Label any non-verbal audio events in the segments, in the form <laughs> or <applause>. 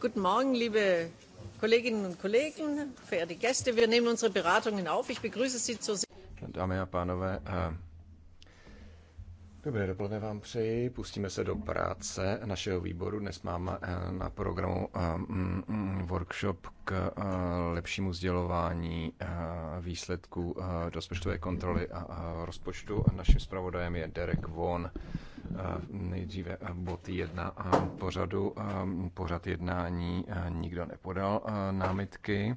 Guten Morgen, liebe Kolleginnen und Kollegen, verehrte Gäste. Wir nehmen unsere Beratungen auf. Ich begrüße Sie zur Dámy a pánové, eh, Dobré dopoledne vám přeji. Pustíme se do práce našeho výboru. Dnes máme eh, na programu eh, mm, mm, workshop k eh, lepšímu sdělování výsledků rozpočtové kontroly a rozpočtu. Naším zpravodajem je Derek Von. Nejdříve bod 1 pořadu. Pořad jednání nikdo nepodal námitky.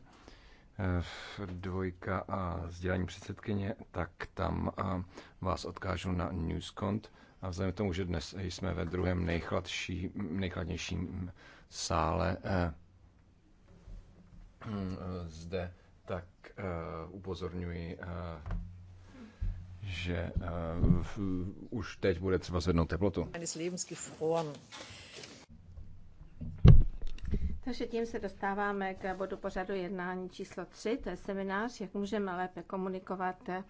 Eh, dvojka a sdělení předsedkyně, tak tam eh, vás odkážu na Newscont. A vzhledem k tomu, že dnes jsme ve druhém nejchladší, nejchladnějším sále eh, mm, zde, tak upozorňuji, že už teď bude třeba zvednout teplotu. Takže tím se dostáváme k bodu pořadu jednání číslo 3, to je seminář, jak můžeme lépe komunikovat eh,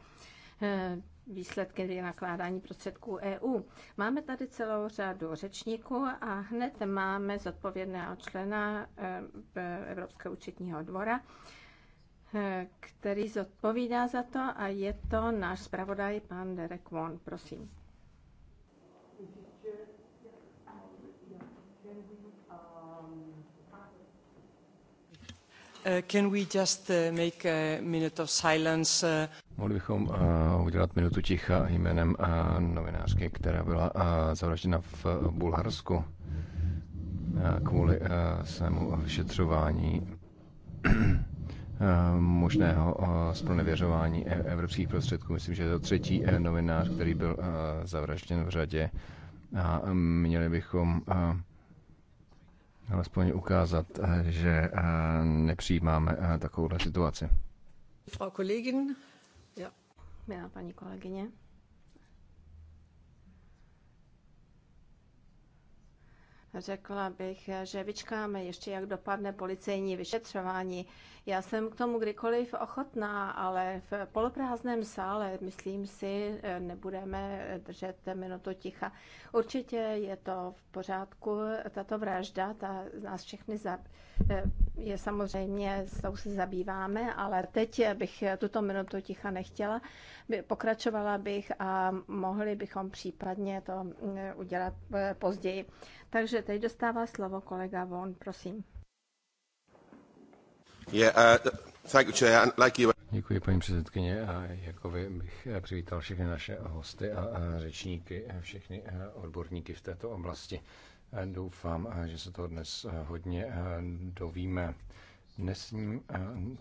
výsledky nakládání prostředků EU. Máme tady celou řadu řečníků a hned máme zodpovědného člena eh, Evropského účetního dvora, eh, který zodpovídá za to a je to náš zpravodaj pan Derek Won. Prosím. Mohli bychom eh, udělat minutu ticha jménem eh, novinářky, která byla eh, zavražděna v Bulharsku kvůli svému vyšetřování možného spronevěřování e, evropských prostředků. Myslím, že je to třetí novinář, který byl zavražděn v řadě. A měli bychom alespoň ukázat, eh, že eh, nepřijímáme eh, takovouhle situaci. Frau Kollegin, ja. Ja, paní kolegyně. Řekla bych, že vyčkáme ještě, jak dopadne policejní vyšetřování. Já jsem k tomu kdykoliv ochotná, ale v poloprázdném sále, myslím si, eh, nebudeme držet minutu ticha. Určitě je to v pořádku. Tato vražda, ta nás všechny za, eh, je samozřejmě, s tou se zabýváme, ale teď bych tuto minutu ticha nechtěla. Pokračovala bych a mohli bychom případně to mm, udělat eh, později. Takže teď dostává slovo kolega Von, prosím. Uh, Děkuji, paní předsedkyně, a jako vy bych eh, přivítal všechny naše hosty a, řečníky, a eh, všechny eh, odborníky v této oblasti. Doufám, že se toho dnes hodně dovíme. Dnesním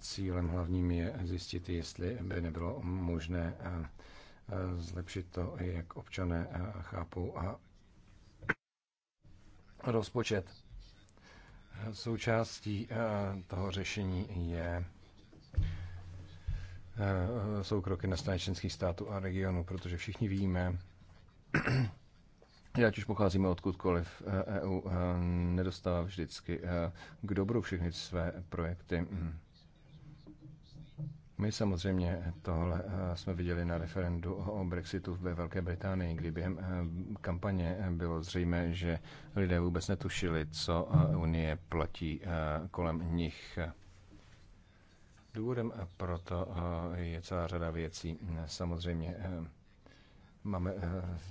cílem hlavním je zjistit, jestli by nebylo možné zlepšit to, jak občané chápou a rozpočet. Součástí eh, toho řešení je eh, jsou kroky na straně členských států a regionů, protože všichni víme, <clears throat> ať už pocházíme odkudkoliv, EU eh, e nedostává vždycky k dobru všechny své projekty. Mm. My samozřejmě tohle eh, jsme viděli na referendu o Brexitu ve Velké Británii, kdy během eh, kampaně eh, bylo zřejmé, že lidé vůbec netušili, co Unie platí kolem nich. Důvodem proto je celá řada věcí. Samozřejmě máme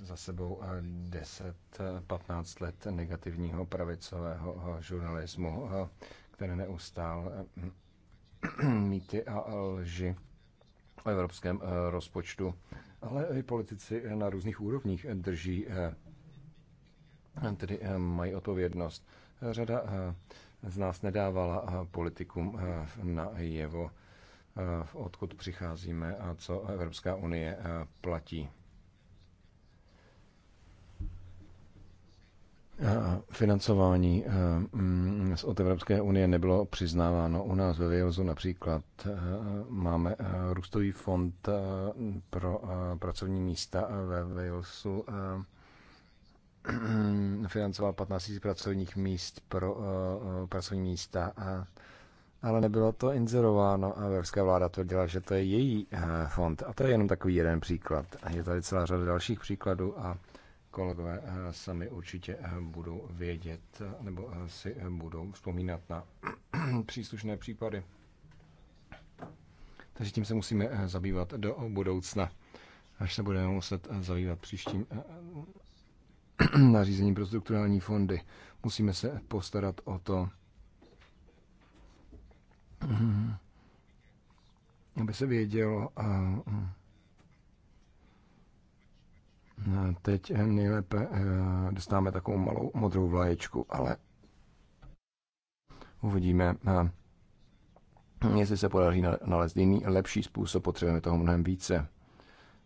za sebou 10-15 let negativního pravicového žurnalismu, které neustále <clears throat> mýty a lži o evropském eh, rozpočtu. Ale i politici eh, na různých úrovních eh, drží, tedy mají odpovědnost. Řada z nás nedávala politikům na jevo, odkud přicházíme a co Evropská unie platí. financování eh, mm, od Evropské unie nebylo přiznáváno. U nás ve Walesu například eh, máme eh, růstový fond pro pracovní místa ve Walesu <clears throat> financoval 15 000 pracovních míst pro pracovní místa a ale nebylo to inzerováno a evropská vláda tvrdila, že to je její fond. A to je jenom takový jeden příklad. Je tady celá řada dalších příkladů a kolegové eh, sami určitě eh, budou vědět eh, nebo si budou vzpomínat na <clears throat> příslušné případy. Takže tím se musíme zabývat do budoucna, až se budeme muset zabývat příštím <clears throat> nařízením pro strukturální fondy. Musíme se postarat o to, <clears throat> aby se vědělo, Teď nejlépe eh, dostáváme takovou malou modrou vlaječku, ale uvidíme, eh, jestli se podaří nalézt jiný lepší způsob, potřebujeme toho mnohem více.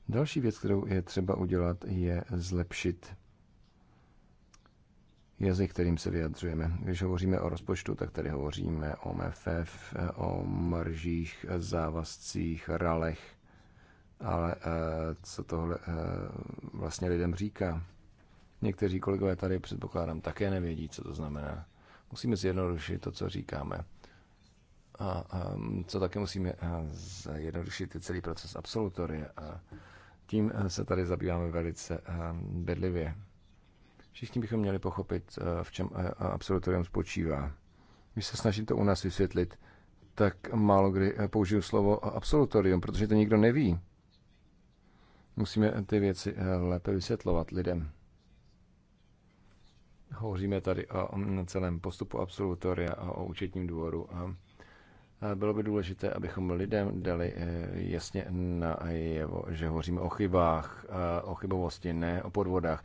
Další věc, kterou je třeba udělat, je zlepšit jazyk, kterým se vyjadřujeme. Když hovoříme o rozpočtu, tak tady hovoříme o MFF, o maržích, závazcích, ralech ale eh, co tohle eh, vlastně lidem říká? Někteří kolegové tady předpokládám také nevědí, co to znamená. Musíme zjednodušit to, co říkáme. A, a co také musíme eh, zjednodušit, je celý proces absolutorie. A tím se tady zabýváme velice bedlivě. Všichni bychom měli pochopit, v čem absolutorium spočívá. Když se snažím to u nás vysvětlit, tak málo kdy použiju slovo absolutorium, protože to nikdo neví. Musíme ty věci eh, lépe vysvětlovat lidem. Hovoříme tady o celém postupu absolutoria a o účetním dvoru. bylo by důležité, abychom lidem dali eh, jasně jevo, že hovoříme o chybách, o chybovosti, ne o podvodách.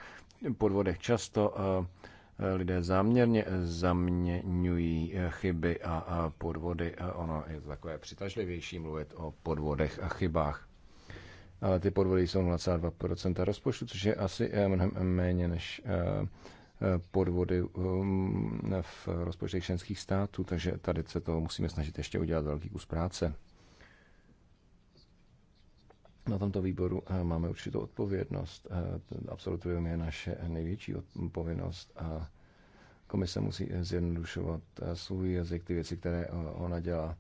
Podvodech často lidé záměrně zaměňují eh, chyby a podvody. Ono je takové přitažlivější mluvit o podvodech a chybách ale ty podvody jsou 0,2% rozpočtu, což je asi eh, mnohem méně než eh, eh, podvody um, v rozpočtech členských států, takže tady se to musíme snažit ještě udělat velký kus práce. Na tomto výboru máme určitou odpovědnost. Absolutorium je naše největší odpovědnost mm, a komise musí zjednodušovat svůj jazyk, ty věci, které ona dělá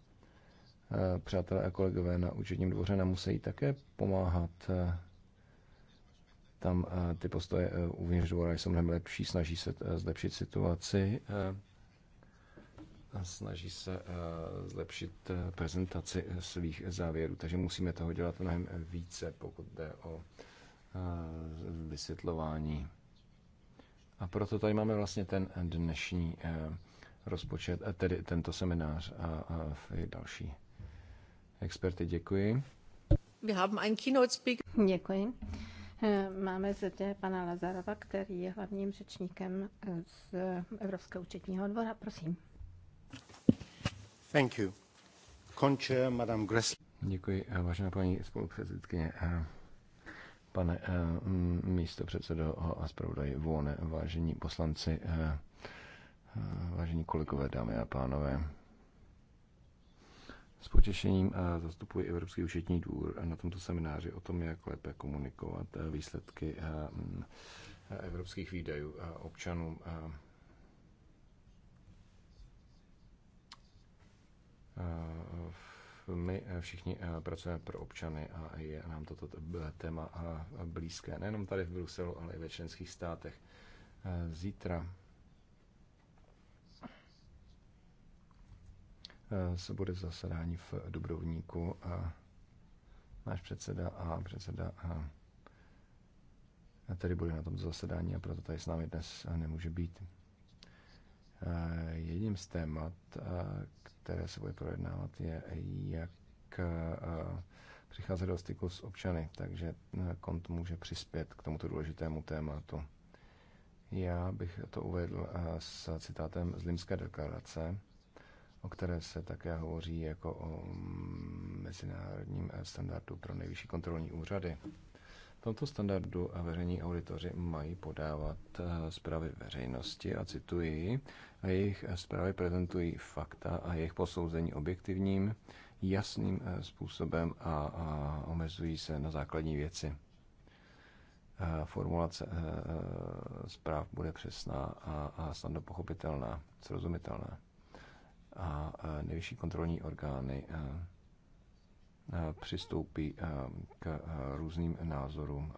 Eh, přátelé a kolegové na účetním dvoře nám musí také pomáhat. Eh, tam eh, ty postoje uvnitř dvora jsou mnohem lepší, snaží se zlepšit situaci snaží se zlepšit prezentaci svých závěrů, takže musíme toho dělat mnohem více, pokud jde o vysvětlování. A proto tady máme vlastně ten dnešní rozpočet, tedy tento seminář a další. Experty, děkuji. We have a Keynote Speaker. Děkuji. Eh, Máme zde pana Lazarova, který je hlavním řečníkem eh, z Evropského účetního dvora. Prosím. Thank you. Konče, Madame Gressler. Děkuji, eh, vážená paní spolupředsedkyně. Pane místo předsedo a zpravodaj Vone, vážení poslanci, vážení kolegové, dámy a pánové. S potěšením zastupuji Evropský účetní důr na tomto semináři o tom, jak lépe komunikovat eh, výsledky eh, mm, eh, evropských výdajů občanům. My všichni pracujeme pro občany a je nám toto téma blízké, nejenom tady v Bruselu, ale i ve členských státech. Zítra Eh, se bude zasedání v Dubrovníku a náš předseda a předseda a eh, tady bude na tomto zasedání a proto tady s námi dnes eh, nemůže být. Jedním z témat, které se bude projednávat, je, jak přicházet do styku s občany, takže kont může přispět k tomuto důležitému tématu. Já bych to uvedl s citátem z Limské deklarace, o které se také hovoří jako o mezinárodním standardu pro nejvyšší kontrolní úřady. V tomto standardu a veřejní auditoři mají podávat eh, zprávy veřejnosti a cituji, a jejich eh, zprávy prezentují fakta a jejich posouzení objektivním, jasným eh, způsobem a, omezují se na základní věci. Formulace zpráv bude přesná a, a snadno pochopitelná, srozumitelná a nejvyšší kontrolní orgány přistoupí k různým názorům.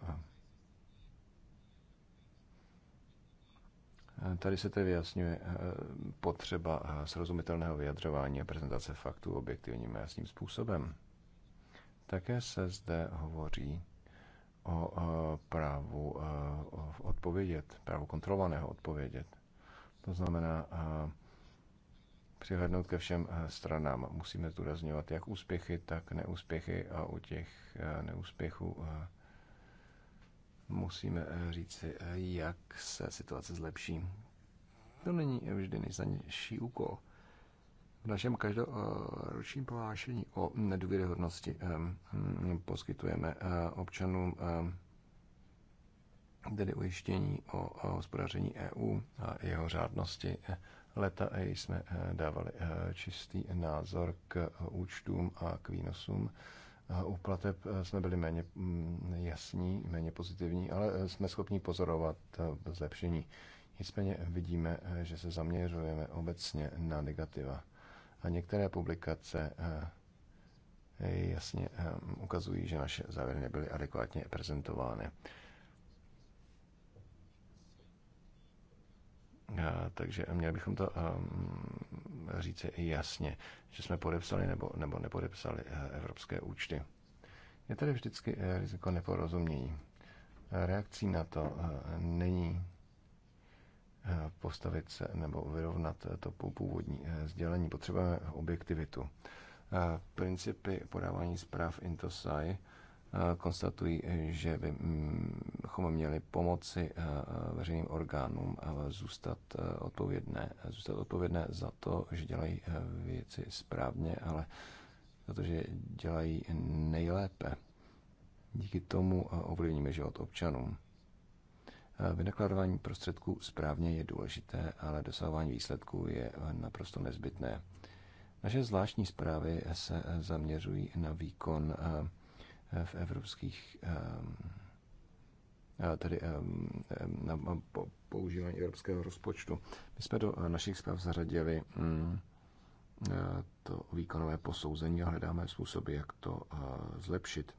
Tady se tedy vyjasňuje potřeba srozumitelného vyjadřování a prezentace faktů objektivním a jasným způsobem. Také se zde hovoří o právu odpovědět, právu kontrolovaného odpovědět. To znamená, přihlednout ke všem eh, stranám. Musíme zdůrazňovat jak úspěchy, tak neúspěchy a u těch eh, neúspěchů eh, musíme říci, jak se situace zlepší. To není vždy nejsnadnější úkol. V našem každoročním prohlášení o nedůvěryhodnosti poskytujeme občanům tedy ujištění o hospodaření EU a jeho řádnosti leta jsme eh, dávali eh, čistý názor k eh, účtům a k výnosům. U plateb jsme byli méně mm, jasní, méně pozitivní, ale jsme schopni pozorovat zlepšení. Nicméně vidíme, že se zaměřujeme obecně na negativa. A některé publikace jasně ukazují, že naše závěry nebyly adekvátně prezentovány. takže měli bychom to ehm, říci jasně, že jsme podepsali nebo, nebo nepodepsali eh, evropské účty. Je tady vždycky eh, riziko neporozumění. Reakcí na to eh, není postavit se nebo vyrovnat to původní sdělení. Potřebujeme objektivitu. Principy podávání zpráv Intosai konstatují, že mm, bychom měli pomoci eh, veřejným orgánům eh, zůstat eh, odpovědné, zůstat odpovědné za to, že dělají věci správně, ale za to, že dělají nejlépe. Díky tomu ovlivníme život občanům. Vynakladování prostředků správně je důležité, ale dosahování výsledků je naprosto nezbytné. Naše zvláštní zprávy se zaměřují na výkon Eh, v evropských eh, eh, tedy na používání evropského rozpočtu. My jsme do našich zpráv zařadili mm, to výkonové posouzení a hledáme způsoby, jak to zlepšit.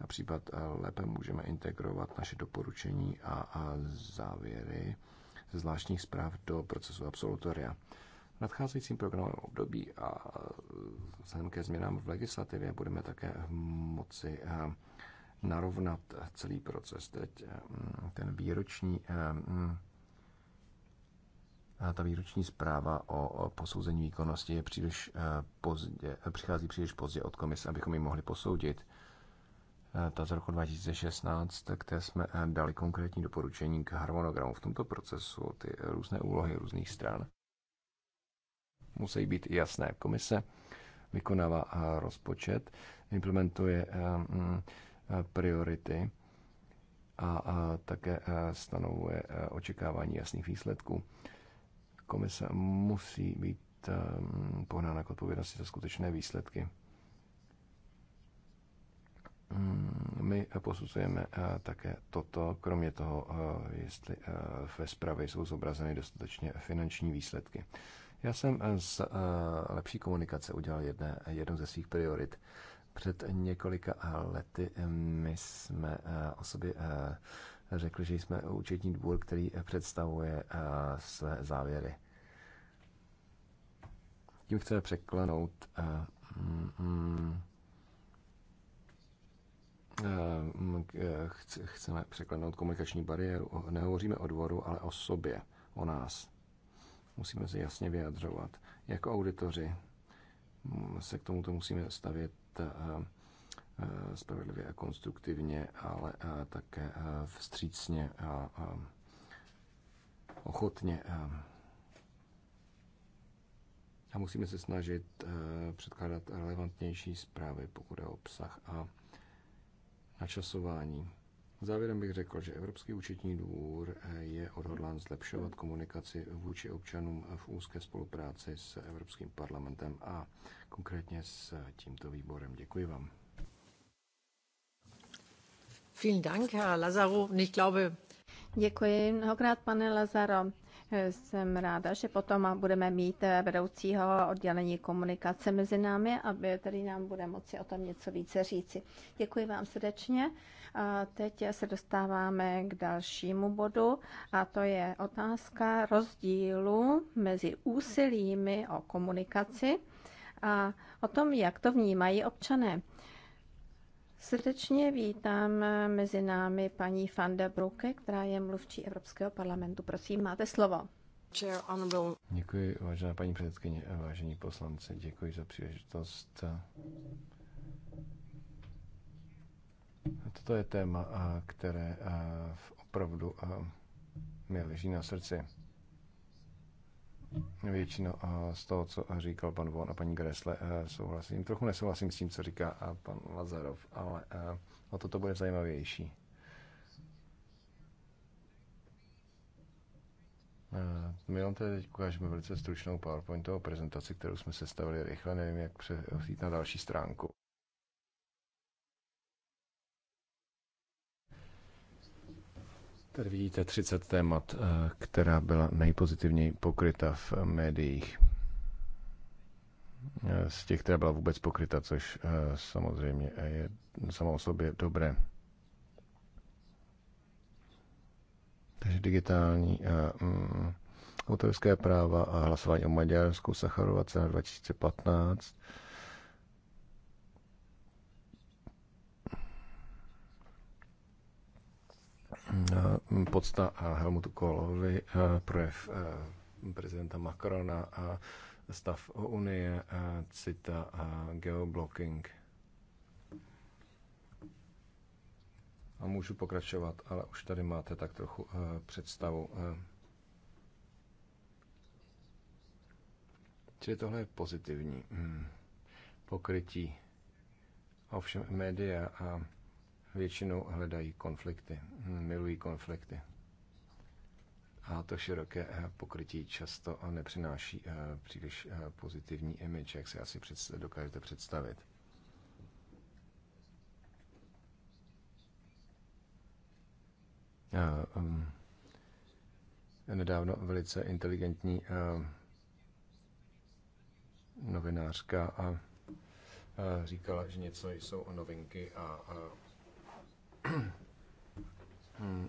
Například lépe můžeme integrovat naše doporučení a závěry ze zvláštních zpráv do procesu absolutoria nadcházejícím programovém období a vzhledem ke změnám v legislativě budeme také moci eh, narovnat celý proces. Teď eh, ten výroční eh, mm, ta výroční zpráva o posouzení výkonnosti je příliš pozdě, přichází příliš pozdě od komise, abychom ji mohli posoudit. Ta z roku 2016, které jsme dali konkrétní doporučení k harmonogramu v tomto procesu, ty různé úlohy různých stran musí být jasné. Komise vykonává rozpočet, implementuje eh, mm, eh, priority a také eh, stanovuje očekávání jasných výsledků. Komise musí být mm, pohnána k odpovědnosti za skutečné výsledky. Mm, my posuzujeme také toto, kromě toho, jestli ve zprávě jsou zobrazeny dostatečně finanční výsledky. Já jsem eh, z eh, lepší komunikace udělal jedné, jednu ze svých priorit. Před několika eh, lety my jsme o sobě řekli, že jsme účetní dvůr, který představuje své závěry. Tím chceme překlenout mm, mm, chceme překlenout komunikační bariéru. Nehovoříme o dvoru, ale o sobě, o nás musíme se jasně vyjadřovat. Jako auditoři se k tomuto musíme stavět eh, eh, spravedlivě a konstruktivně, ale eh, také vstřícně a ochotně. A musíme se snažit předkládat relevantnější zprávy, pokud je obsah a načasování. Závěrem bych řekl, že Evropský účetní dvůr eh, je odhodlán zlepšovat komunikaci vůči občanům eh, v úzké spolupráci s Evropským parlamentem a konkrétně s eh, tímto výborem. Děkuji vám. Vielen Dank, Herr Lazaro. Ich glaube... Děkuji mnohokrát, pane Lazaro. Jsem ráda, že potom budeme mít vedoucího oddělení komunikace mezi námi, aby tady nám bude moci o tom něco více říci. Děkuji vám srdečně. A teď se dostáváme k dalšímu bodu a to je otázka rozdílu mezi úsilími o komunikaci a o tom, jak to vnímají občané. Srdečně vítám mezi námi paní van der Brucke, která je mluvčí Evropského parlamentu. Prosím, máte slovo. Děkuji, vážená paní předsedkyně a vážení poslanci, děkuji za příležitost Toto je téma, které opravdu mi leží na srdci. Většina z toho, co říkal pan Von a paní Gresle, souhlasím. Trochu nesouhlasím s tím, co říká pan Lazarov, ale o toto bude zajímavější. My vám tady teď ukážeme velice stručnou PowerPointovou prezentaci, kterou jsme sestavili rychle, nevím, jak přesít na další stránku. Tady vidíte 30 témat, eh, která byla nejpozitivněji pokryta v médiích. Eh, z těch, která byla vůbec pokryta, což eh, samozřejmě je samo o sobě dobré. Takže digitální mm, autorské práva a hlasování o Maďarsku, Sacharova cena 2015, Eh, podsta a Helmutu Kohlovi eh, projev eh, prezidenta Macrona a stav Unie, CITA a geoblocking. A můžu pokračovat, ale už tady máte tak trochu představu. Čili tohle je pozitivní hm, pokrytí. Ovšem média a většinou hledají konflikty, hm, milují konflikty. A to široké eh, pokrytí často nepřináší eh, příliš eh, pozitivní image, jak si asi dokážete představit. Hm, nedávno velice inteligentní novinářka říkala, že něco jsou novinky a Hmm,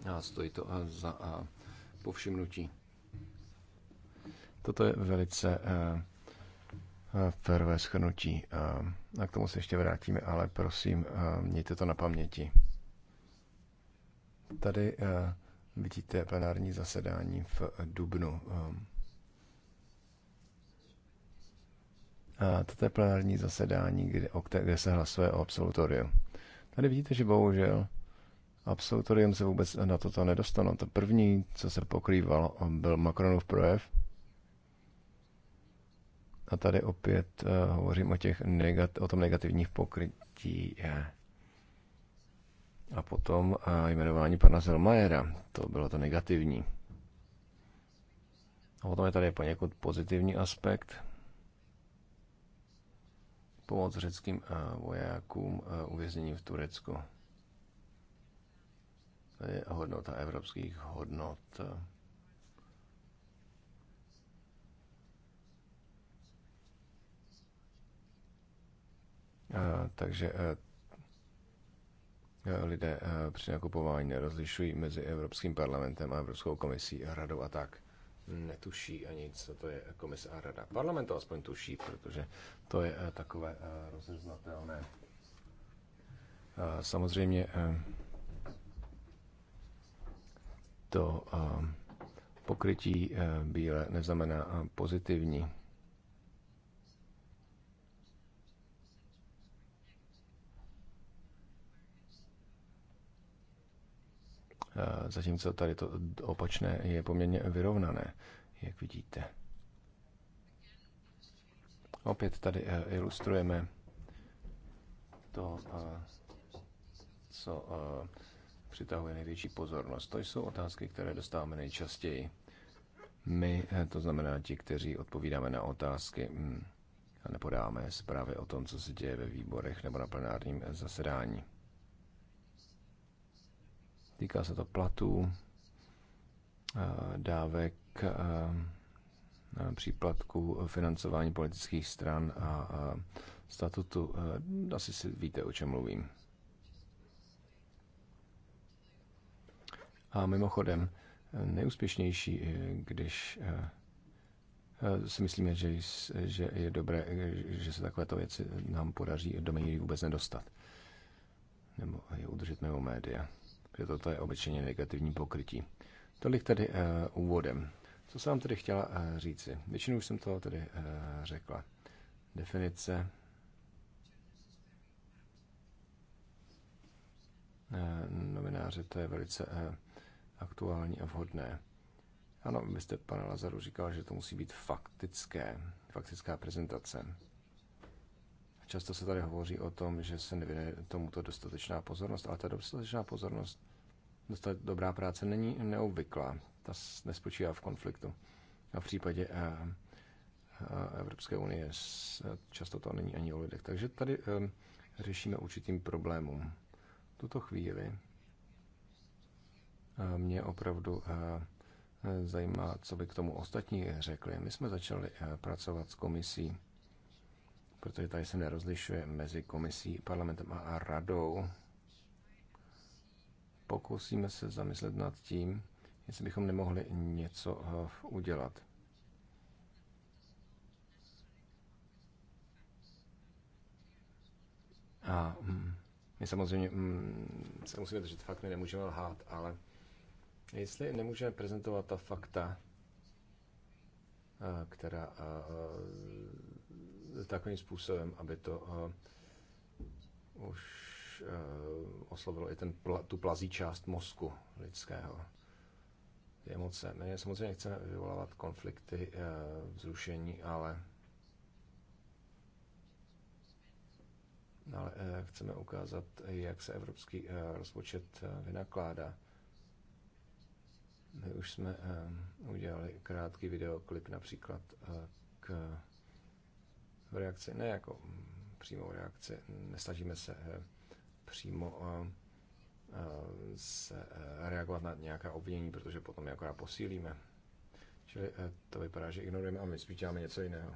a stojí to za povšimnutí. Toto je velice eh, eh, férové schrnutí. Eh, a k tomu se ještě vrátíme, ale prosím, mějte to na paměti. Tady vidíte plenární zasedání v Dubnu. A toto je plenární zasedání, kde, kde se hlasuje o absolutoriu. Tady vidíte, že bohužel absolutorium se vůbec na toto nedostanou. To první, co se pokrýval, byl Macronův projev. A tady opět uh, hovořím o, těch negat- o tom negativních pokrytí. Eh, a potom uh, jmenování pana Zelmajera. To bylo to negativní. A potom je tady poněkud pozitivní aspekt. Pomoc řeckým uh, vojákům uh, uvězněním v Turecku je hodnota evropských hodnot. takže e, e, lidé e, při nakupování nerozlišují mezi Evropským parlamentem a Evropskou komisí a radou a tak. Netuší ani, co to je komise a rada. Parlament to aspoň tuší, protože to je takové rozeznatelné. Samozřejmě to pokrytí e, bílé neznamená pozitivní. E, zatímco tady to opačné je poměrně vyrovnané, jak vidíte. Opět tady e, ilustrujeme to, co přitahuje největší pozornost? To jsou otázky, které dostáváme nejčastěji. My, eh, to znamená ti, kteří odpovídáme na otázky hm, a nepodáme zprávy o tom, co se děje ve výborech nebo na plenárním eh, zasedání. Týká se to platů, eh, dávek, příplatku financování politických stran a statutu. Asi si víte, o čem mluvím. A mimochodem, nejúspěšnější, eh, když eh, eh, si myslíme, že, že je dobré, že se takovéto věci nám podaří do médií vůbec nedostat. Nebo je udržet mimo média. Protože toto je obyčejně negativní pokrytí. Tolik tedy uh, úvodem. Co jsem vám tedy chtěla uh, říci? Většinou už jsem to tedy uh, řekla. Definice. Uh, novináře, to je velice uh, aktuální a vhodné. Ano, vy jste, pane Lazaru, říkal, že to musí být faktické, faktická prezentace. Často se tady hovoří o tom, že se nevěnuje tomuto dostatečná pozornost, ale ta dostatečná pozornost, dostat dobrá práce není neobvyklá. Ta nespočívá v konfliktu. A v případě eh, eh, Evropské unie často to není ani o lidech. Takže tady eh, řešíme určitým problémům. V tuto chvíli mě opravdu eh, eh, zajímá, co by k tomu ostatní řekli. My jsme začali eh, pracovat s komisí, protože tady se nerozlišuje mezi komisí, parlamentem a radou. Pokusíme se zamyslet nad tím, jestli bychom nemohli něco udělat. A mm, my samozřejmě mm, se musíme držet fakt, my nemůžeme lhát, ale Jestli nemůžeme prezentovat ta fakta, eh, která eh, takovým způsobem, aby to eh, už oslovilo i ten, tu plazí část mozku lidského, ty emoce. My samozřejmě chceme vyvolávat konflikty, vzrušení, ale ale chceme ukázat, jak se evropský rozpočet vynakládá. My už jsme ehm, udělali krátký videoklip například eh, k reakci, ne jako přímou reakci, nesnažíme se eh, přímo eh, se reagovat na nějaká obvinění, protože potom je akorát posílíme. Čili to vypadá, že ignorujeme a my spíš děláme něco jiného.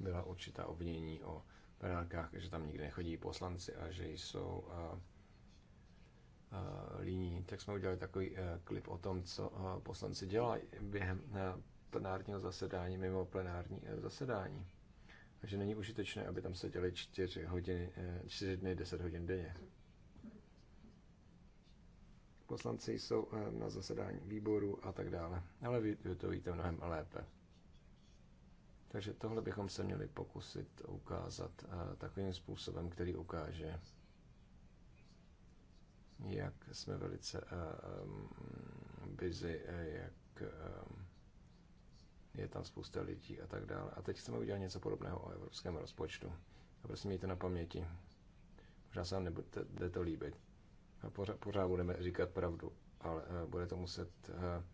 Byla určitá obvinění o Pelárkách, že tam nikdy nechodí poslanci a že jsou uh, Eh, líní, tak jsme udělali takový eh, klip o tom, co eh, poslanci dělají během plenárního zasedání, mimo plenární zasedání. Takže není užitečné, aby tam seděli čtyři hodiny, čtyři dny, deset hodin denně. Poslanci jsou na zasedání výboru a tak dále, ale vy, vy to víte mnohem lépe. Takže tohle bychom se měli pokusit ukázat takovým způsobem, který ukáže, jak jsme velice um, busy, eh, jak uh, je tam spousta lidí a tak dále. A teď chceme udělat něco podobného o evropském rozpočtu. A prosím, mějte na paměti. Možná se vám nebude to líbit. A pořád, pořád budeme říkat pravdu, ale uh, bude to muset uh,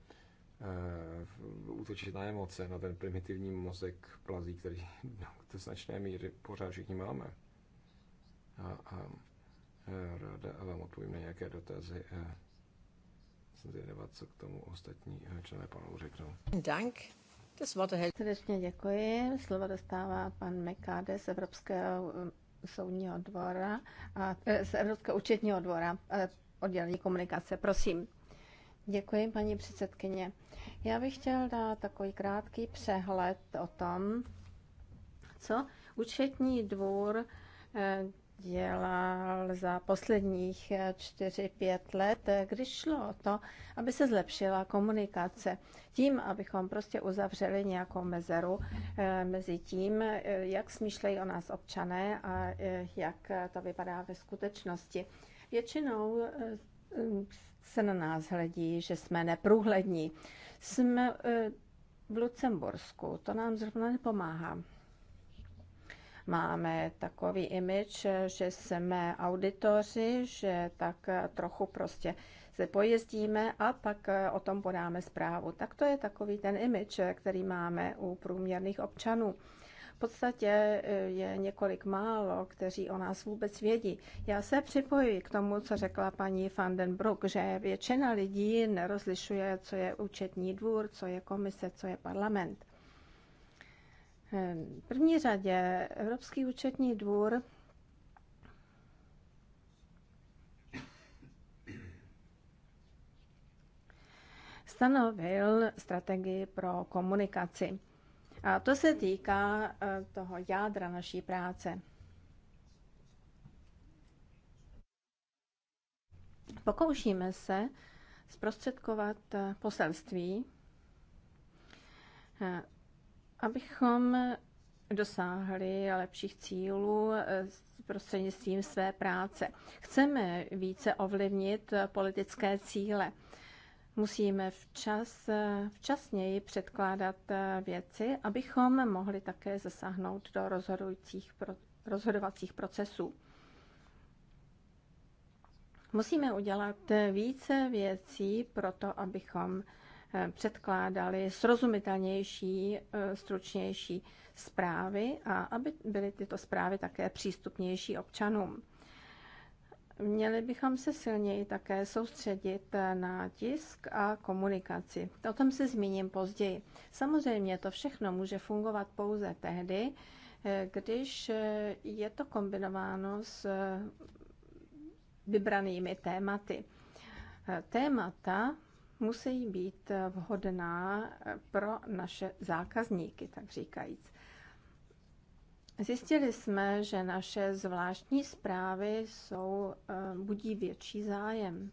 uh, útočit na emoce, na ten primitivní mozek plazí, který <laughs> no, do značné míry pořád všichni máme. A, a ráda vám odpovím na nějaké dotazy. Eh, jsem zvědavá, co k tomu ostatní eh, členové panelu řeknou. Dank. Srdečně děkuji. Slovo dostává pan Mekáde z Evropského eh, soudního dvora a z Evropského účetního dvora oddělení komunikace. Prosím. Děkuji, paní předsedkyně. Já bych chtěl dát takový krátký přehled o tom, co účetní dvůr dělal za posledních 4-5 eh, let, eh, když šlo o to, aby se zlepšila komunikace. Tím, abychom prostě uzavřeli nějakou mezeru eh, mezi tím, jak smýšlejí o nás občané a jak to vypadá ve skutečnosti. Většinou se na nás hledí, že jsme neprůhlední. Jsme v Lucembursku, to nám zrovna nepomáhá. Máme takový image, že jsme auditoři, že tak trochu prostě se pojezdíme a pak eh, o tom podáme zprávu. Tak to je takový ten image, který máme u průměrných občanů. V podstatě eh, je několik málo, kteří o nás vůbec vědí. Já se připojuji k tomu, co řekla paní van den Broek, že většina lidí nerozlišuje, co je účetní dvůr, co je komise, co je parlament. V první řadě Evropský účetní dvůr stanovil strategii pro komunikaci. A to se týká eh, toho jádra naší práce. Pokoušíme se zprostředkovat eh, poselství eh, Abychom dosáhli lepších cílů eh, prostřednictvím své práce. Chceme více ovlivnit politické cíle. Musíme včas, eh, včasněji předkládat eh, věci, abychom mohli také zasáhnout do rozhodujících, rozhodovacích procesů. Musíme udělat více věcí pro to, abychom Eh, předkládali srozumitelnější, eh, stručnější zprávy a aby byly tyto zprávy také přístupnější občanům. Měli bychom se silněji také soustředit eh, na tisk a komunikaci. O tom se zmíním později. Samozřejmě to všechno může fungovat pouze tehdy, když je to kombinováno s vybranými tématy. Témata musí být eh, vhodná eh, pro naše zákazníky, tak říkajíc. Zjistili jsme, že naše zvláštní zprávy jsou, eh, budí větší zájem.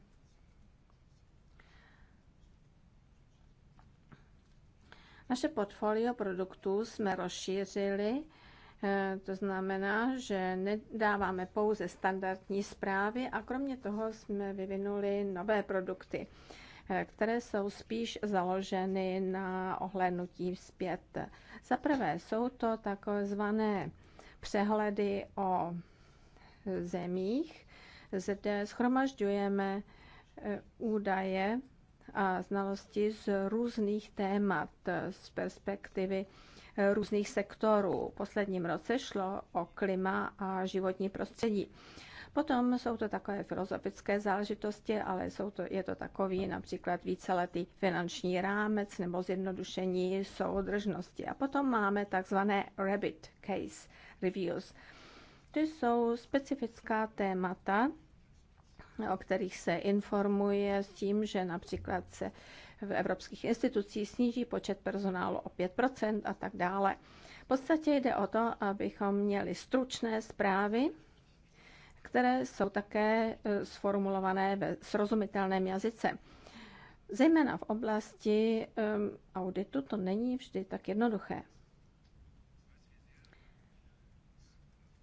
Naše portfolio produktů jsme rozšířili, to znamená, že nedáváme pouze standardní zprávy a kromě toho jsme vyvinuli nové produkty. Eh, které jsou spíš založeny na ohlednutí zpět. Za prvé jsou to takzvané přehledy o zemích. Zde schromažďujeme eh, údaje a znalosti z různých témat, z perspektivy eh, různých sektorů. V posledním roce šlo o klima a životní prostředí. Potom jsou to takové filozofické záležitosti, ale jsou to, je to takový například víceletý finanční rámec nebo zjednodušení soudržnosti. A potom máme takzvané rabbit case reviews. To jsou specifická témata, o kterých se informuje s tím, že například se v evropských institucích sníží počet personálu o 5% a tak dále. V podstatě jde o to, abychom měli stručné zprávy které jsou také e, sformulované ve srozumitelném jazyce. Zejména v oblasti e, auditu to není vždy tak jednoduché.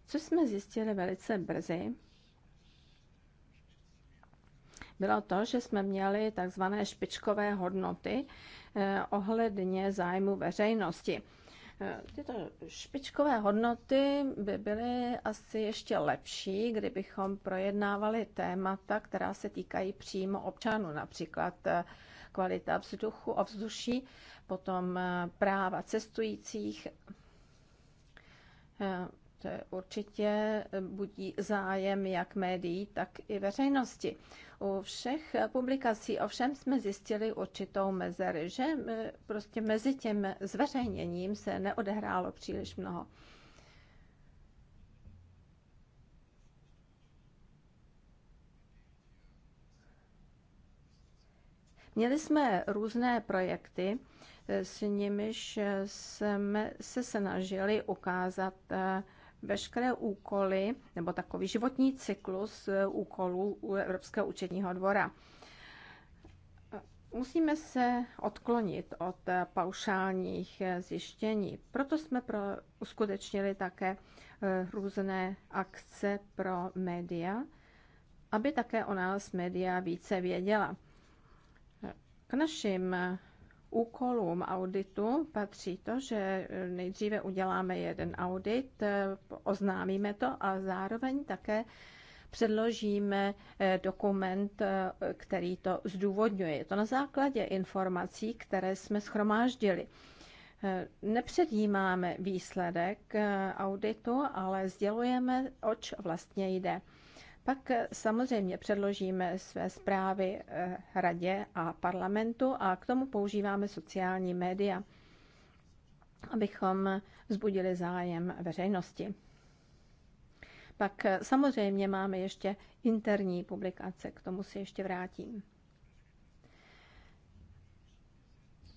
Co jsme zjistili velice brzy, bylo to, že jsme měli takzvané špičkové hodnoty e, ohledně zájmu veřejnosti. Eh, tyto špičkové hodnoty by byly asi ještě lepší, kdybychom projednávali témata, která se týkají přímo občanů, například eh, kvalita vzduchu, ovzduší, potom eh, práva cestujících, určitě eh, budí zájem jak médií, tak i veřejnosti. U všech publikací ovšem jsme zjistili určitou mezery, že eh, prostě mezi tím zveřejněním se neodehrálo příliš mnoho. Měli jsme různé projekty, eh, s nimiž jsme se snažili ukázat veškeré úkoly nebo takový životní cyklus eh, úkolů u Evropského účetního dvora. Eh, musíme se odklonit od eh, paušálních zjištění. Proto jsme pro, uskutečnili také různé akce pro média, aby také o nás média více věděla. K našim úkolům auditu patří to, že nejdříve uděláme jeden audit, oznámíme to a zároveň také předložíme eh, dokument, eh, který to zdůvodňuje. Je to na základě informací, které jsme schromáždili. Eh, nepředjímáme výsledek auditu, ale sdělujeme, oč vlastně jde. Pak eh, samozřejmě předložíme své zprávy eh, radě a parlamentu a k tomu používáme sociální média, abychom vzbudili zájem veřejnosti. Pak eh, samozřejmě máme ještě interní publikace, k tomu se ještě vrátím.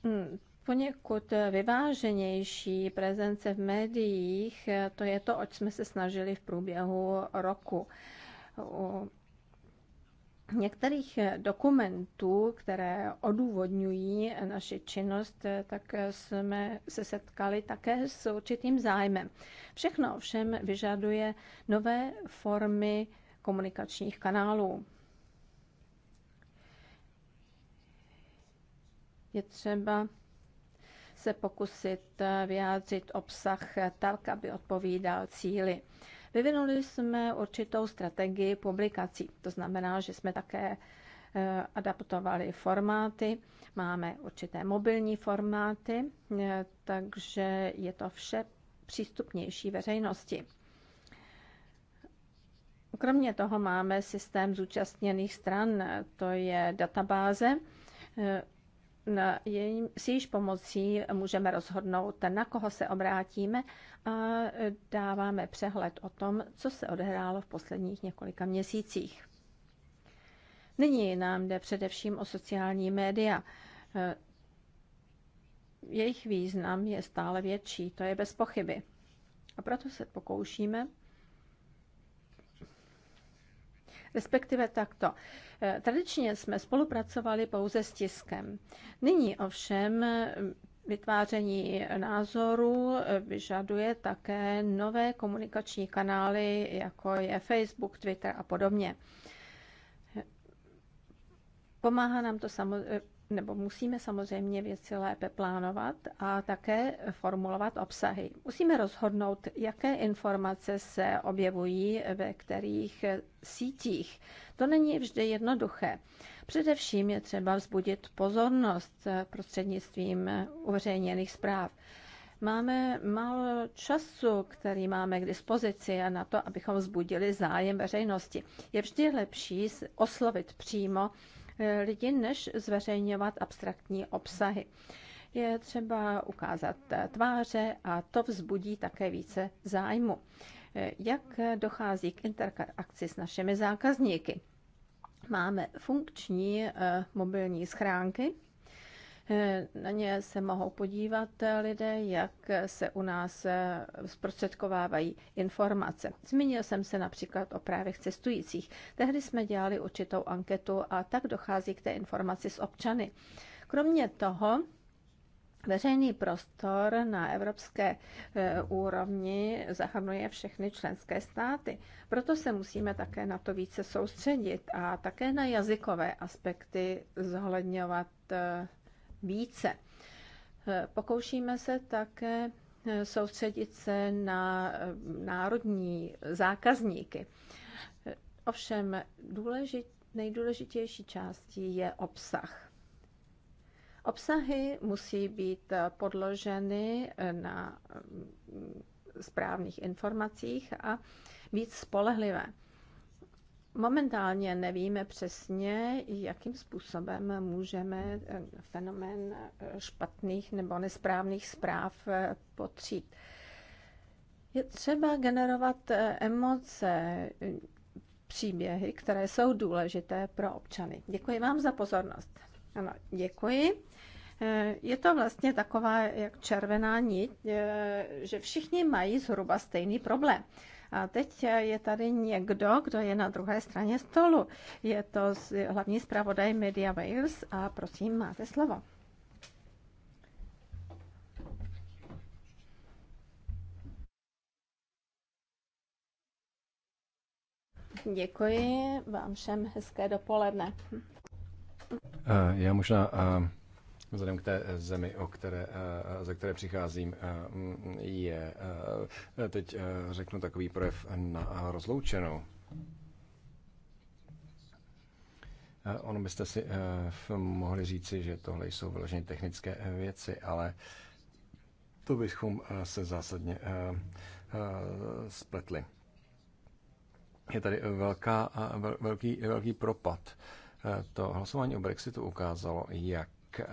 Hmm, poněkud vyváženější prezence v médiích, to je to, oč jsme se snažili v průběhu roku u některých dokumentů, které odůvodňují naši činnost, tak jsme se setkali také s určitým zájmem. Všechno ovšem vyžaduje nové formy komunikačních kanálů. Je třeba se pokusit vyjádřit obsah tak, aby odpovídal cíli. Vyvinuli jsme určitou strategii publikací. To znamená, že jsme také eh, adaptovali formáty, máme určité mobilní formáty, eh, takže je to vše přístupnější veřejnosti. Kromě toho máme systém zúčastněných stran, to je databáze, eh, na s jejíž pomocí můžeme rozhodnout, na koho se obrátíme a dáváme přehled o tom, co se odehrálo v posledních několika měsících. Nyní nám jde především o sociální média. Jejich význam je stále větší, to je bez pochyby. A proto se pokoušíme Respektive takto. Eh, tradičně jsme spolupracovali pouze s tiskem. Nyní ovšem Vytváření názoru eh, vyžaduje také nové komunikační kanály, jako je Facebook, Twitter a podobně. Pomáhá nám to samozřejmě eh, nebo musíme samozřejmě věci lépe plánovat a také formulovat obsahy. Musíme rozhodnout, jaké informace se objevují ve kterých sítích. To není vždy jednoduché. Především je třeba vzbudit pozornost prostřednictvím uveřejněných zpráv. Máme málo času, který máme k dispozici a na to, abychom vzbudili zájem veřejnosti. Je vždy lepší oslovit přímo Eh, lidi, než zveřejňovat abstraktní obsahy. Je třeba ukázat eh, tváře a to vzbudí také více zájmu. Eh, jak dochází k interakci s našimi zákazníky? Máme funkční mobilní schránky, Eh, na ně se mohou podívat eh, lidé, jak se u nás eh, zprostředkovávají informace. Zmínil jsem se například o právech cestujících. Tehdy jsme dělali určitou anketu a tak dochází k té informaci s občany. Kromě toho, Veřejný prostor na evropské úrovni zahrnuje všechny členské státy. Proto se musíme také na to více soustředit a také na jazykové aspekty zohledňovat více. Eh, pokoušíme se také eh, soustředit se na eh, národní zákazníky. Ovšem důležit, nejdůležitější částí je obsah. Obsahy musí být podloženy na mm, správných informacích a být spolehlivé. Momentálně nevíme přesně, jakým způsobem můžeme eh, fenomén eh, špatných nebo nesprávných zpráv eh, potřít. Je třeba generovat emoce, příběhy, které jsou důležité pro občany. Děkuji vám za pozornost. Ano, děkuji. Je to vlastně taková jak červená nit, že všichni mají zhruba stejný problém. A teď je tady někdo, kdo je na druhé straně stolu. Je to hlavní zpravodaj Media Wales a prosím, máte slovo. Děkuji vám všem hezké dopoledne. Eh, já možná eh, vzhledem k té zemi, o které, eh, ze které přicházím, eh, je eh, teď řeknu takový projev na rozloučenou. Ono byste si mohli říci, že tohle jsou vyloženě technické věci, ale to bychom se zásadně spletli. Je tady velká, velký, velký propad. To hlasování o Brexitu ukázalo, jak tak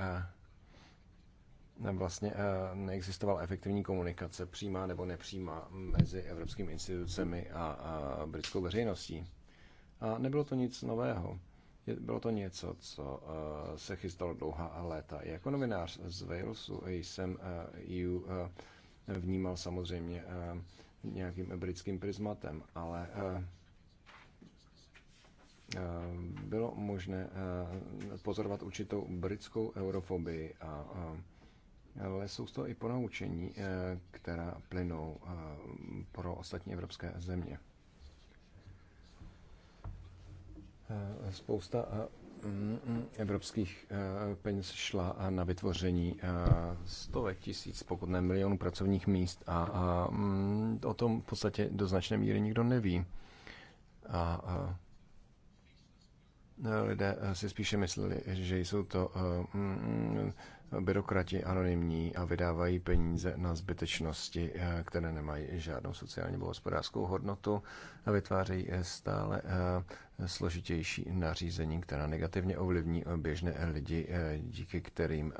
eh, vlastně eh, neexistovala efektivní komunikace přímá nebo nepřímá mezi evropskými institucemi a britskou veřejností. A nebylo to nic nového. Bylo to něco, co eh, se chystalo dlouhá léta. Jako novinář z Walesu jsem EU vnímal samozřejmě nějakým britským prismatem, ale Eh, bylo možné eh, pozorovat určitou britskou eurofobii a ale jsou z toho i ponaučení, eh, která plynou pro ostatní evropské země. Spousta mm, mm, evropských peněz šla na vytvoření stovek tisíc, pokud ne milionů pracovních míst a, mm, o tom v podstatě do značné míry nikdo neví. A, a lidé eh, si spíše mysleli, že jsou to eh, mm, byrokrati anonymní a vydávají peníze na zbytečnosti, eh, které nemají žádnou sociální nebo hospodářskou hodnotu a vytvářejí stále složitější nařízení, která negativně ovlivní běžné lidi, díky kterým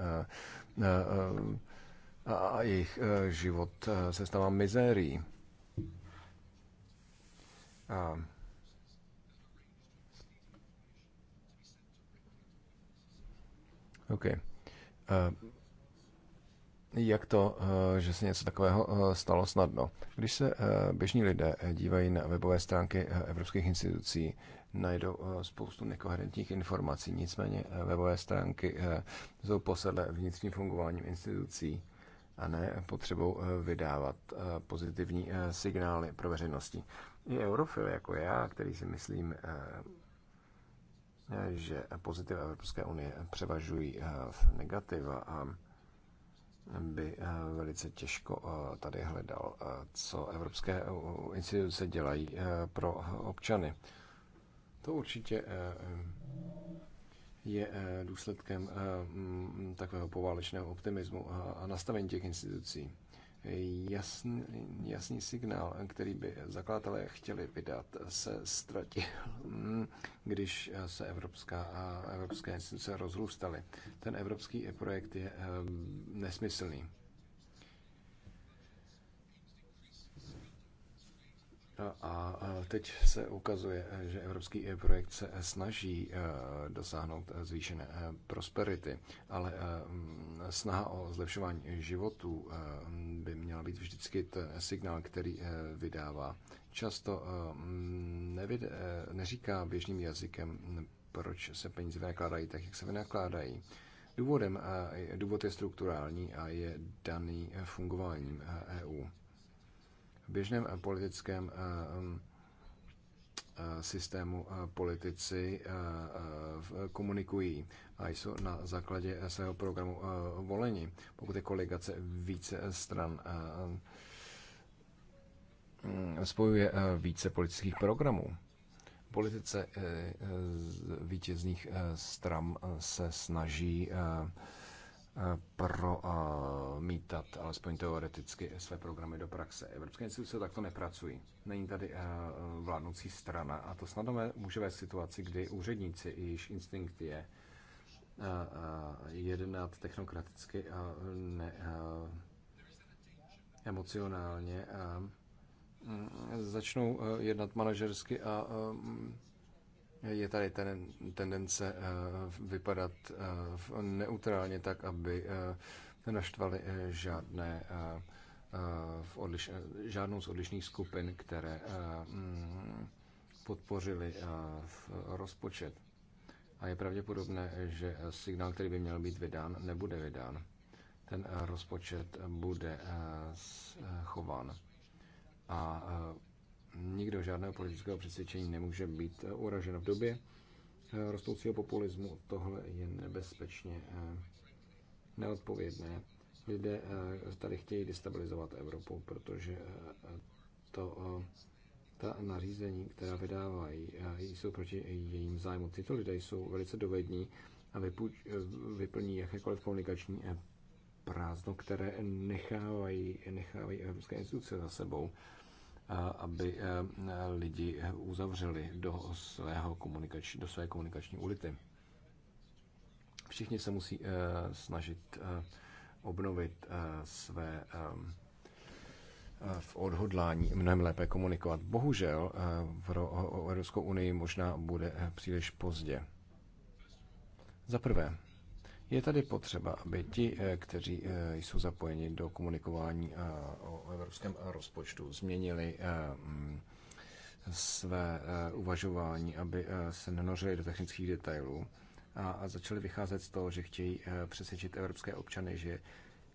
a jejich život se stává mizérií. A OK. Eh, jak to, eh, že se něco takového eh, stalo snadno? Když se běžní lidé dívají na webové stránky evropských institucí, najdou spoustu nekoherentních informací. Nicméně webové stránky jsou posedlé vnitřním fungováním institucí a ne potřebou vydávat pozitivní signály pro veřejnosti. I eurofil jako já, který si myslím, E, že pozitiva Evropské unie převažují e, v negativa a by e, velice těžko tady hledal, co evropské instituce dělají pro občany. To určitě je důsledkem takového poválečného optimismu a nastavení těch institucí jasný, jasný signál, který by zakladatelé chtěli vydat, se ztratil, <laughs> když se evropská a evropské instituce rozrůstaly. Ten evropský projekt je eh, nesmyslný. A teď se ukazuje, že evropský projekt se snaží e, dosáhnout e, zvýšené e, prosperity, ale snaha o zlepšování životů by měla být vždycky ten signál, který vydává. Často neříká běžným jazykem, proč se peníze vynakládají tak, jak se vynakládají. Důvodem, důvod je strukturální a je daný fungováním EU běžném eh, politickém eh, eh, systému politici komunikují a jsou na základě svého programu voleni. Pokud je kolegace více stran spojuje více politických programů. Politice vítězných stran se snaží Eh, promítat eh, alespoň teoreticky své programy do praxe. Evropské instituce takto nepracují. Není tady eh, vládnoucí strana a to snadno může vést situaci, kdy úředníci, jejichž instinkt je jednat technokraticky a ne, emocionálně, mm, začnou jednat manažersky a je tady ten, tendence eh, vypadat eh, neutrálně tak, aby eh, nenaštvali žádné v odliš, žádnou z odlišných skupin, které mm, podpořili v rozpočet. A je pravděpodobné, že signál, který by měl být vydán, nebude vydán. Ten rozpočet bude schován. A nikdo žádného politického přesvědčení nemůže být eh, uražen v době eh, rostoucího populismu. Tohle je nebezpečně eh, neodpovědné. Lidé tady chtějí destabilizovat Evropu, protože to ta nařízení, která vydávají, jsou proti jejím zájmu. Tyto lidé jsou velice dovední a vypuč, vyplní jakékoliv komunikační prázdno, které nechávají, nechávají evropské instituce za sebou aby eh, lidi eh, uzavřeli do, svého komunikační, do své komunikační ulity. Všichni se musí eh, snažit obnovit své v odhodlání mnohem lépe komunikovat. Bohužel v Evropskou unii možná bude příliš pozdě. Za prvé, je tady potřeba, aby ti, eh, kteří eh, jsou zapojeni do komunikování eh, o evropském rozpočtu, změnili mm, své uvažování, aby se nenořili do technických detailů a začali vycházet z toho, že chtějí přesvědčit evropské občany, že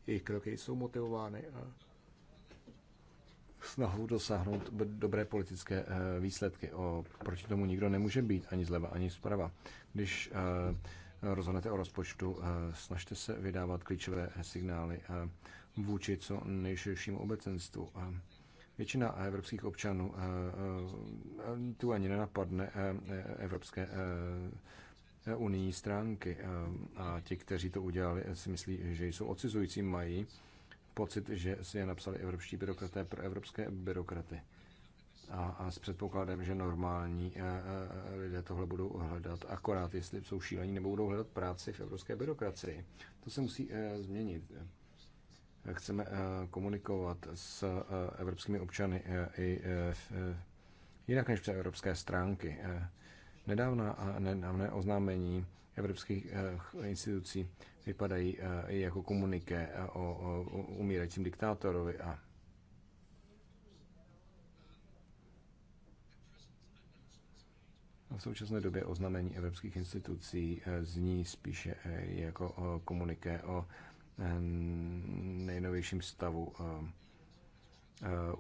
jejich kroky jsou motivovány a snahou dosáhnout dobré politické výsledky. O, proti tomu nikdo nemůže být, ani zleva, ani zprava. Když rozhodnete o rozpočtu, eh, snažte se vydávat klíčové signály eh, vůči co nejširšímu obecenstvu. Většina evropských občanů eh, tu ani nenapadne evropské unijní stránky a ti, kteří to udělali, si myslí, že jsou odcizující, mají pocit, že si je napsali evropští byrokraté pro evropské byrokraty a, a s předpokladem, že normální e, e, lidé tohle budou hledat, akorát jestli jsou šílení nebo budou hledat práci v evropské byrokracii. To se musí e, změnit. Chceme komunikovat s evropskými občany i jinak než přes evropské stránky. Nedávna a nedávné oznámení evropských institucí vypadají i jako komuniké o umírajícím diktátorovi a V současné době oznamení evropských institucí eh, zní spíše eh, jako eh, komuniké o nejnovějším stavu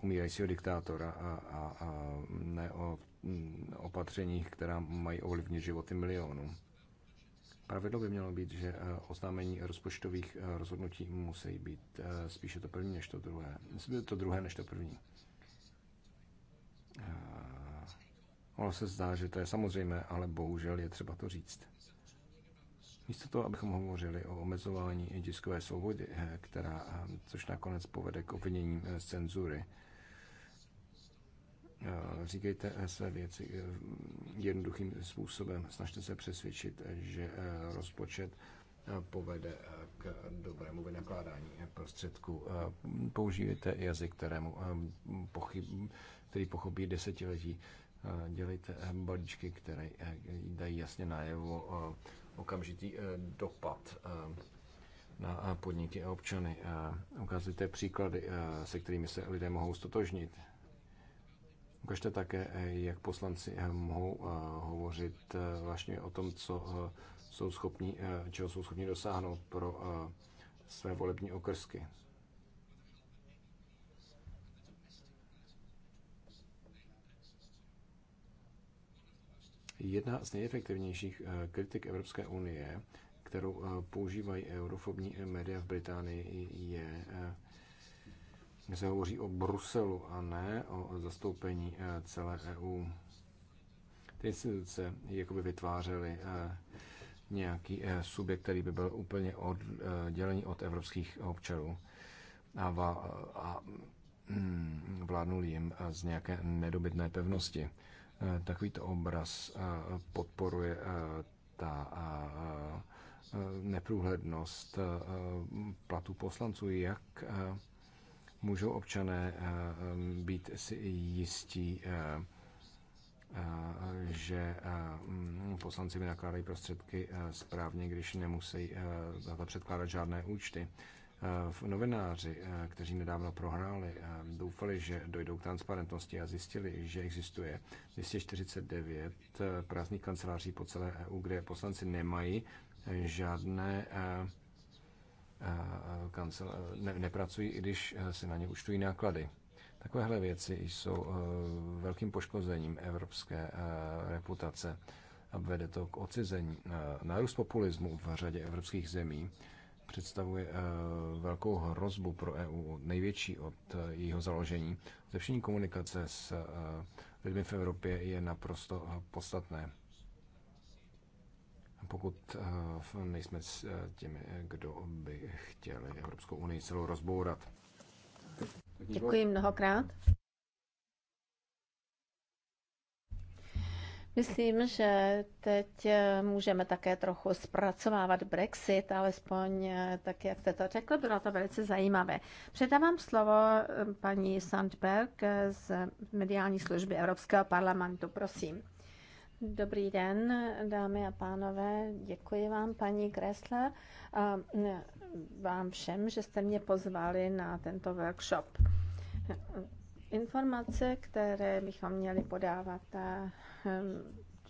umírajícího diktátora a, a, a ne o mm, opatřeních, která mají ovlivnit životy milionů. Pravidlo by mělo být, že oznámení rozpočtových rozhodnutí musí být spíše to první než to druhé. To druhé než to první. Ono se zdá, že to je samozřejmé, ale bohužel je třeba to říct. Místo toho, abychom hovořili o omezování tiskové svobody, eh, která, eh, což nakonec povede k obviněním eh, z cenzury, říkejte své věci jednoduchým způsobem. Snažte se přesvědčit, že rozpočet povede k dobrému vynakládání prostředků. Použijte jazyk, kterému pochybí, který pochopí desetiletí dělejte eh, balíčky, které eh, dají jasně najevo eh, okamžitý dopad na podniky a občany. Ukazujte příklady, se kterými se lidé mohou stotožnit. Ukažte také, jak poslanci mohou hovořit vlastně o tom, co jsou schopni, čeho jsou schopni dosáhnout pro své volební okrsky. Jedna z nejefektivnějších eh, kritik Evropské unie, kterou eh, používají eurofobní eh, média v Británii, je, že se hovoří o Bruselu a ne o zastoupení celé EU. Ty instituce jakoby vytvářely nějaký subjekt, který by byl úplně oddělený od evropských občanů a, a, a hm, vládnul jim z nějaké nedobytné pevnosti. Eh, takovýto obraz eh, podporuje eh, ta neprůhlednost platů poslanců, jak můžou občané být si jistí, že poslanci vynakládají prostředky správně, když nemusí za to předkládat žádné účty. Eh, v novináři, eh, kteří nedávno prohráli, eh, doufali, že dojdou k transparentnosti a zjistili, že existuje 249 prázdných kanceláří po celé EU, kde poslanci nemají žádné kancel, ne, nepracují, i když se na ně účtují náklady. Takovéhle věci jsou velkým poškozením evropské reputace a vede to k ocizení, nárůst populismu v řadě evropských zemí představuje eh, velkou hrozbu pro EU, největší od eh, jejího založení. Zlepšení komunikace s eh, lidmi v Evropě je naprosto podstatné. Pokud nejsme s těmi, kdo by chtěli Evropskou unii celou rozbourat. Děkuji mnohokrát. Myslím, že teď eh, můžeme také trochu zpracovávat Brexit, alespoň eh, tak, jak jste to řekl, bylo to velice zajímavé. Předávám slovo eh, paní Sandberg z mediální služby Evropského parlamentu, prosím. Dobrý den, dámy a pánové. Děkuji vám, paní Gressler, a vám všem, že jste mě pozvali na tento workshop. Informace, které bychom měli podávat eh,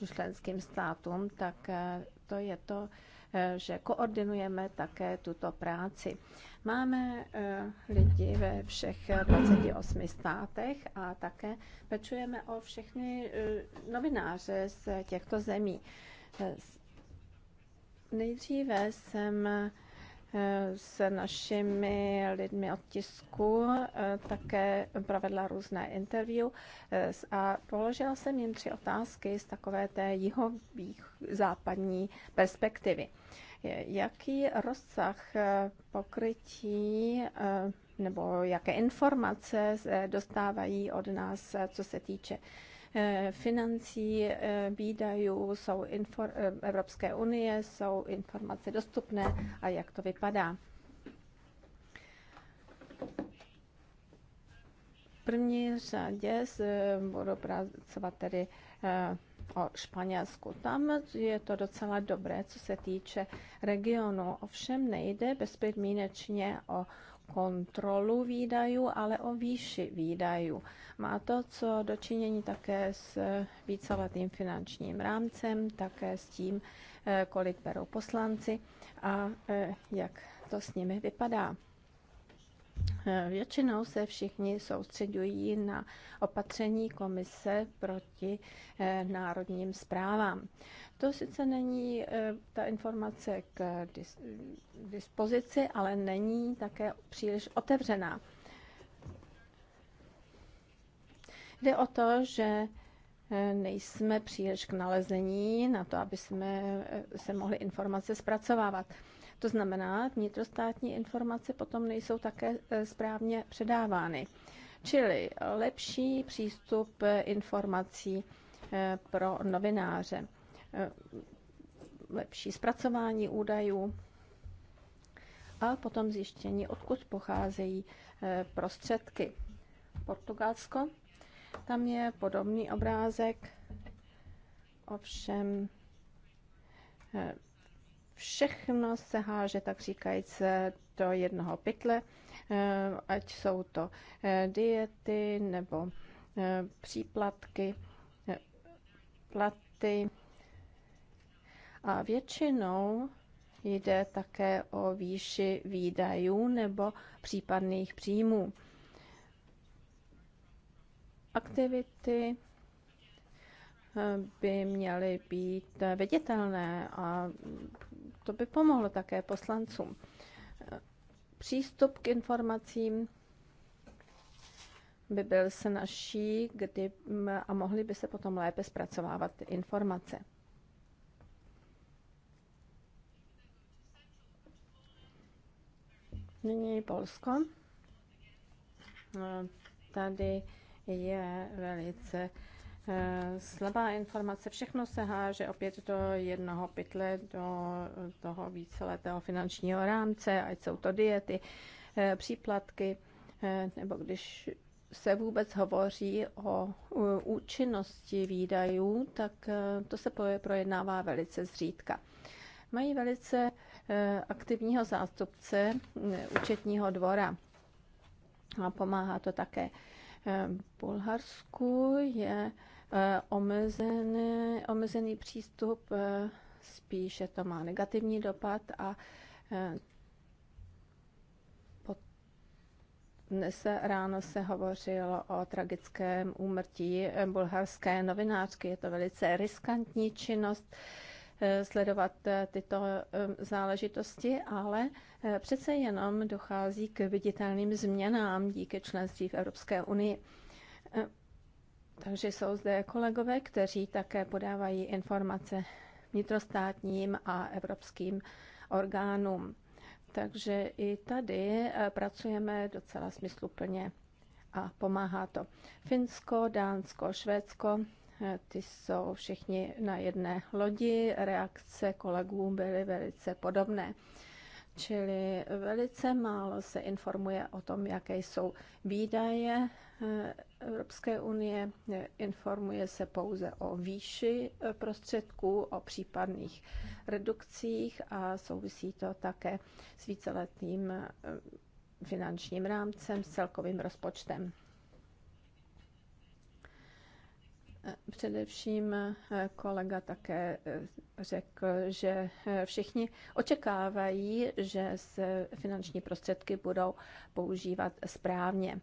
eh, členským státům, tak eh, to je to, že koordinujeme také tuto práci. Máme lidi ve všech 28 státech a také pečujeme o všechny novináře z těchto zemí. Nejdříve jsem Eh, se našimi lidmi od tisku, eh, také provedla různé interview eh, a položila jsem jim tři otázky z takové té jihovýchodní perspektivy. Jaký rozsah pokrytí nebo jaké informace dostávají od nás, co se týče Eh, financí, eh, výdajů, jsou infor, eh, Evropské unie, jsou informace dostupné a jak to vypadá. V první řadě budu pracovat tedy o Španělsku. Tam je to docela dobré, co se týče regionu. Ovšem nejde bezpodmínečně o kontrolu výdajů, ale o výši výdajů. Má to co dočinění také s víceletým finančním rámcem, také s tím, eh, kolik berou poslanci a eh, jak to s nimi vypadá. Eh, většinou se všichni soustředují na opatření komise proti eh, národním zprávám. To sice není eh, ta informace k dispozici, ale není také příliš otevřená. Jde o to, že nejsme příliš k nalezení na to, aby jsme se mohli informace zpracovávat. To znamená, vnitrostátní informace potom nejsou také e, správně předávány. Čili lepší přístup e, informací e, pro novináře, lepší zpracování údajů a potom zjištění, odkud pocházejí prostředky. Portugalsko, tam je podobný obrázek, ovšem všechno se háže, tak říkajíc, do jednoho pytle, eh, ať jsou to eh, diety nebo eh, příplatky, platy. A většinou jde také o výši výdajů nebo případných příjmů. Aktivity by měly být viditelné a to by pomohlo také poslancům. Přístup k informacím by byl snažší kdy, a mohly by se potom lépe zpracovávat informace. Nyní Polsko. No, tady je velice Eh, slabá informace, všechno se háže opět do jednoho pytle, do toho víceletého finančního rámce, ať jsou to diety, eh, příplatky, eh, nebo když se vůbec hovoří o účinnosti výdajů, tak to se projednává velice zřídka. Mají velice aktivního zástupce účetního dvora a pomáhá to také. V Bulharsku je Eh, omezený, omezený přístup, eh, spíše to má negativní dopad a eh, dnes ráno se hovořilo o tragickém úmrtí bulharské novinářky. Je to velice riskantní činnost sledovat tyto záležitosti, ale přece jenom dochází k viditelným změnám díky členství v Evropské unii. Takže jsou zde kolegové, kteří také podávají informace vnitrostátním a evropským orgánům. Takže i tady eh, pracujeme docela smysluplně a pomáhá to. Finsko, Dánsko, Švédsko, eh, ty jsou všichni na jedné lodi, reakce kolegů byly velice podobné. Čili velice málo se informuje o tom, jaké jsou výdaje Evropské unie, informuje se pouze o výši prostředků, o případných redukcích a souvisí to také s víceletým eh, finančním rámcem, s celkovým rozpočtem. Eh, především eh, kolega také řekl, že všichni očekávají, že se finanční prostředky budou používat správně.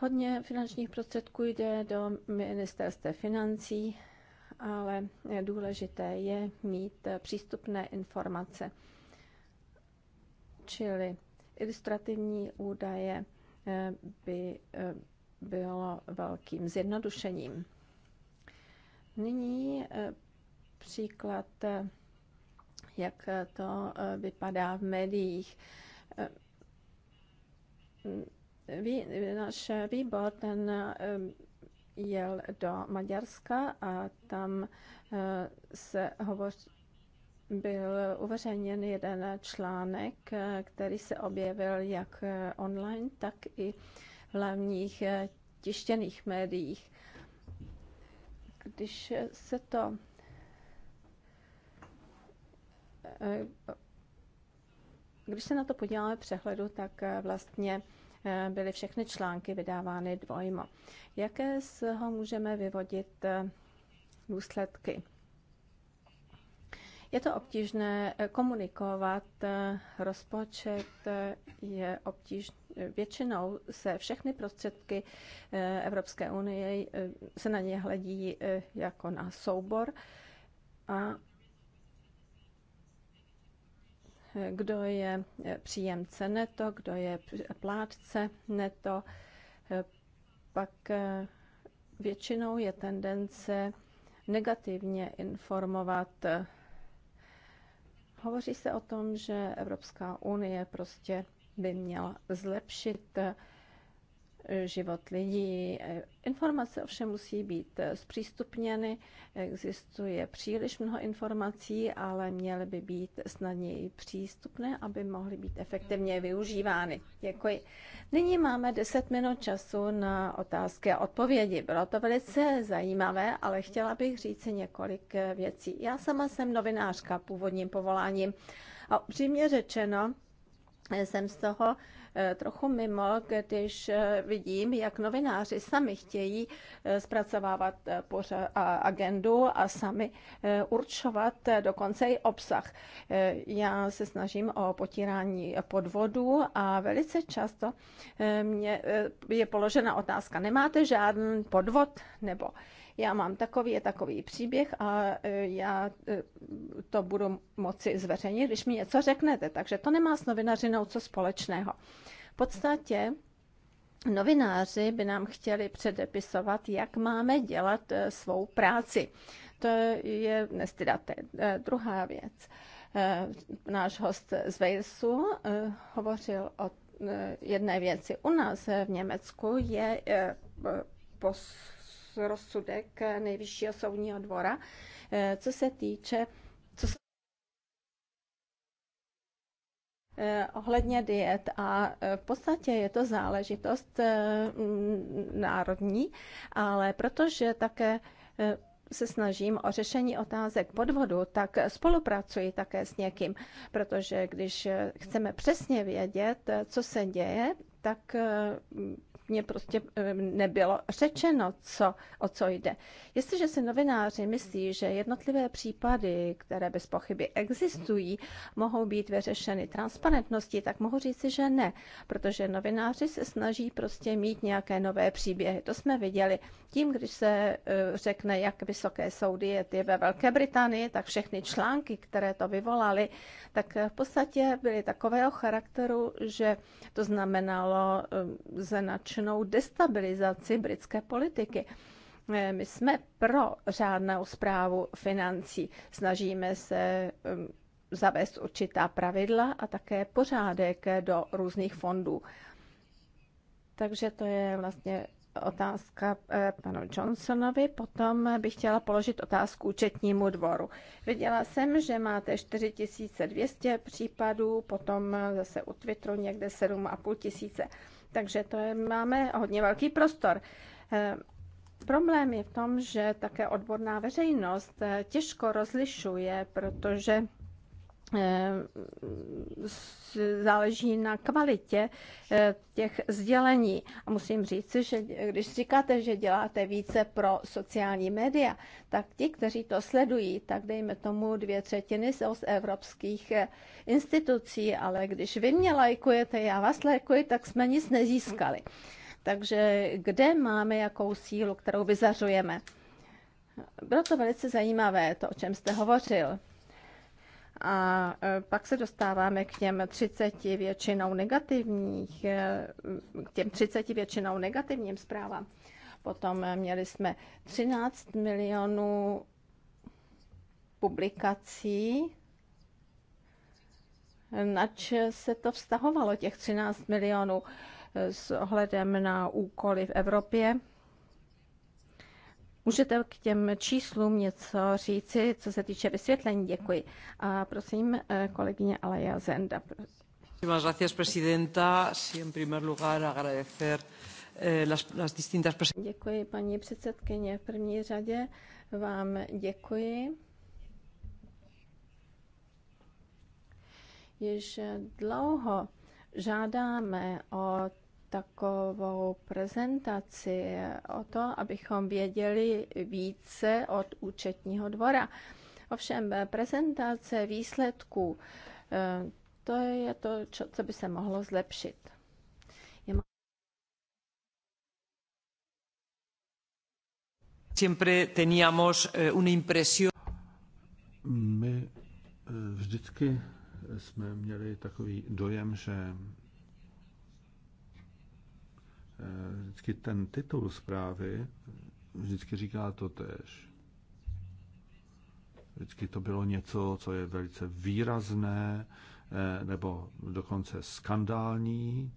Hodně finančních prostředků jde do ministerstva financí, ale důležité je mít přístupné informace, čili ilustrativní údaje eh, by eh, bylo velkým zjednodušením. Nyní eh, příklad, jak to vypadá v médiích Vý, náš výbor ten jel do Maďarska a tam eh, se hovoří, byl uveřejněn jeden článek, eh, který se objevil jak eh, online, tak i v hlavních tištěných médiích. Když se to když se na to podíváme přehledu, tak vlastně Eh, byly všechny články vydávány dvojmo. Jaké z toho můžeme vyvodit eh, důsledky? Je to obtížné eh, komunikovat, rozpočet je obtížný. Většinou se všechny prostředky Evropské unie se na ně hledí jako na soubor a kdo je eh, příjemce neto, kdo je plátce neto. Eh, pak eh, většinou je tendence negativně informovat. Hovoří se o tom, že Evropská unie prostě by měla zlepšit život lidí. Informace ovšem musí být zpřístupněny, existuje příliš mnoho informací, ale měly by být snadněji přístupné, aby mohly být efektivně využívány. Děkuji. Nyní máme 10 minut času na otázky a odpovědi. Bylo to velice zajímavé, ale chtěla bych říct několik věcí. Já sama jsem novinářka původním povoláním a upřímně řečeno, jsem z toho Eh, trochu mimo, když eh, vidím, jak novináři sami chtějí eh, zpracovávat agendu a sami určovat dokonce i obsah. Já se snažím o potírání podvodů a velice často mě je položena otázka, nemáte žádný podvod nebo já mám takový a takový příběh a e, já e, to budu moci zveřejnit, když mi něco řeknete. Takže to nemá s novinařinou co společného. V podstatě novináři by nám chtěli předepisovat, jak máme dělat e, svou práci. To je nestydaté. Druhá věc. Náš host z Walesu hovořil o jedné věci. U nás v Německu je pos rozsudek Nejvyššího soudního dvora, eh, co se týče co se eh, ohledně diet a eh, v podstatě je to záležitost národní, ale protože také se snažím o řešení otázek podvodu, tak spolupracuji také s někým, protože když chceme přesně vědět, co se děje, tak mě prostě nebylo řečeno, co, o co jde. Jestliže si novináři myslí, že jednotlivé případy, které bez pochyby existují, mohou být vyřešeny transparentností, tak mohu říci, že ne, protože novináři se snaží prostě mít nějaké nové příběhy. To jsme viděli. Tím, když se eh, řekne, jak vysoké jsou diety ve Velké Británii, tak všechny články, které to vyvolaly, tak eh, v podstatě byly takového charakteru, že to znamenalo eh, značně možnou destabilizaci britské politiky. Eh, my jsme pro řádnou zprávu financí. Snažíme se ehm, zavést určitá pravidla a také pořádek do různých fondů. Takže to je vlastně otázka eh, panu Johnsonovi. Potom bych chtěla položit otázku účetnímu dvoru. Viděla jsem, že máte 4200 případů, potom zase u Twitteru někde 7,5 tisíce. Takže to je, máme hodně velký prostor. Eh, problém je v tom, že také odborná veřejnost eh, těžko rozlišuje, protože Eh, záleží na kvalitě eh, těch sdělení. A musím říct, že když říkáte, že děláte více pro sociální média, tak ti, kteří to sledují, tak dejme tomu dvě třetiny jsou z evropských eh, institucí, ale když vy mě lajkujete, já vás lajkuji, tak jsme nic nezískali. Takže kde máme jakou sílu, kterou vyzařujeme? Bylo to velice zajímavé, to, o čem jste hovořil. A e, pak se dostáváme k těm 30 většinou negativních, e, k těm 30 většinou negativním zprávám. Potom e, měli jsme 13 milionů publikací, nač se to vztahovalo, těch 13 milionů s ohledem na úkoly v Evropě. Můžete k těm číslům něco říci, co se týče vysvětlení? Děkuji. A prosím, eh, kolegyně Aleja Zenda. Muchísimas gracias, presidenta. Sí, en primer lugar, agradecer eh, las, las distintas Děkuji, paní předsedkyně. V první řadě vám děkuji. Již dlouho žádáme o takovou prezentaci o to, abychom věděli více od účetního dvora. Ovšem, prezentace výsledků, eh, to je to, co by se mohlo zlepšit. Siempre teníamos eh, una impresión. My eh, vždycky jsme měli takový dojem, že Eh, vždycky ten titul zprávy vždycky říká to tež. Vždycky to bylo něco, co je velice výrazné eh, nebo dokonce skandální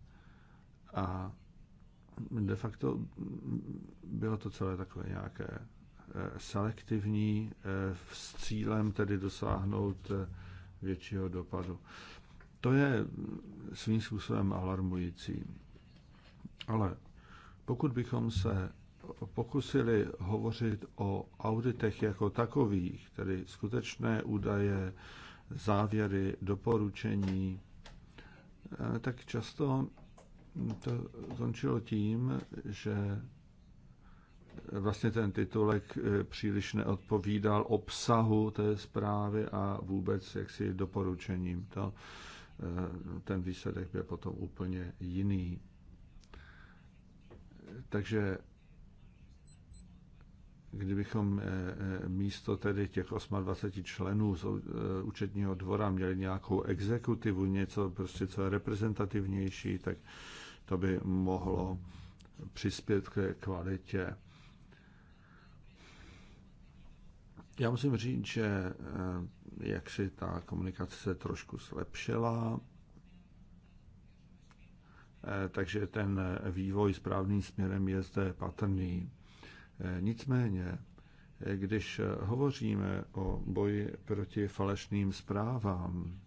a de facto bylo to celé takové nějaké eh, selektivní s cílem tedy dosáhnout většího dopadu. To je svým způsobem alarmující. Ale pokud bychom se pokusili hovořit o auditech jako takových, tedy skutečné údaje, závěry, doporučení, eh, tak často to končilo tím, že vlastně ten titulek eh, příliš neodpovídal obsahu té zprávy a vůbec jaksi doporučením. To, eh, ten výsledek byl potom úplně jiný. Takže kdybychom eh, eh, místo tedy těch 28 členů z eh, účetního dvora měli nějakou exekutivu, něco prostě co je reprezentativnější, tak to by mohlo přispět k kvalitě. Já musím říct, že jak si ta komunikace se trošku zlepšila, Eh, takže ten eh, vývoj správným směrem je zde patrný. Eh, nicméně, když hovoříme o boji proti falešným zprávám,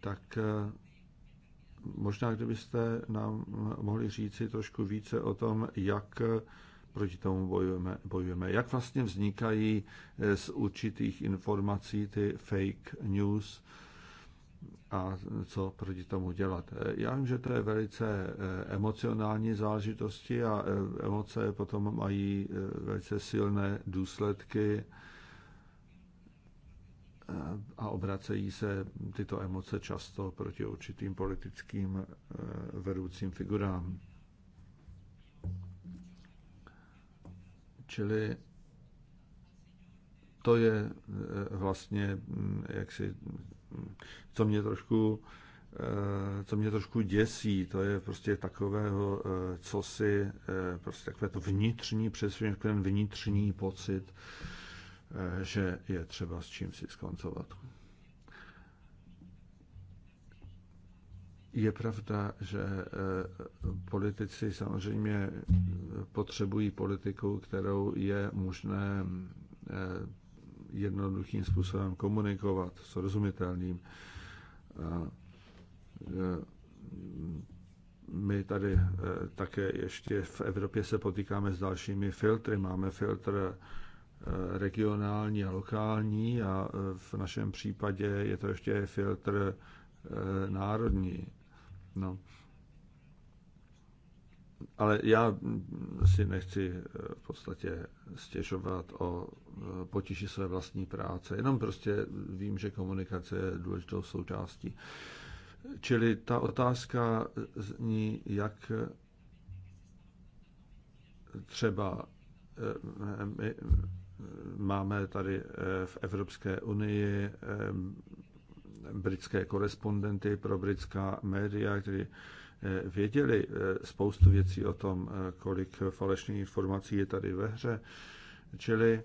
tak možná, kdybyste nám mohli říci trošku více o tom, jak proti tomu bojujeme, bojujeme. Jak vlastně vznikají z určitých informací ty fake news, a co proti tomu dělat. Já vím, že to je velice eh, emocionální záležitosti a eh, emoce potom mají eh, velice silné důsledky a obracejí se tyto emoce často proti určitým politickým vedoucím figurám. Čili to je vlastně mm, jaksi co mě trošku eh, co mě trošku děsí, to je prostě takového, eh, co si, eh, prostě takové to vnitřní přesvědčení, ten vnitřní pocit, že je třeba s čím si skoncovat. Je pravda, že politici samozřejmě potřebují politiku, kterou je možné jednoduchým způsobem komunikovat, srozumitelným. E, my tady e, také ještě v Evropě se potýkáme s dalšími filtry. Máme filtr e, regionální a lokální a v našem případě je to ještě filtr národní. No ale já mm, si nechci eh, v podstatě stěžovat o eh, potíži své vlastní práce, jenom prostě vím, že komunikace je důležitou součástí. Čili ta otázka zní, jak eh, třeba my máme tady v Evropské unii britské korespondenty pro britská média, které Eh, věděli eh, spoustu věcí o tom, eh, kolik falešných informací je tady ve hře. Čili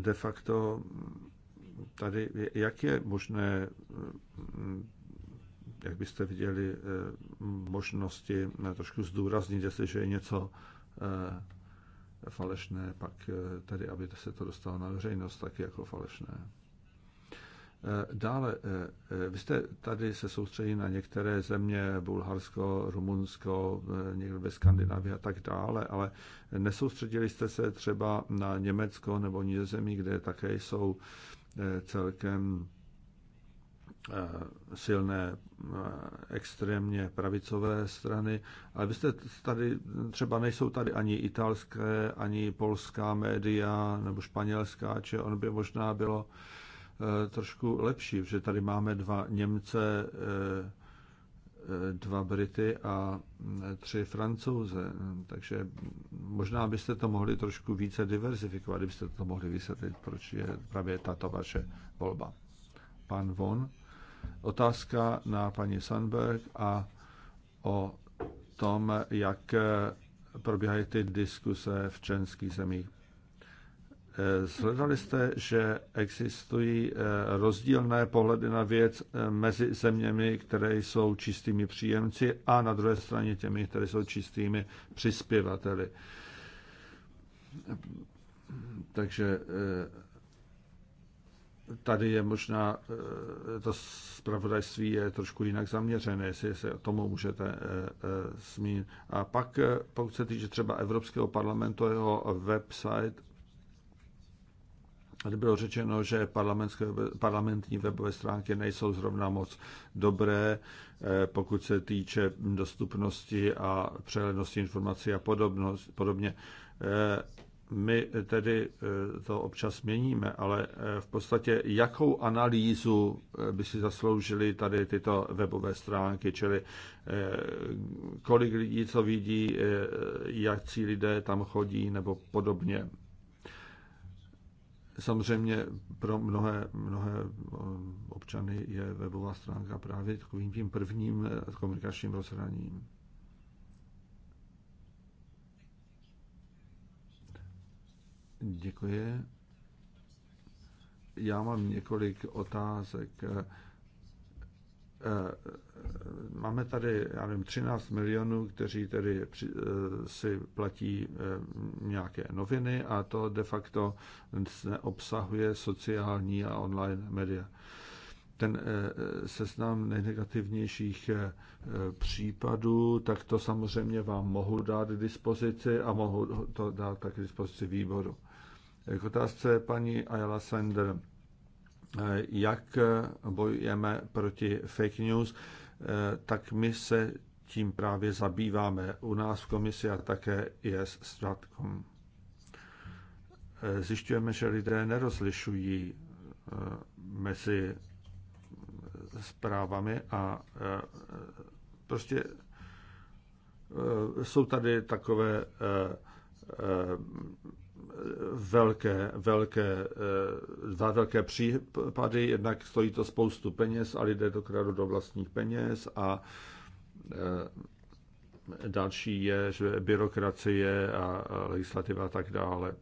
de facto tady, jak je možné, jak byste viděli možnosti trošku zdůraznit, jestliže je něco falešné, pak tady, aby se to dostalo na veřejnost, taky jako falešné. Eh, dále, eh, eh, vy jste tady se soustředili na některé země, Bulharsko, Rumunsko, někde ve Skandinávii a tak dále, ale nesoustředili jste se třeba na Německo nebo Nizozemí, kde také jsou celkem silné extrémně pravicové strany. Ale vy jste tady, třeba nejsou tady ani italské, ani polská média, nebo španělská, či on by možná bylo Eh, trošku lepší, protože tady máme dva Němce, eh, eh, dva Brity a mm, tři Francouze. Takže možná byste to mohli trošku více diverzifikovat, kdybyste to mohli vysvětlit, proč je právě tato vaše volba. Pan Von. Otázka na paní Sandberg a o tom, jak probíhají ty diskuse v členských zemích. Eh, Shledali jste, že existují eh, rozdílné pohledy na věc eh, mezi zeměmi, které jsou čistými příjemci a na druhé straně těmi, které jsou čistými přispěvateli. Takže tady je možná, to spravodajství je trošku jinak zaměřené, jestli se tomu můžete zmínit. A pak, pokud se týče třeba Evropského parlamentu, jeho website Tady bylo řečeno, že parlamentní webové stránky nejsou zrovna moc dobré, eh, pokud se týče dostupnosti a přehlednosti informací a podobně. Eh, my tedy eh, to občas měníme, ale v podstatě jakou analýzu by si zasloužily tady tyto webové stránky, čili kolik lidí co vidí, jakcí lidé tam chodí nebo podobně. Samozřejmě pro mnohé, mnohé eh, občany je webová stránka právě takovým tím prvním eh, komunikačním rozhraním. Děkuji. Já mám několik otázek. Eh, máme tady, já nevím, 13 milionů, kteří tedy eh, si platí eh, nějaké noviny a to de facto neobsahuje sociální a online média. Ten seznam nejnegativnějších případů, tak to samozřejmě vám mohu dát k dispozici a mohu to dát tak k dispozici výboru. K otázce paní Ayala Sender Eh, jak eh, bojujeme proti fake news, eh, tak my se tím právě zabýváme u nás v komisi a také je s Stratcom. Zjišťujeme, že lidé nerozlišují mezi zprávami a prostě jsou tady takové velké, velké, eh, dva velké případy. Jednak stojí to spoustu peněz a lidé to kradou do vlastních peněz a eh, další je, že byrokracie a legislativa a tak dále.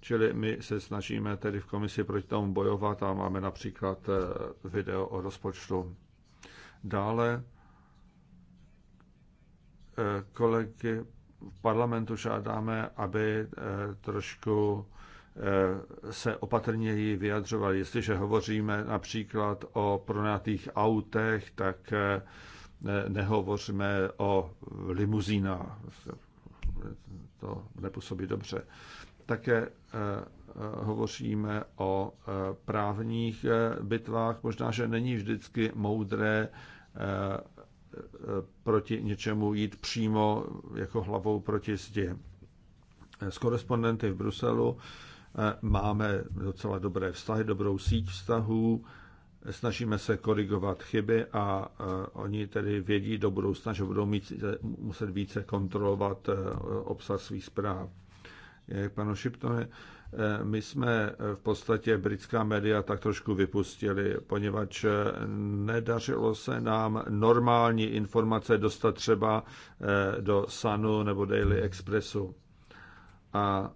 Čili my se snažíme tedy v komisi proti tomu bojovat a máme například eh, video o rozpočtu. Dále kolegy v parlamentu žádáme, aby eh, trošku eh, se opatrněji vyjadřovali. Jestliže hovoříme například o pronatých autech, tak eh, nehovoříme o limuzínách. To nepůsobí dobře. Také hovoříme o právních bitvách. Možná, že není vždycky moudré proti něčemu jít přímo jako hlavou proti zdi. S korespondenty v Bruselu eh, máme docela dobré vztahy, dobrou síť vztahů, snažíme se korigovat chyby a eh, oni tedy vědí do budoucna, že budou mít, eh, muset více kontrolovat obsah svých zpráv. Jak panu Šiptone, Eh, my jsme eh, v podstatě britská média tak trošku vypustili, poněvadž eh, nedařilo se nám normální informace dostat třeba do Sunu nebo Daily Expressu. A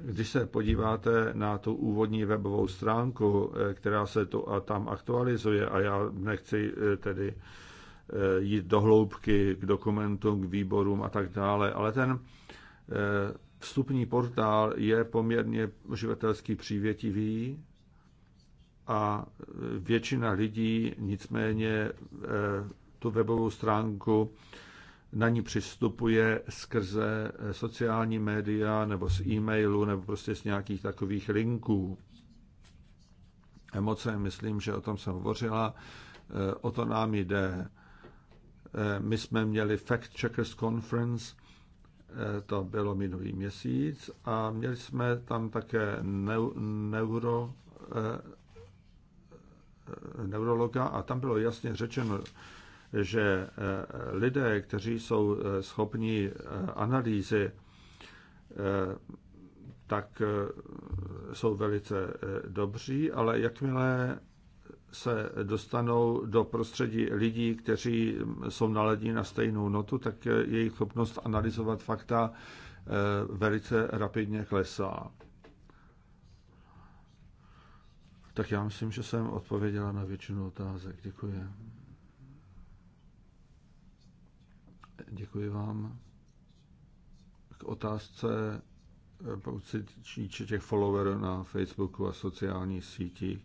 když se podíváte na tu úvodní webovou stránku, která se tu a tam aktualizuje, a já nechci tedy jít do hloubky k dokumentům, k výborům a tak dále, ale ten Vstupní portál je poměrně uživatelský přívětivý a většina lidí nicméně eh, tu webovou stránku na ní přistupuje skrze eh, sociální média nebo z e-mailu nebo prostě z nějakých takových linků. Emoce, myslím, že o tom jsem hovořila, eh, o to nám jde. My jsme měli Fact Checkers Conference Eh, to bylo minulý měsíc a měli jsme tam také neuro, eh, eh, neurologa a tam bylo jasně řečeno, že lidé, kteří jsou schopni analýzy, tak jsou velice dobří, ale jakmile se dostanou do prostředí lidí, kteří jsou naladní na stejnou notu, tak jejich schopnost analyzovat fakta eh, velice rapidně klesá. Tak já myslím, že jsem odpověděla na většinu otázek. Děkuji. Děkuji vám. K otázce eh, poucitíče těch followerů na Facebooku a sociálních sítích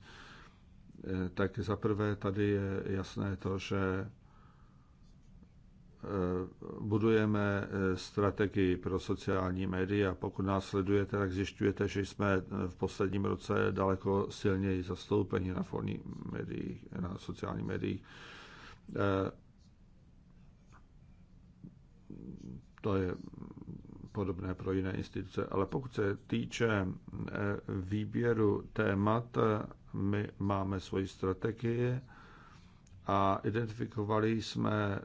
Eh, tak zaprvé tady je jasné to, že eh, budujeme eh, strategii pro sociální média. Pokud nás sledujete, tak zjišťujete, že jsme v posledním roce daleko silněji zastoupeni na forní médiích, na sociálních médiích. To je podobné pro jiné instituce. Ale pokud se týče výběru témat my máme svoji strategii a identifikovali jsme eh,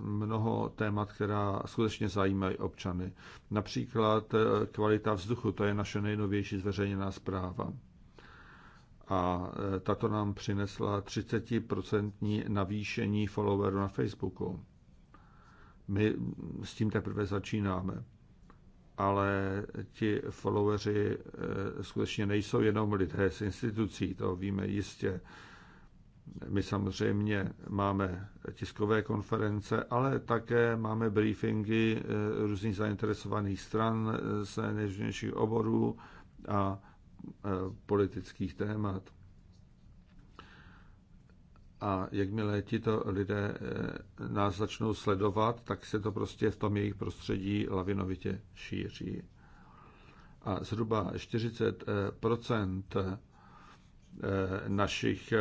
mnoho témat, která skutečně zajímají občany. Například eh, kvalita vzduchu, to je naše nejnovější zveřejněná zpráva. A eh, tato nám přinesla 30% navýšení followerů na Facebooku. My s tím teprve začínáme ale ti followeri eh, skutečně nejsou jenom lidé z institucí, to víme jistě. My samozřejmě máme tiskové konference, ale také máme briefingy eh, různých zainteresovaných stran eh, z nejrůznějších oborů a politických témat. A jakmile tito lidé eh, nás začnou sledovat, tak se to prostě v tom jejich prostředí lavinovitě šíří. A zhruba 40 eh, eh, našich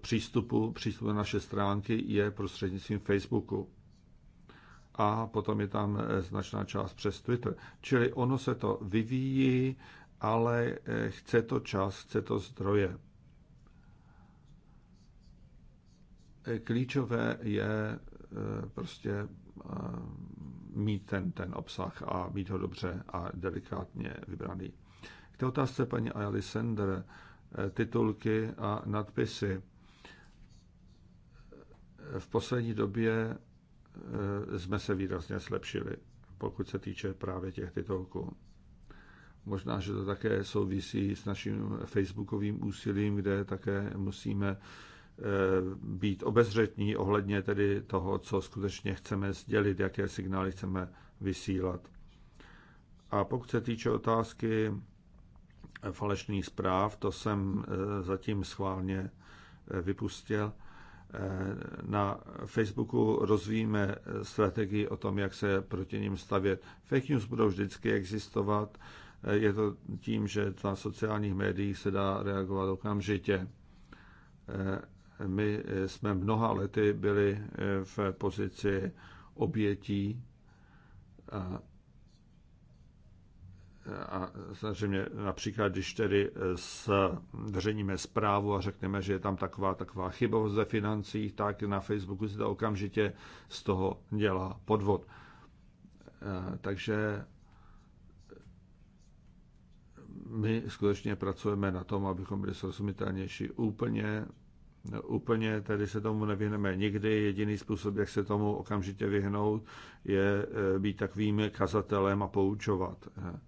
přístupů, přístupů na naše stránky je prostřednictvím Facebooku. A potom je tam značná část přes Twitter. Čili ono se to vyvíjí, ale chce to čas, chce to zdroje. klíčové je eh, prostě eh, mít ten, ten obsah a mít ho dobře a delikátně vybraný. K té otázce paní Ayali Sender, eh, titulky a nadpisy. V poslední době jsme se výrazně zlepšili, pokud se týče právě těch titulků. Možná, že to také souvisí s naším facebookovým úsilím, kde také musíme Eh, být obezřetní ohledně tedy toho, co skutečně chceme sdělit, jaké signály chceme vysílat. A pokud se týče otázky eh, falešných zpráv, to jsem eh, zatím schválně vypustil. Na Facebooku rozvíjíme strategii o tom, jak se proti ním stavět. Fake news budou vždycky existovat. Je to tím, že na sociálních médiích se dá reagovat okamžitě. My eh, jsme mnoha lety byli eh, v pozici obětí a, a samozřejmě například, když tedy eh, zveřejníme zprávu a řekneme, že je tam taková taková chybovost ve financích, tak na Facebooku se to okamžitě z toho dělá podvod. Takže my skutečně pracujeme na tom, abychom byli srozumitelnější. Úplně No, úplně tady se tomu nevyhneme nikdy. Jediný způsob, jak se tomu okamžitě vyhnout, je eh, být takovým kazatelem a poučovat. Eh.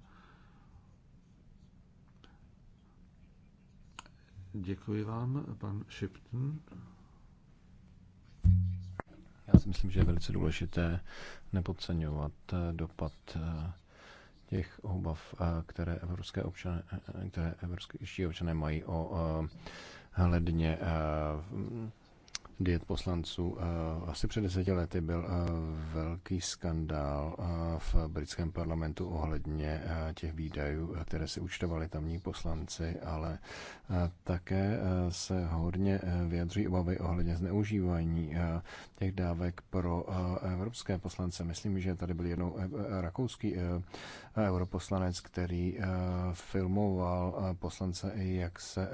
Děkuji vám, pan Shipton. Já si myslím, že je velice důležité nepodceňovat eh, dopad těch obav, které evropské občané, které evropské občané mají o hledně eh, diet poslanců. Eh, asi před deseti lety byl eh, velký skandál eh, v britském parlamentu ohledně těch výdajů, které si účtovali tamní poslanci, ale také se hodně vyjadřují obavy ohledně zneužívání těch dávek pro evropské poslance. Myslím, že tady byl jednou rakouský europoslanec, který filmoval poslance, jak se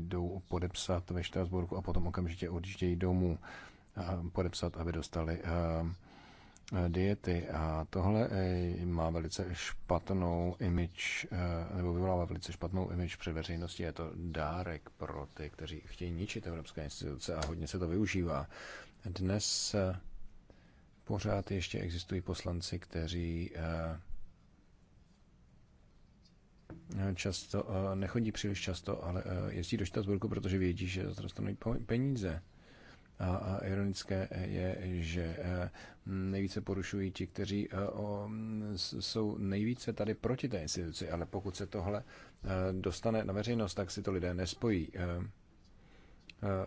jdou podepsat ve Štrasburku a potom okamžitě odjíždějí domů eh, podepsat, aby dostali eh, eh, diety. A tohle má velice špatnou image, nebo vyvolává velice špatnou image před veřejností. Je to dárek pro ty, kteří chtějí ničit evropské instituce a hodně se to využívá. Dnes pořád ještě existují poslanci, kteří často, nechodí příliš často, ale jezdí do Štrasburku, protože vědí, že za dostanou peníze. A ironické je, že eh, nejvíce porušují ti, kteří eh, jsou nejvíce tady proti té instituci, ale pokud se tohle eh, dostane na veřejnost, tak si to lidé nespojí.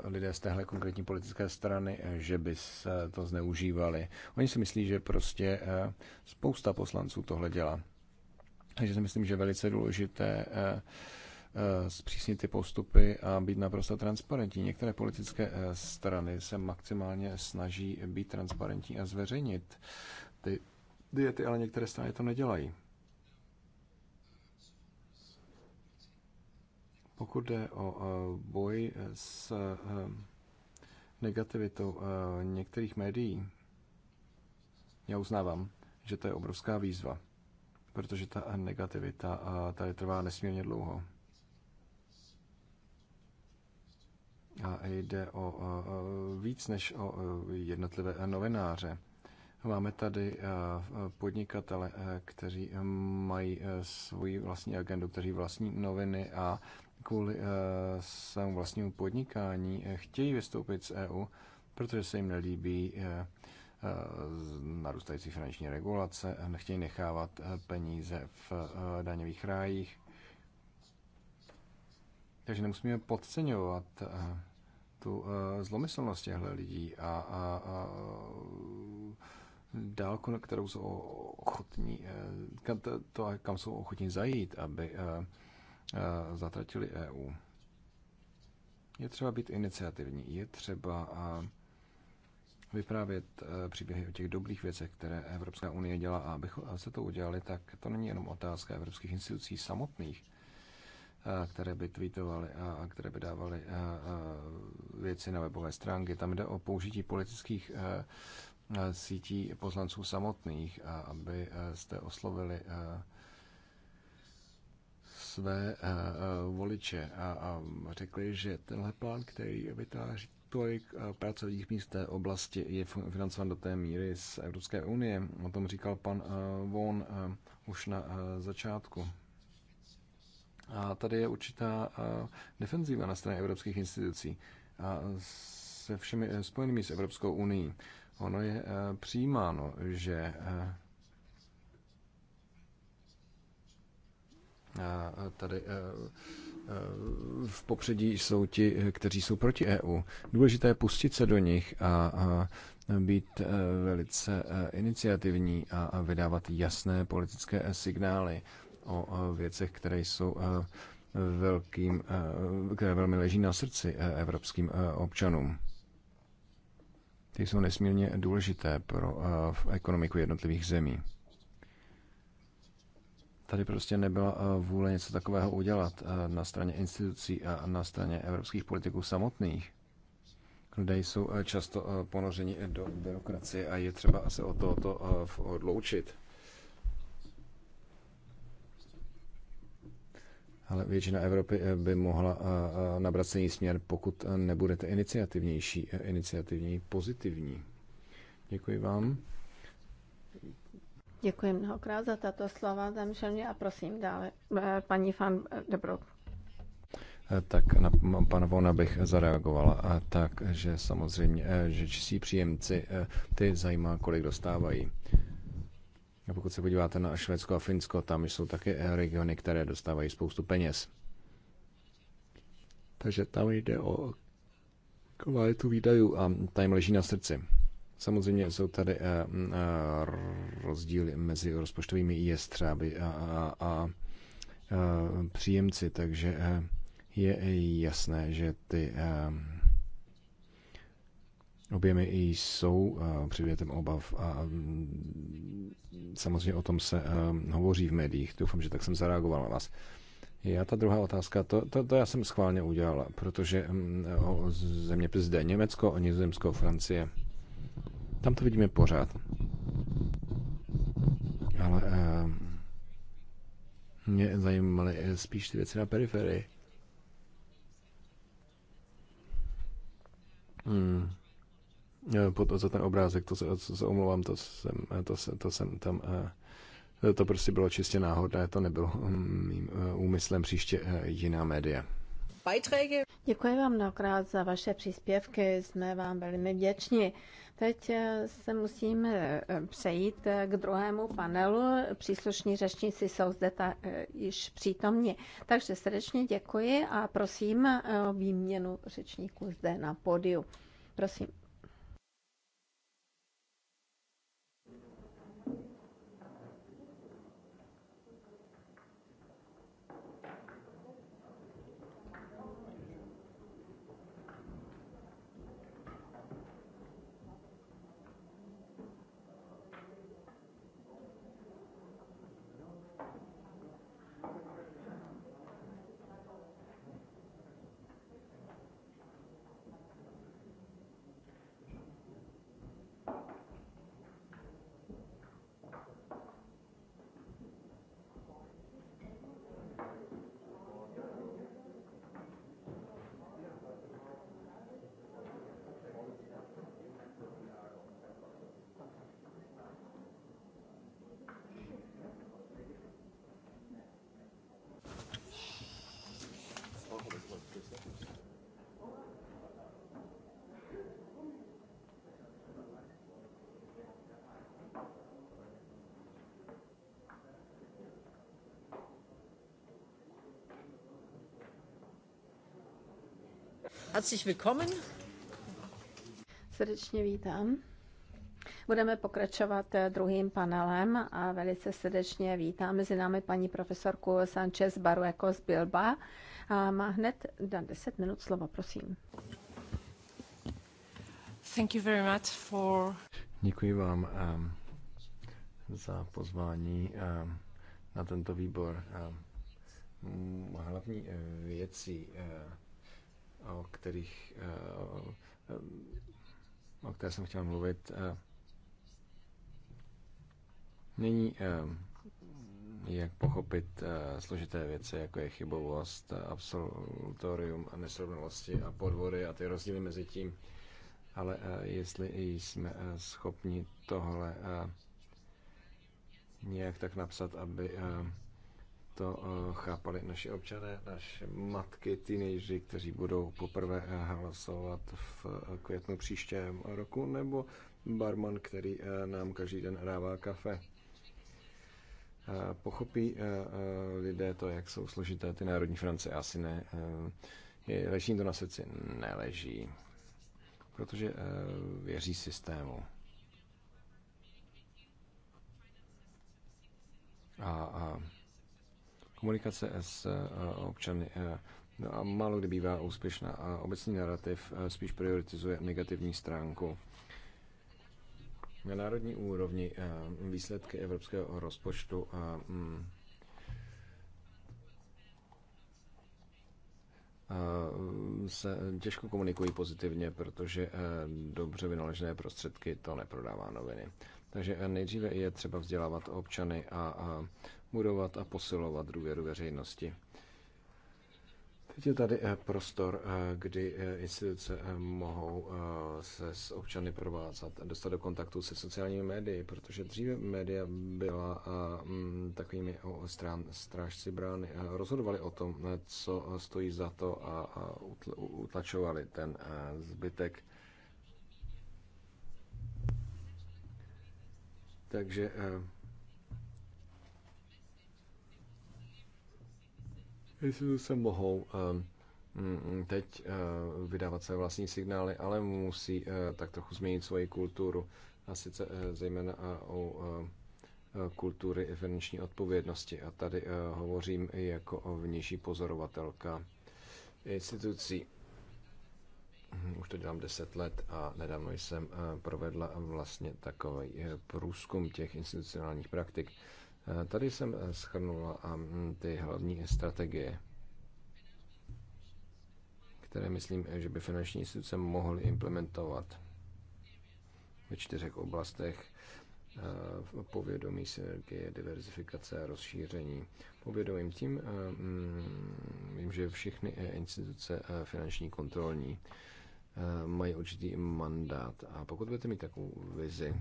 Lidé z téhle konkrétní politické strany, že by se to zneužívali. Oni si myslí, že prostě spousta poslanců tohle dělá. Takže si myslím, že velice důležité Eh, zpřísnit ty postupy a být naprosto transparentní. Některé politické eh, strany se maximálně snaží být transparentní a zveřejnit ty diety, ale některé strany to nedělají. Pokud jde o eh, boj s negativitou některých médií, já uznávám, že to je obrovská výzva, protože ta negativita tady trvá nesmírně dlouho. A jde o víc než o jednotlivé novináře. Máme tady e, podnikatele, e, kteří mají e, svoji vlastní agendu, kteří vlastní noviny a kvůli svému vlastnímu podnikání chtějí vystoupit z EU, protože se jim nelíbí narůstající finanční regulace, nechtějí nechávat peníze v daňových rájích. Takže nemusíme podceňovat tu eh, zlomyslnost těchto lidí a, a, a dálku, na kterou jsou ochotní, eh, to, kam jsou ochotní zajít, aby eh, zatratili EU. Je třeba být iniciativní, je třeba vyprávět příběhy o těch dobrých věcech, které Evropská unie dělá a abychom se to udělali, tak to není jenom otázka evropských institucí samotných, které by tweetovaly a které by dávaly věci na webové stránky. Tam jde o použití politických sítí poslanců samotných, aby jste oslovili své voliče a řekli, že tenhle plán, který vytváří tolik pracovních míst v té oblasti je financován do té míry z Evropské unie. O tom říkal pan Von už na začátku. A tady je určitá defenzíva na straně evropských institucí a se všemi eh, spojenými s Evropskou unii. Ono je eh, přijímáno, že eh, tady v popředí jsou ti, kteří jsou proti EU. Důležité je pustit se do nich a být velice iniciativní a vydávat jasné politické signály o věcech, které jsou e, velkým, e, které velmi leží na srdci e, evropským občanům. Ty jsou nesmírně důležité pro ekonomiku jednotlivých zemí. Tady prostě nebyla vůle něco takového udělat na straně institucí a na straně evropských politiků samotných. Lidé jsou často ponořeni do byrokracie a je třeba se o tohoto odloučit. ale většina Evropy eh, by mohla eh, eh, nabrat se směr, pokud nebudete iniciativnější, iniciativní, pozitivní. Děkuji vám. Děkuji mnohokrát za tato slova, zamřelně a prosím dále, paní Fan Dobrou. Tak na pana Vona bych zareagovala. A tak, že samozřejmě, že čistí příjemci, ty zajímá, kolik dostávají. A pokud se podíváte na Švédsko a Finsko, tam jsou také regiony, které dostávají spoustu peněz. Takže tam jde o kvalitu výdajů a ta jim leží na srdci. Samozřejmě jsou tady eh, mm, eh, rozdíly mezi rozpočtovými jestřáby a, a, a eh, příjemci, takže je jasné, že ty Objemy jsou předmětem obav a samozřejmě o tom se hovoří v médiích. Doufám, že tak jsem zareagoval na vás. Já ta druhá otázka, to, to, to já jsem schválně udělal, protože mm, země zde Německo, Nizozemsko, Francie, tam to vidíme pořád. Ale uh, mě zajímaly spíš ty věci na periferii. Hmm. Eh, pod, za ten obrázek, to se, to se omlouvám, to jsem, eh, to, se, to jsem tam, eh, to prostě bylo čistě náhodné, to nebylo <laughs> mým úmyslem příště jiná média. Děkuji vám mnohokrát za vaše příspěvky, jsme vám velmi vděční. Teď se musíme přejít k druhému panelu. Příslušní řečníci jsou zde ta, již přítomní. Takže srdečně děkuji a prosím o výměnu řečníků zde na pódiu. Prosím. Herzlich willkommen. Srdečně vítám. Budeme pokračovat eh, druhým panelem a velice srdečně vítám mezi námi paní profesorku Sanchez Barueco z Bilba. A má hned na 10 minut slovo, prosím. Thank you very much for... Děkuji vám um, za pozvání um, na tento výbor. Um, hlavní eh, věci. uh, eh, o kterých eh, o které jsem chtěl mluvit, eh, není eh, jak pochopit složité věci, jako je chybovost, absolutorium, nesrovnalosti a podvody a ty rozdíly mezi tím. Ale jestli jsme schopni tohle nějak tak napsat, aby to eh, chápali naši občané, naše matky, teenageři, kteří budou poprvé eh, hlasovat v eh, květnu příštím roku, nebo barman, který nám každý den dává kafe. Pochopí lidé to, jak jsou složité ty národní France? Asi ne. Leží to na srdci? Neleží. Protože věří systému. A, a Komunikace s eh, občany eh, no málo kdy bývá úspěšná a obecný narrativ eh, spíš prioritizuje negativní stránku. Na národní úrovni výsledky evropského rozpočtu hm, se těžko komunikují pozitivně, protože dobře vynaložené prostředky to neprodává noviny. Takže nejdříve je třeba vzdělávat občany a budovat a posilovat důvěru veřejnosti. Teď je tady eh, prostor, eh, kdy eh, instituce mohou se s občany provázat, dostat do kontaktu se sociálními médii, protože dříve média byla mm, takovými strán, strážci brány. Rozhodovali o tom, co stojí za to a utlačovali ten zbytek. Takže se mohou eh, mm, teď eh, vydávat své vlastní signály, ale musí eh, tak trochu změnit svoji kulturu. A sice zejména o kultury finanční odpovědnosti. A tady hovořím i jako vnější pozorovatelka institucí. Už to dělám 10 let a nedávno jsem provedla vlastně takový průzkum těch institucionálních praktik. Eh, tady jsem eh, schrnula mm, ty hlavní strategie, které myslím, eh, že by finanční instituce mohly implementovat ve čtyřech oblastech povědomí, synergie, diverzifikace a rozšíření. Povědomím tím mm, vím, že všechny instituce finanční kontrolní mají určitý mandát a pokud budete mít takovou vizi,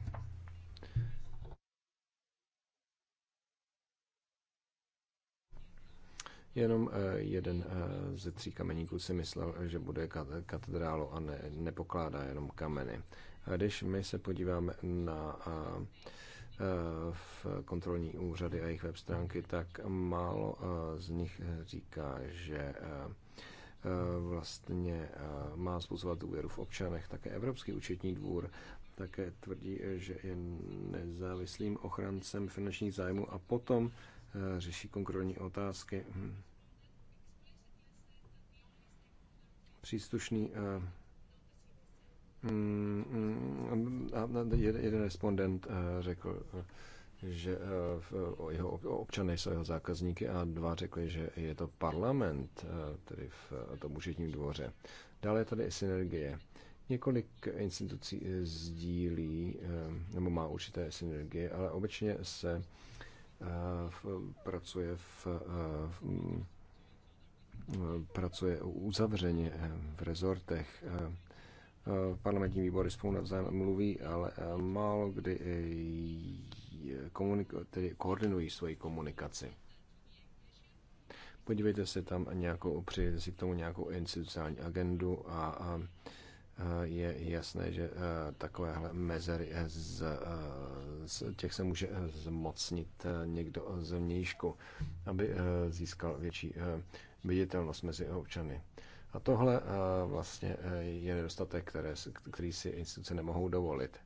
Jenom eh, jeden eh, ze tří kameníků si myslel, že bude katedrálu a ne, nepokládá jenom kameny. A když my se podíváme na eh, v kontrolní úřady a jejich web stránky, tak málo z nich říká, že vlastně má způsobovat důvěru v občanech. Také Evropský účetní dvůr také tvrdí, že je nezávislým ochrancem finančních zájmů a potom Eh, řeší konkrétní otázky. Hmm. Příslušný eh, hmm, hmm, jeden respondent eh, řekl, že jeho občané jsou jeho zákazníky a dva řekli, že je to parlament, tedy v tom úředním dvoře. Dále je tady synergie. Několik institucí sdílí nebo má určité synergie, ale obecně se Eh, pracuje v, eh, eh, pracuje uzavřeně v rezortech. Parlamentní výbory spolu navzájem mluví, ale málo kdy tedy koordinují svoji komunikaci. Podívejte se tam nějakou, přijde si k tomu nějakou institucionální agendu a, a Eh, je jasné, že eh, takovéhle mezery eh, z, z těch se může zmocnit někdo z vnějšku, aby získal větší viditelnost mezi občany. A tohle vlastně je nedostatek, které, který si instituce nemohou dovolit.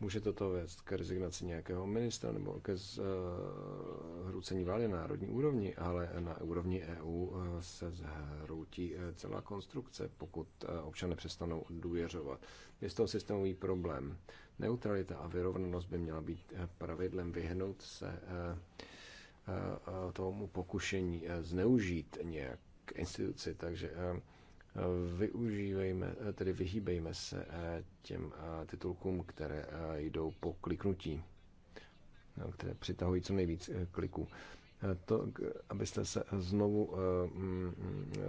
Může toto vést k rezignaci nějakého ministra nebo ke zhroucení eh, vlády na národní úrovni, ale na úrovni EU eh, se zhroutí eh, celá konstrukce, pokud občané přestanou důvěřovat. Je to systémový problém. Neutralita a vyrovnanost by měla být pravidlem vyhnout se tomu pokušení zneužít nějak instituci, takže Využívejme, tedy vyhýbejme se eh, těm eh, titulkům, které eh, jdou po kliknutí, no, které přitahují co nejvíc kliků. To, abyste se znovu mm,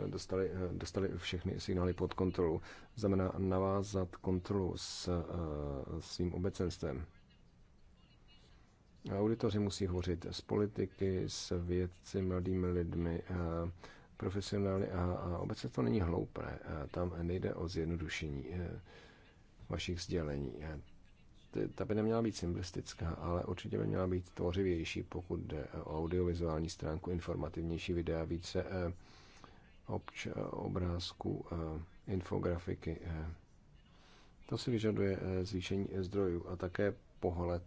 dostali, dostali všechny signály pod kontrolu, znamená navázat kontrolu s svým obecenstvem. Auditoři musí hovořit s politiky, s vědci, mladými lidmi, Profesionálně a, a obecně to není hloupé. Tam nejde o zjednodušení eh, vašich sdělení. Eh, ta by neměla být simplistická, ale určitě by měla být tvořivější, pokud jde o audiovizuální stránku, informativnější videa, více eh, obč, e, infografiky. To si vyžaduje zvýšení zdrojů a také pohled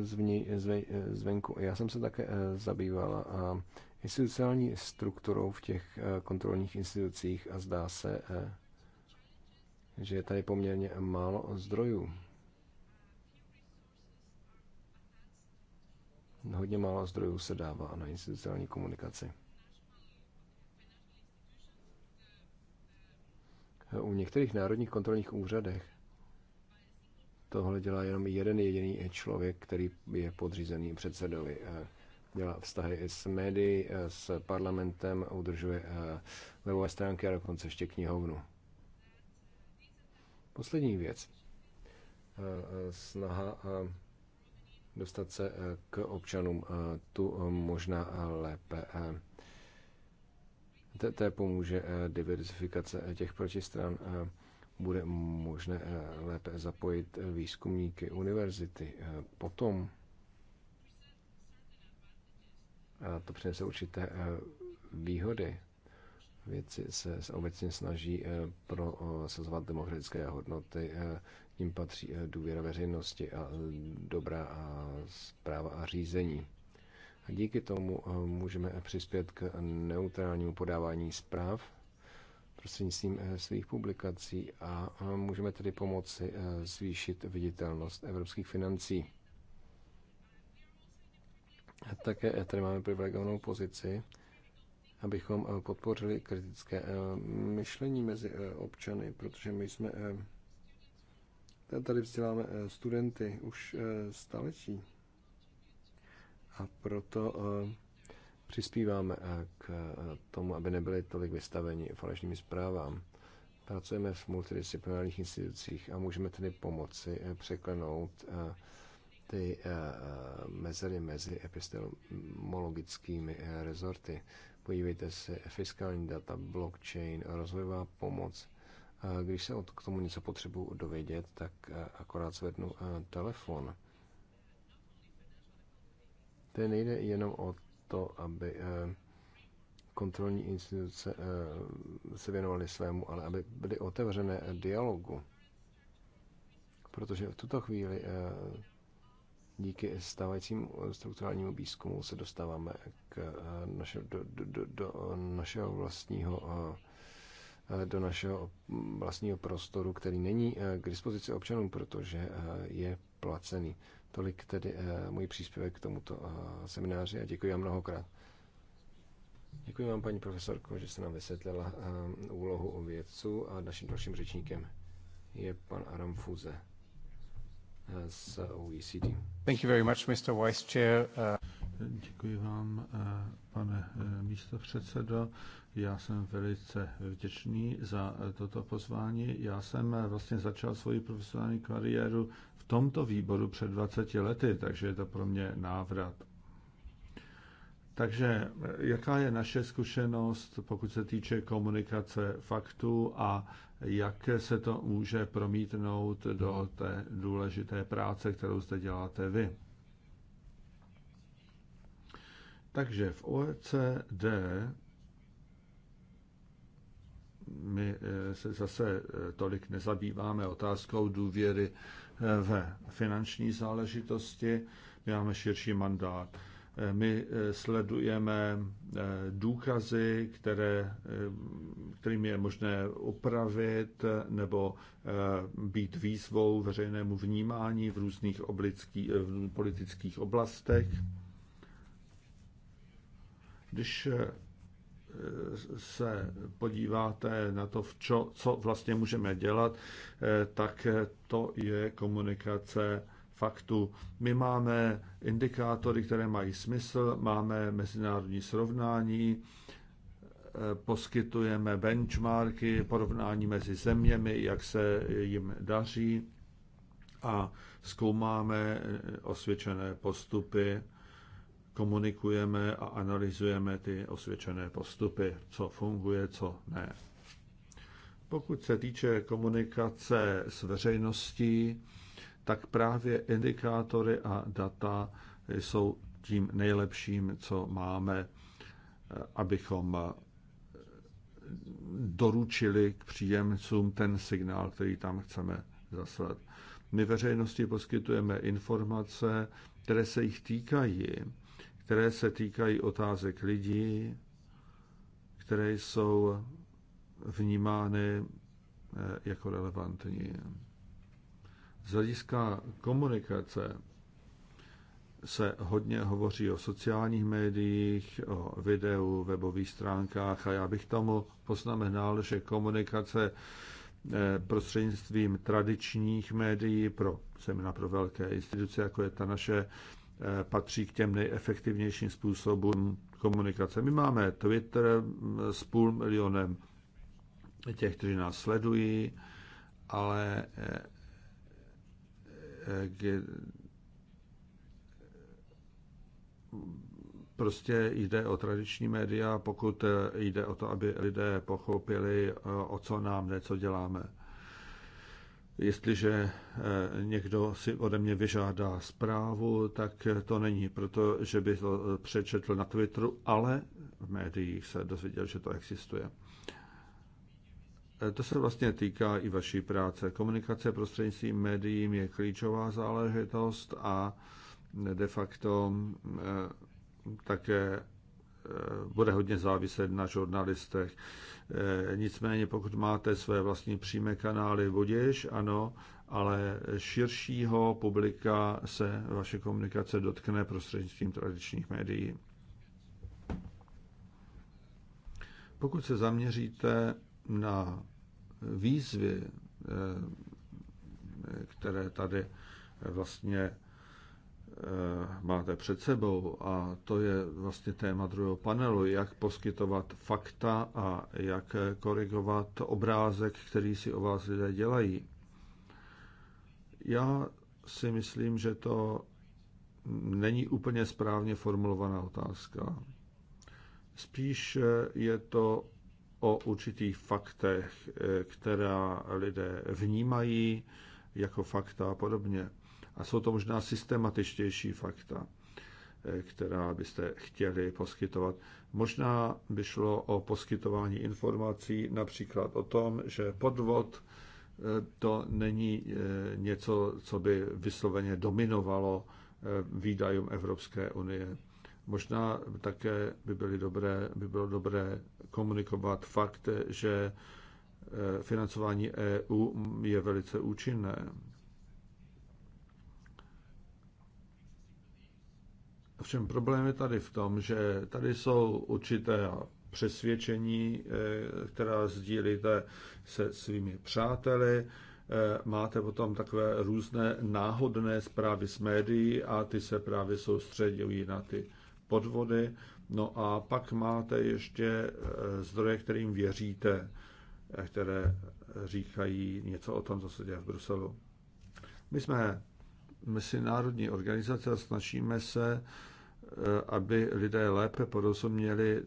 zvni, zve, zvenku. Já jsem se také eh, zabývala eh, institucionální strukturou v těch eh, kontrolních institucích a zdá se, že je tady poměrně málo zdrojů. Hodně málo zdrojů se dává na institucionální komunikaci. U některých národních kontrolních úřadech tohle dělá jenom jeden jediný člověk, který je podřízený předsedovi. Eh, dělá vztahy s médií, eh, s parlamentem, udržuje eh, webové stránky a dokonce ještě knihovnu. Poslední věc. Snaha dostat se k občanům tu možná lépe. Té pomůže diversifikace těch protistran bude možné eh, lépe zapojit eh, výzkumníky univerzity. Eh, potom to přinese určité výhody. Věci se obecně snaží prosazovat demokratické hodnoty, tím patří důvěra veřejnosti a dobrá zpráva a řízení. A díky tomu můžeme přispět k neutrálnímu podávání zpráv prostřednictvím eh, svých publikací a můžeme tedy pomoci eh, zvýšit viditelnost evropských financí. Také eh, tady máme privilegovanou pozici, abychom podpořili kritické myšlení mezi občany, protože my jsme tady vzděláme studenty už staletí. A proto přispíváme eh, k eh, tomu, aby nebyli tolik vystaveni falešným zprávám. Pracujeme v multidisciplinárních institucích a můžeme tedy pomoci eh, překlenout ty mezery mezi epistemologickými rezorty. Podívejte se, fiskální data, blockchain, rozvojová pomoc. Když se k tomu něco potřebuji dovědět, tak akorát zvednu telefon. To nejde jenom o to, aby eh, kontrolní instituce eh, se věnovaly svému, ale aby byly otevřené dialogu. Protože v tuto chvíli eh, díky stávajícímu strukturálnímu výzkumu se dostáváme k naše, do, do, do, do našeho vlastního do našeho vlastního prostoru, který není k dispozici občanům, protože je placený. Tolik tedy eh, můj příspěvek k tomuto eh, semináři a děkuji vám mnohokrát. Děkuji vám, paní profesorko, že jste nám vysvětlila eh, úlohu o vědců a naším dalším řečníkem je pan Aram Fuze z OECD. Thank you very much, Mr. Vice Chair. Děkuji vám, pane místopředsedo. Já jsem velice vděčný za toto pozvání. Já jsem vlastně začal svoji profesionální kariéru v tomto výboru před 20 lety, takže je to pro mě návrat. Takže jaká je naše zkušenost, pokud se týče komunikace faktů a jak se to může promítnout do té důležité práce, kterou zde děláte vy? Takže v OECD my eh, se zase eh, tolik nezabýváme otázkou důvěry Eh, ve finanční záležitosti, my máme širší mandát. Eh, my eh, sledujeme důkazy, které, kterými je možné opravit nebo být výzvou veřejnému vnímání v různých oblický, politických oblastech. Když se podíváte na to, čo, co vlastně můžeme dělat, eh, tak to je komunikace faktu. My máme indikátory, které mají smysl, máme mezinárodní srovnání, eh, poskytujeme benchmarky, porovnání mezi zeměmi, jak se jim daří a zkoumáme eh, osvědčené postupy komunikujeme a analyzujeme ty osvědčené postupy, co funguje, co ne. Pokud se týče komunikace s veřejností, tak právě indikátory a data jsou tím nejlepším, co máme, abychom doručili k příjemcům ten signál, který tam chceme zaslat. My veřejnosti poskytujeme informace, které se jich týkají které se týkají otázek lidí, které jsou vnímány eh, jako relevantní. Z hlediska komunikace se hodně hovoří o sociálních médiích, o videu, webových stránkách a já bych tomu poznamenal, že komunikace eh, prostřednictvím tradičních médií pro semina pro velké instituce, jako je ta naše, Eh, patří k těm nejefektivnějším způsobům komunikace. My máme Twitter eh, s půl milionem těch, kteří nás sledují, ale eh, prostě jde o tradiční média, pokud jde o to, aby lidé pochopili, o co nám jde, co děláme. Jestliže eh, někdo si ode mě vyžádá zprávu, tak eh, to není proto, že by to eh, přečetl na Twitteru, ale v médiích se dozvěděl, že to existuje. To se vlastně týká i vaší práce. Komunikace prostřednictvím médií je klíčová záležitost a de facto také Eh, bude hodně záviset na žurnalistech. Eh, nicméně pokud máte své vlastní přímé kanály, budiš, ano, ale širšího publika se vaše komunikace dotkne prostřednictvím tradičních médií. Pokud se zaměříte na výzvy, eh, které tady vlastně Eh, máte před sebou, a to je vlastně téma druhého panelu, jak poskytovat fakta a jak korigovat obrázek, který si o vás lidé dělají. Já si myslím, že to není úplně správně formulovaná otázka. Spíš je to o určitých faktech, eh, která lidé vnímají jako fakta a podobně a jsou to možná systematičtější fakta, eh, která byste chtěli poskytovat. Možná by šlo o poskytování informací například o tom, že podvod eh, to není eh, něco, co by vysloveně dominovalo výdajům Evropské unie. Možná také by, byly dobré, by bylo dobré komunikovat fakt, že financování EU je velice účinné. Ovšem problém je tady v tom, že tady jsou určité přesvědčení, eh, která sdílíte se svými přáteli, eh, máte potom takové různé náhodné zprávy z médií a ty se právě soustředují na ty podvody. No a pak máte ještě eh, zdroje, kterým věříte, které říkají něco o tom, co se děje v Bruselu. My jsme mezinárodní organizace a snažíme se Eh, aby lidé lépe porozuměli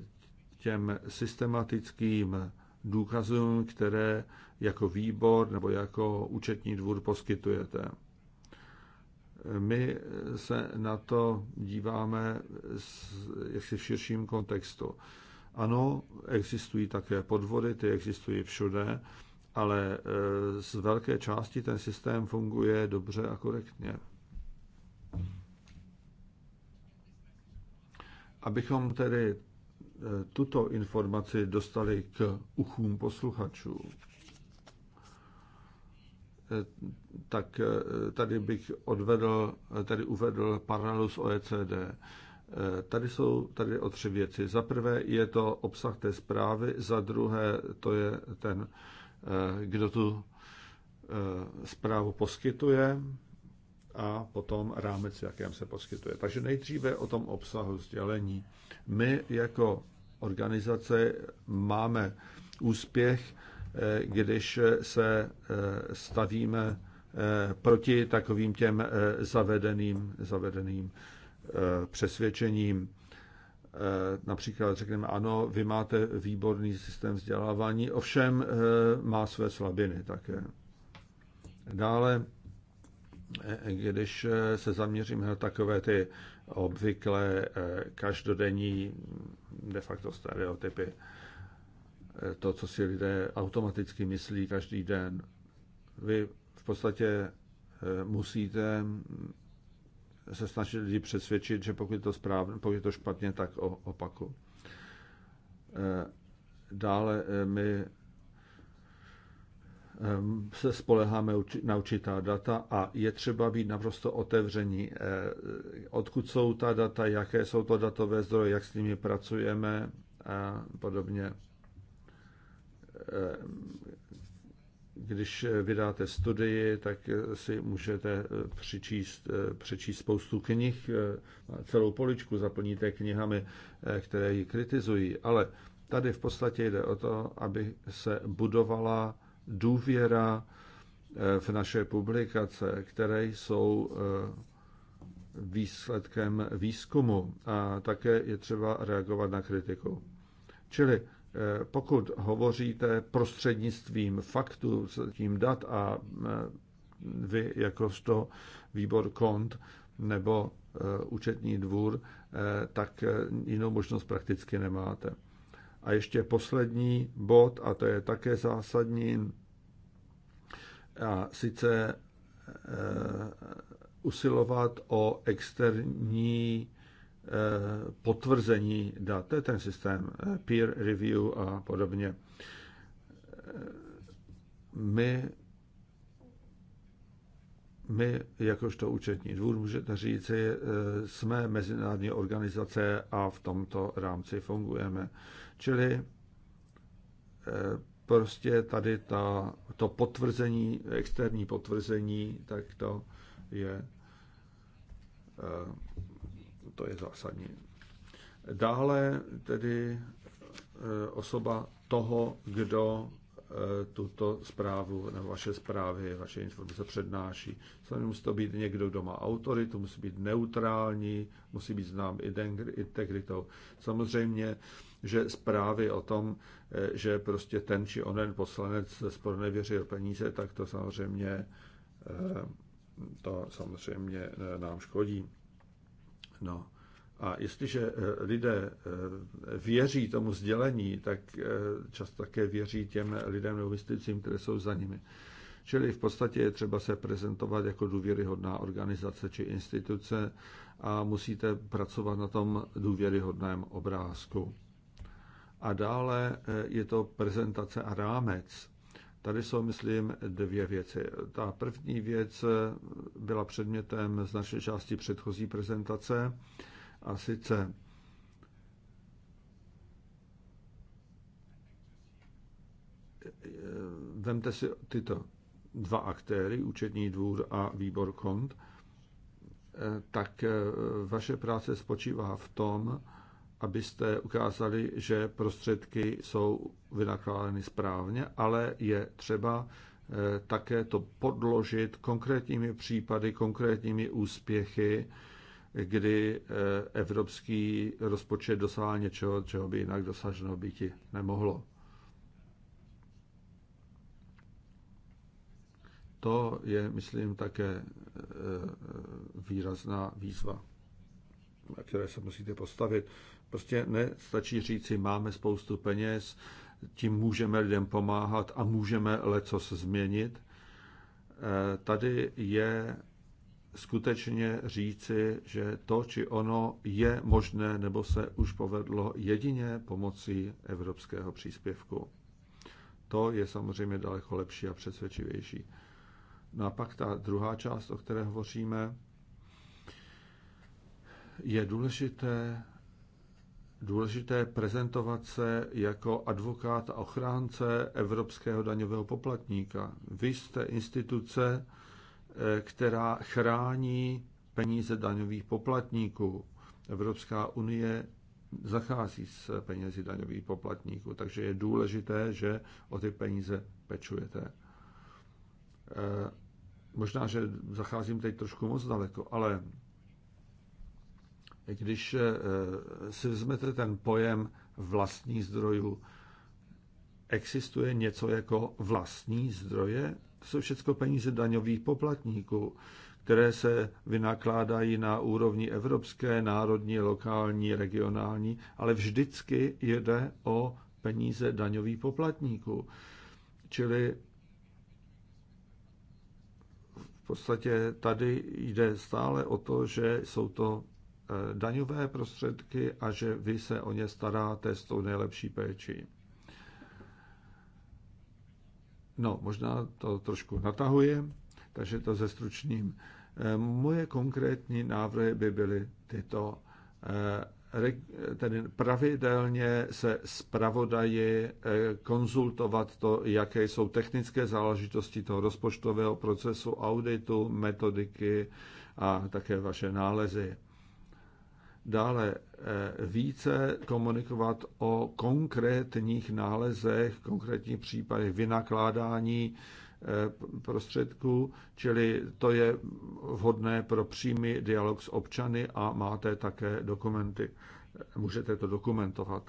těm systematickým důkazům, které jako výbor nebo jako účetní dvůr poskytujete. My se na to díváme jaksi v širším kontextu. Ano, existují také podvody, ty existují všude, ale eh, z velké části ten systém funguje dobře a korektně. abychom tedy eh, tuto informaci dostali k uchům posluchačů, eh, tak eh, tady bych odvedl, tady uvedl paralelu s OECD. Tady jsou tady o tři věci. Za prvé je to obsah té zprávy, za druhé to je ten, kdo tu zprávu poskytuje, a potom rámec, v jakém se poskytuje. Takže nejdříve o tom obsahu sdělení. My jako organizace máme úspěch, eh, když se eh, stavíme eh, proti takovým těm zavedeným, zavedeným přesvědčením. Například řekneme, ano, vy máte výborný systém vzdělávání, ovšem má své slabiny také. Dále E, když e, se zaměříme na takové ty obvyklé e, každodenní de facto stereotypy, to, co si lidé automaticky myslí každý den, vy v podstatě musíte se snažit lidi přesvědčit, že pokud je to, správně, pokud je to špatně, tak opaku. Dále my Ehm, se spoleháme na určitá data a je třeba být naprosto otevření, eh, odkud jsou ta data, jaké jsou to datové zdroje, jak s nimi pracujeme a podobně. Ehm, když vydáte studii, tak si můžete eh, přičíst, eh, přečíst spoustu knih, celou poličku zaplníte knihami, které ji kritizují, ale tady v podstatě jde o to, aby se budovala důvěra eh, v naše publikace, které jsou eh, výsledkem výzkumu a také je třeba reagovat na kritiku. Čili eh, pokud hovoříte prostřednictvím faktů, tím dat a vy jakožto výbor kont nebo účetní dvůr, tak jinou možnost prakticky nemáte. A ještě poslední bod, a to je také zásadní, a sice e, usilovat o externí e, potvrzení dat. To je ten systém e, peer review a podobně. E, my my, jakožto účetní dvůr, můžete říci, e, jsme mezinárodní organizace a v tomto rámci fungujeme. Čili eh, prostě tady ta, to potvrzení, externí potvrzení, tak to je, eh, to je zásadní. Dále tedy eh, osoba toho, kdo tuto zprávu nebo vaše zprávy, vaše informace přednáší. Samozřejmě musí to být někdo, kdo má autoritu, musí být neutrální, musí být znám integritou. Samozřejmě že zprávy o tom, eh, že prostě ten či onen poslanec nevěřil peníze, tak to samozřejmě eh, to samozřejmě eh, nám škodí. No. A jestliže lidé věří tomu sdělení, tak často také věří těm lidem nebo institucím, které jsou za nimi. Čili v podstatě je třeba se prezentovat jako důvěryhodná organizace či instituce a musíte pracovat na tom důvěryhodném obrázku. A dále eh, je to prezentace a rámec. Tady jsou, myslím, dvě věci. Ta první věc eh, byla předmětem z naší části předchozí prezentace a sice eh, vemte si tyto dva aktéry, účetní dvůr a výbor kont, tak vaše práce spočívá v tom, abyste ukázali, že prostředky jsou vynakládány správně, ale je třeba eh, také to podložit konkrétními případy, konkrétními úspěchy, kdy eh, evropský rozpočet dosáhl něčeho, čeho by jinak dosaženo býti nemohlo. To je, myslím, také eh, výrazná výzva, na které se musíte postavit. Prostě nestačí říci, máme spoustu peněz, tím můžeme lidem pomáhat a můžeme lecos změnit. E, tady je skutečně říci, že to či ono je možné nebo se už povedlo jedině pomocí evropského příspěvku. To je samozřejmě daleko lepší a přesvědčivější. No a pak ta druhá část, o které hovoříme, je důležité důležité prezentovat se jako advokát a ochránce evropského daňového poplatníka. Vy jste instituce, eh, která chrání peníze daňových poplatníků. Evropská unie zachází s penězi daňových poplatníků, takže je důležité, že o ty peníze pečujete. Eh, možná, že zacházím teď trošku moc daleko, ale když eh, si vezmete ten pojem vlastní zdrojů, existuje něco jako vlastní zdroje? To jsou všechno peníze daňových poplatníků, které se vynakládají na úrovni evropské, národní, lokální, regionální, ale vždycky jde o peníze daňových poplatníků. Čili v podstatě tady jde stále o to, že jsou to Eh, daňové prostředky a že vy se o ně staráte s tou nejlepší péčí. No, možná to trošku natahuje, takže to ze stručným. Eh, moje konkrétní návrhy by byly tyto. Eh, tedy pravidelně se zpravodaji konzultovat to, jaké jsou technické záležitosti toho rozpočtového procesu, auditu, metodiky a také vaše nálezy. Dále eh, více komunikovat o konkrétních nálezech, konkrétních případech vynakládání eh, prostředků, čili to je vhodné pro přímý dialog s občany a máte také dokumenty. Eh, můžete to dokumentovat.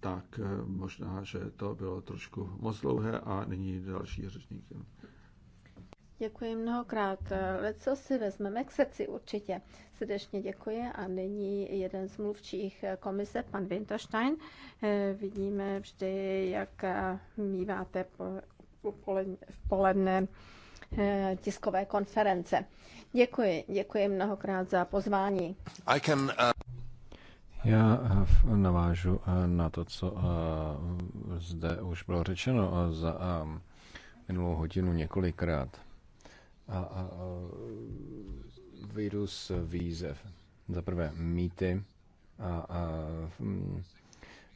Tak možná, že to bylo trošku moc dlouhé a nyní další řečník. Děkuji mnohokrát. Leco si vezmeme k srdci určitě. Srdečně děkuji a nyní jeden z mluvčích komise, pan Winterstein. Vidíme vždy, jak míváte v poledne eh, tiskové konference. Děkuji, děkuji mnohokrát za pozvání. I can, uh... Já eh, navážu eh, na to, co zde už bylo řečeno za minulou hodinu několikrát a, a a virus výzev. Za prvé mýty a, a mm,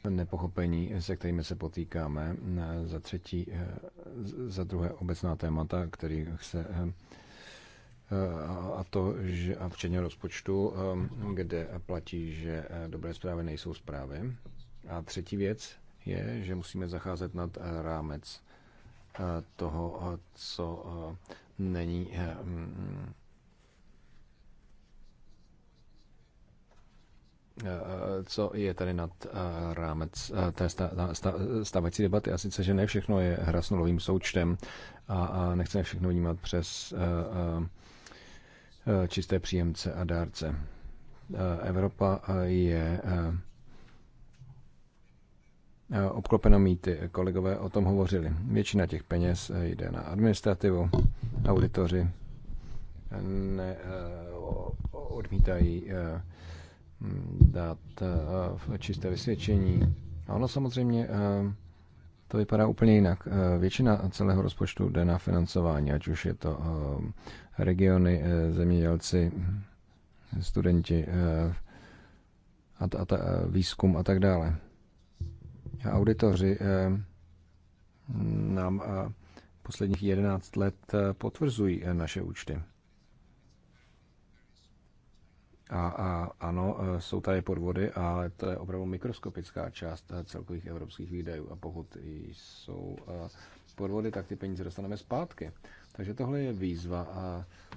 nepochopení, se kterými se potýkáme. Za třetí, eh, za druhé obecná témata, který se eh, eh, a to, že, a včetně rozpočtu, kde platí, že dobré zprávy nejsou zprávy. A třetí věc je, že musíme zacházet nad rámec Eh, toho, eh, co eh, není mm, co je tady nad rámec té stávající debaty a sice, že ne všechno je hra s nulovým součtem a nechceme všechno vnímat přes čisté příjemce a dárce. Evropa je Eh, obklopeno mýty. Kolegové o tom hovořili. Většina těch peněz eh, jde na administrativu, auditoři eh, ne, odmítají mm, dát čisté vysvědčení. A ono samozřejmě to vypadá úplně jinak. Většina celého rozpočtu jde na financování, ať už je to regiony, zemědělci, studenti, a, a, výzkum a tak dále auditoři eh, nám eh, posledních 11 let eh, potvrzují naše účty. A, a ano, jsou tady podvody, ale to je opravdu mikroskopická část celkových evropských výdajů. A pokud jsou podvody, tak ty peníze dostaneme zpátky. Takže tohle je výzva,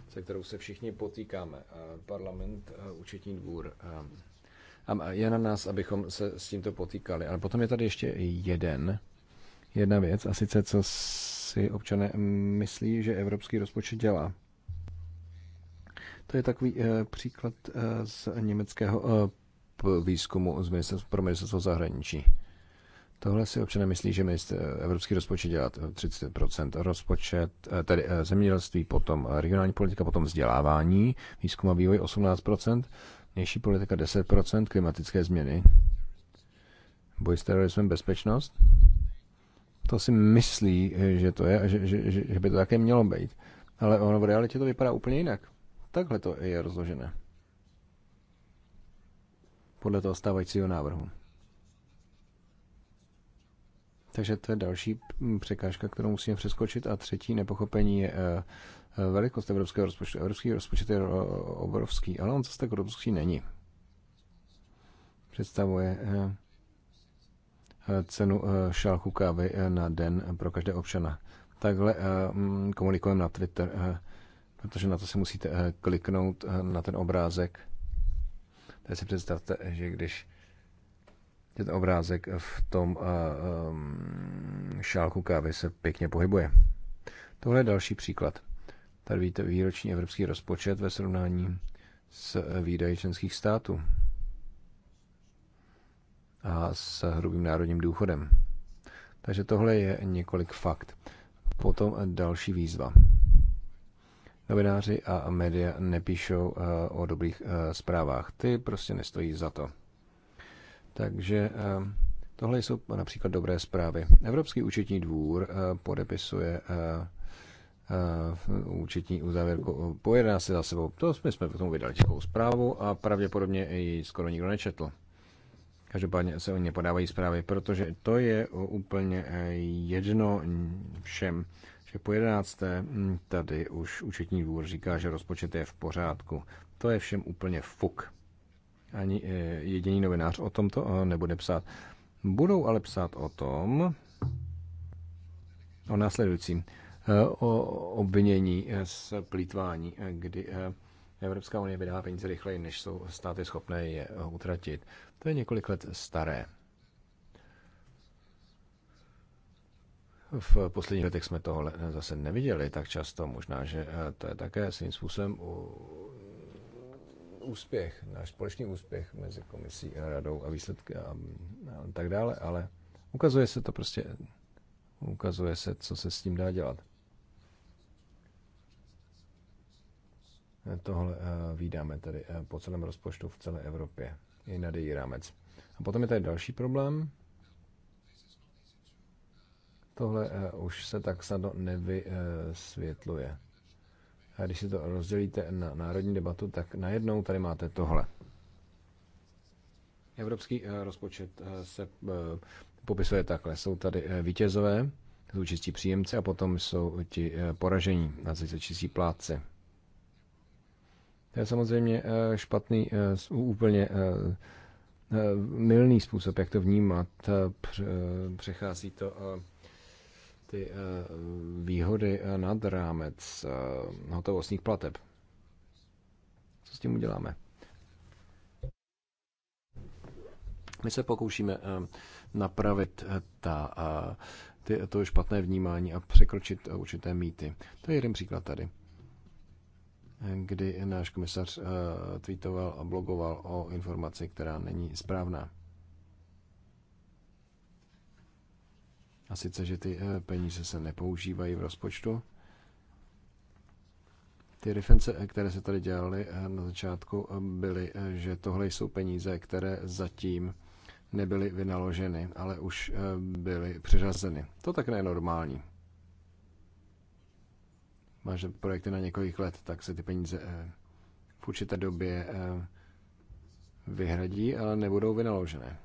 se kterou se všichni potýkáme. Parlament, účetní dvůr, a je na nás, abychom se s tímto potýkali. Ale potom je tady ještě jeden, jedna věc, a sice co si občané myslí, že evropský rozpočet dělá. To je takový eh, příklad eh, z německého eh, výzkumu z ministerstv, pro ministerstvo zahraničí. Tohle si občané myslí, že minister, eh, evropský rozpočet dělá 30% eh, rozpočet, eh, tedy zemědělství, potom regionální politika, potom vzdělávání, výzkum a vývoj Vnější politika 10%, klimatické změny, boj s terorismem, bezpečnost. To si myslí, že to je a že, že, že, že by to také mělo být. Ale ono v realitě to vypadá úplně jinak. Takhle to je rozložené. Podle toho stávajícího návrhu. Takže to je další mm, překážka, kterou musíme přeskočit. A třetí nepochopení je eh, eh, velikost evropského rozpočtu. Evropský rozpočet je eh, obrovský, ale on zase tak obrovský není. Představuje cenu šálku kávy na den pro každé občana. Takhle mm, komunikujeme na Twitter, protože na to si musíte kliknout na ten obrázek. Tady si představte, že když ten obrázek v tom eh, ehm, šálku kávy se pěkně pohybuje. Tohle je další příklad. Tady vidíte výroční evropský rozpočet ve srovnání s eh, výdaji členských států a s hrubým národním důchodem. Takže tohle je několik fakt. Potom eh, další výzva. Novináři a média nepíšou o dobrých zprávách. Ty prostě nestojí za to. Takže ehm, tohle jsou například dobré zprávy. Evropský účetní dvůr eh, podepisuje eh, eh, účetní uzávěrku po 11 za sebou. To jsme, jsme k tomu vydali takovou zprávu a pravděpodobně ji skoro nikdo nečetl. Každopádně se o ně podávají zprávy, protože to je úplně jedno všem, že po 11. Hm, tady už účetní dvůr říká, že rozpočet je v pořádku. To je všem úplně fuk ani eh, jediný novinář o tomto eh, nebude psát. Budou ale psát o tom, o následujícím, eh, o obvinění z plítvání, kdy Evropská unie vydává peníze rychleji, než jsou státy schopné je utratit. To je několik let staré. V posledních letech jsme tohle zase neviděli tak často, možná, že to je také svým způsobem úspěch, náš společný úspěch mezi komisí a radou a výsledky a, a tak dále, ale ukazuje se to prostě, ukazuje se, co se s tím dá dělat. Tohle eh, výdáme tady eh, po celém rozpočtu v celé Evropě, i na její rámec. A potom je tady další problém. Tohle eh, už se tak snadno nevysvětluje. A když si to rozdělíte na národní debatu, tak najednou tady máte tohle. Evropský eh, rozpočet eh, se eh, popisuje takhle. Jsou tady vítězové, jsou čistí příjemci a potom jsou ti poražení, na se čistí plátci. To je samozřejmě špatný, úplně milný způsob, jak to vnímat. Přechází to ty eh, výhody eh, nad rámec eh, hotovostních plateb. Co s tím uděláme? My se pokoušíme napravit ta, ty, to špatné vnímání a překročit určité mýty. To je jeden příklad tady kdy náš komisař tweetoval a blogoval o informaci, která není správná. A sice, že ty eh, peníze se nepoužívají v rozpočtu. Ty reference, eh, které se tady dělaly eh, na začátku, byly, že tohle jsou peníze, které zatím nebyly vynaloženy, ale už byly přiřazeny. To tak není normální. Máš projekty na několik let, tak se ty peníze v určité době vyhradí, ale nebudou vynaložené.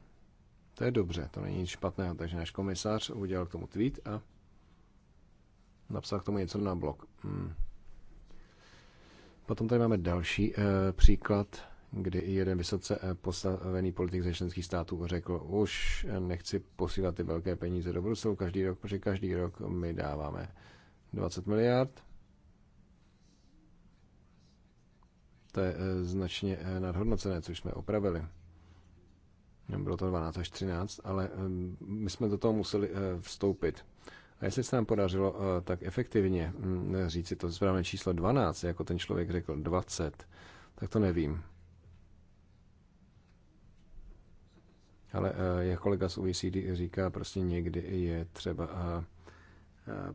To je dobře, to není nic špatného. Takže náš komisař udělal k tomu tweet a napsal k tomu něco na blog. Hmm. Potom tady máme další e, příklad, kdy i jeden vysoce eh, postavený politik ze členských států řekl, už nechci posílat ty velké peníze do Bruselu každý rok, protože každý rok my dáváme 20 miliard. To je eh, značně nadhodnocené, což jsme opravili. Bylo to 12 až 13, ale eh, my jsme do toho museli eh, vstoupit. A jestli se nám podařilo eh, tak efektivně hm, říct, si to správné číslo 12, jako ten člověk řekl 20, tak to nevím. Ale jak kolega z OECD říká, prostě někdy je třeba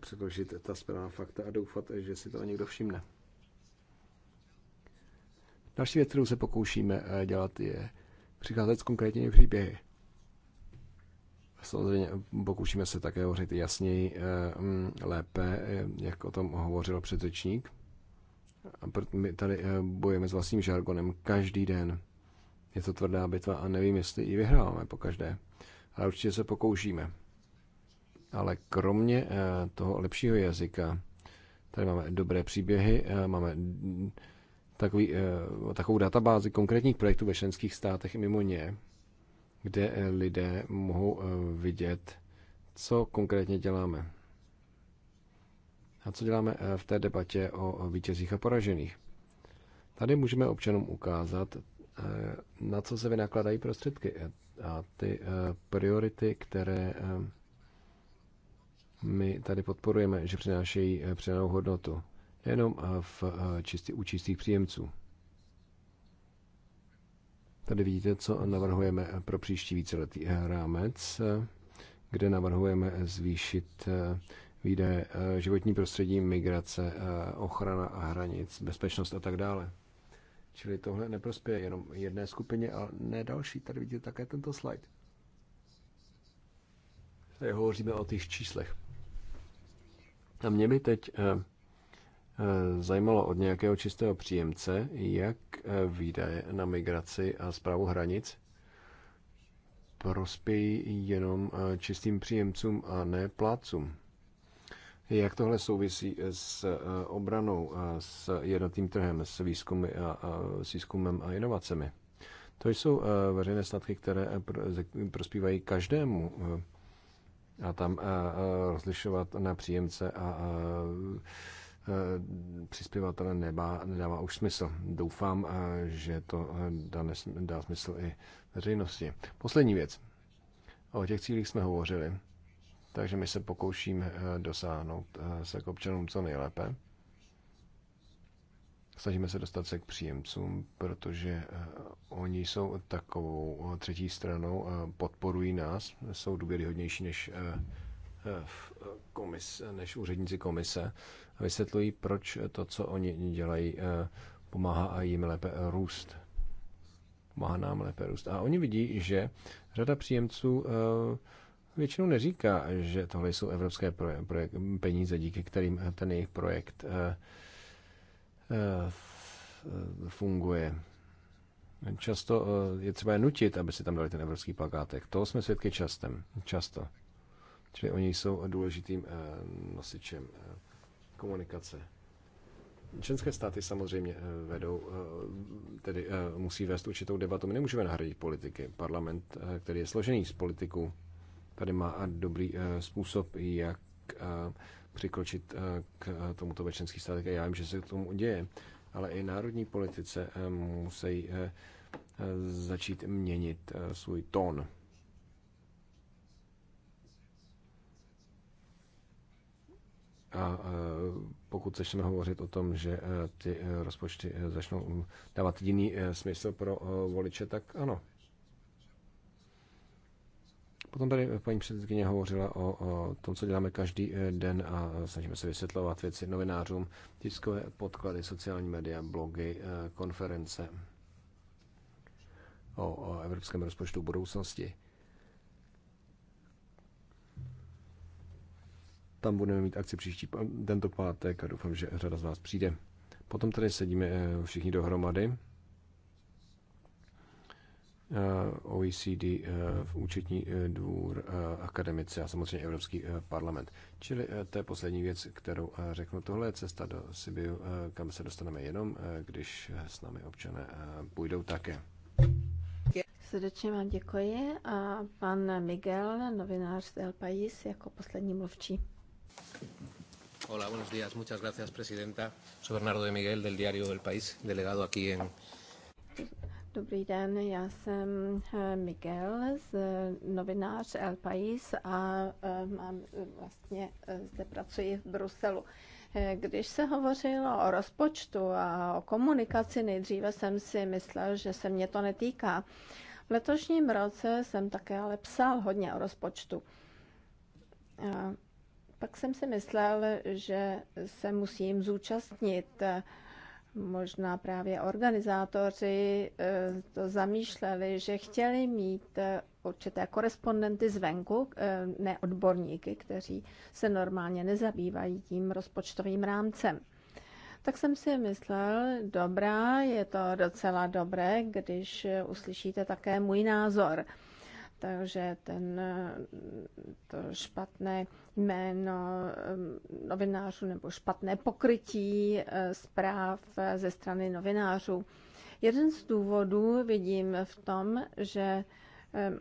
předložit ta správná fakta a doufat, že si to někdo všimne. Další věc, kterou se pokoušíme dělat, je přicházet s konkrétními příběhy. Samozřejmě pokoušíme se také hovořit jasněji, eh, mm, lépe, eh, jak o tom hovořil předřečník. my tady eh, bojujeme s vlastním žargonem každý den. Je to tvrdá bitva a nevím, jestli ji vyhráváme po každé. Ale určitě se pokoušíme. Ale kromě toho lepšího jazyka, tady máme dobré příběhy, máme takový, eh, takovou databázi konkrétních projektů ve členských státech i mimo ně, kde eh, lidé mohou eh, vidět, co konkrétně děláme. A co děláme v té debatě o vítězích a poražených. Tady můžeme občanům ukázat, na co se vynakladají prostředky a ty priority, které my tady podporujeme, že přinášejí přidanou hodnotu jenom eh, v eh, čistý, u čistých příjemců. Tady vidíte, co navrhujeme pro příští víceletý eh, rámec, kde navrhujeme zvýšit výdaje životní prostředí, migrace, ochrana a hranic, bezpečnost a tak dále. Čili tohle neprospěje jenom jedné skupině, ale ne další. Tady vidíte také tento slide. Tady hovoříme o těch číslech. A mě by teď Eh, zajímalo od nějakého čistého příjemce, jak eh, výdaje na migraci a zprávu hranic prospějí jenom eh, čistým příjemcům a ne plácům. Jak tohle souvisí s obranou, s jednotným trhem, s, výzkumy a, a, s výzkumem a inovacemi? To jsou veřejné statky, které prospívají každému. A tam rozlišovat na příjemce a, a Eh, přispěvatele nebá, nedává už smysl. Doufám, eh, že to eh, dá, dá smysl i veřejnosti. Poslední věc. O těch cílích jsme hovořili, takže my se pokoušíme dosáhnout se k občanům co nejlépe. Snažíme se dostat se k příjemcům, protože oni jsou takovou třetí stranou, podporují nás, jsou důvěryhodnější než v komis, než úředníci komise a vysvětlují, proč to, co oni dělají, eh, pomáhá a jim lépe růst. Pomáhá nám lépe růst. A oni vidí, že řada příjemců eh, většinou neříká, že tohle jsou evropské projek- peníze, díky kterým ten jejich projekt eh, funguje. Často je třeba nutit, aby si tam dali ten evropský plakátek. To jsme svědky častem, často. Čili oni jsou důležitým eh, nosičem eh, komunikace. Členské státy samozřejmě eh, vedou, tedy musí vést určitou debatu. My nemůžeme nahradit politiky. Parlament, který je složený z politiků, tady má dobrý způsob, jak přikročit k tomuto ve členských státech. Já vím, že se k tomu děje, ale i národní politice musí začít měnit svůj tón. A pokud začneme hovořit o tom, že e, ty e, rozpočty e, začnou mm, dávat jiný smysl pro voliče, tak ano. Potom tady paní předsedkyně hovořila o, o tom, co děláme každý den a snažíme se vysvětlovat věci novinářům, tiskové podklady, sociální média, blogy, konference o, o evropském rozpočtu budoucnosti. Tam budeme mít akci příští tento pátek a doufám, že řada z vás přijde. Potom tady sedíme eh, všichni dohromady. Eh, OECD, eh, v účetní dvůr, akademici a samozřejmě Evropský parlament. Čili to je poslední věc, kterou řeknu. Tohle je cesta do Sibiu, kam se dostaneme jenom, když s námi občané půjdou také. Srdečně vám děkuji a pan Miguel, novinář z El País, jako poslední mluvčí. Hola, buenos días. Muchas gracias, presidenta. Soy Bernardo de Miguel, del diario El País, delegado aquí en... Dobrý den, já jsem eh, Miguel, z eh, novinář El País a eh, mám, vlastně zde pracuji v Bruselu. Když se hovořilo o rozpočtu a o komunikaci, nejdříve jsem si myslel, že se mě to netýká. V letošním roce jsem také ale psal hodně o rozpočtu. Pak jsem si myslel, že se musím zúčastnit. Možná právě organizátoři eh, to zamýšleli, že chtěli mít eh, určité korespondenty zvenku, eh, ne odborníky, kteří se normálně nezabývají tím rozpočtovým rámcem. Tak jsem si myslel, dobrá, je to docela dobré, když uslyšíte také můj názor. Takže ten, to špatné jméno novinářů nebo špatné pokrytí eh, zpráv eh, ze strany novinářů. Jeden z důvodů vidím v tom, že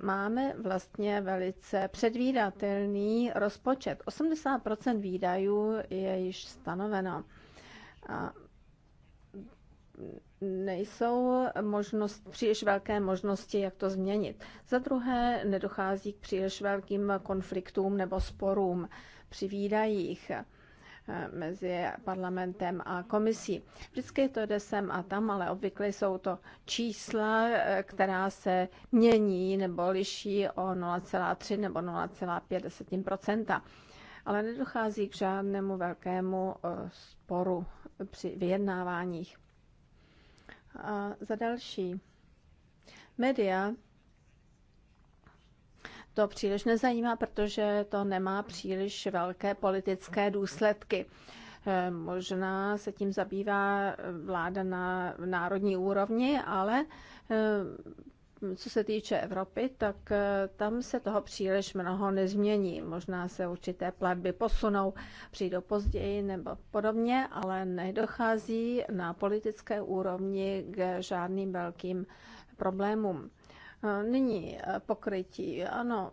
máme vlastně velice předvídatelný rozpočet. 80 výdajů je již stanoveno. A nejsou možnost, příliš velké možnosti, jak to změnit. Za druhé, nedochází k příliš velkým konfliktům nebo sporům při výdajích eh, mezi parlamentem a komisí. Vždycky to jde sem a tam, ale obvykle jsou to čísla, eh, která se mění nebo liší o 0,3 nebo 0,5 ale nedochází k žádnému velkému eh, sporu při vyjednáváních. A za další, média to příliš nezajímá, protože to nemá příliš velké politické důsledky. Eh, možná se tím zabývá vláda na národní úrovni, ale eh, co se týče Evropy, tak eh, tam se toho příliš mnoho nezmění. Možná se určité platby posunou, přijdou později nebo podobně, ale nedochází na politické úrovni k žádným velkým problémům. Eh, nyní eh, pokrytí. Ano,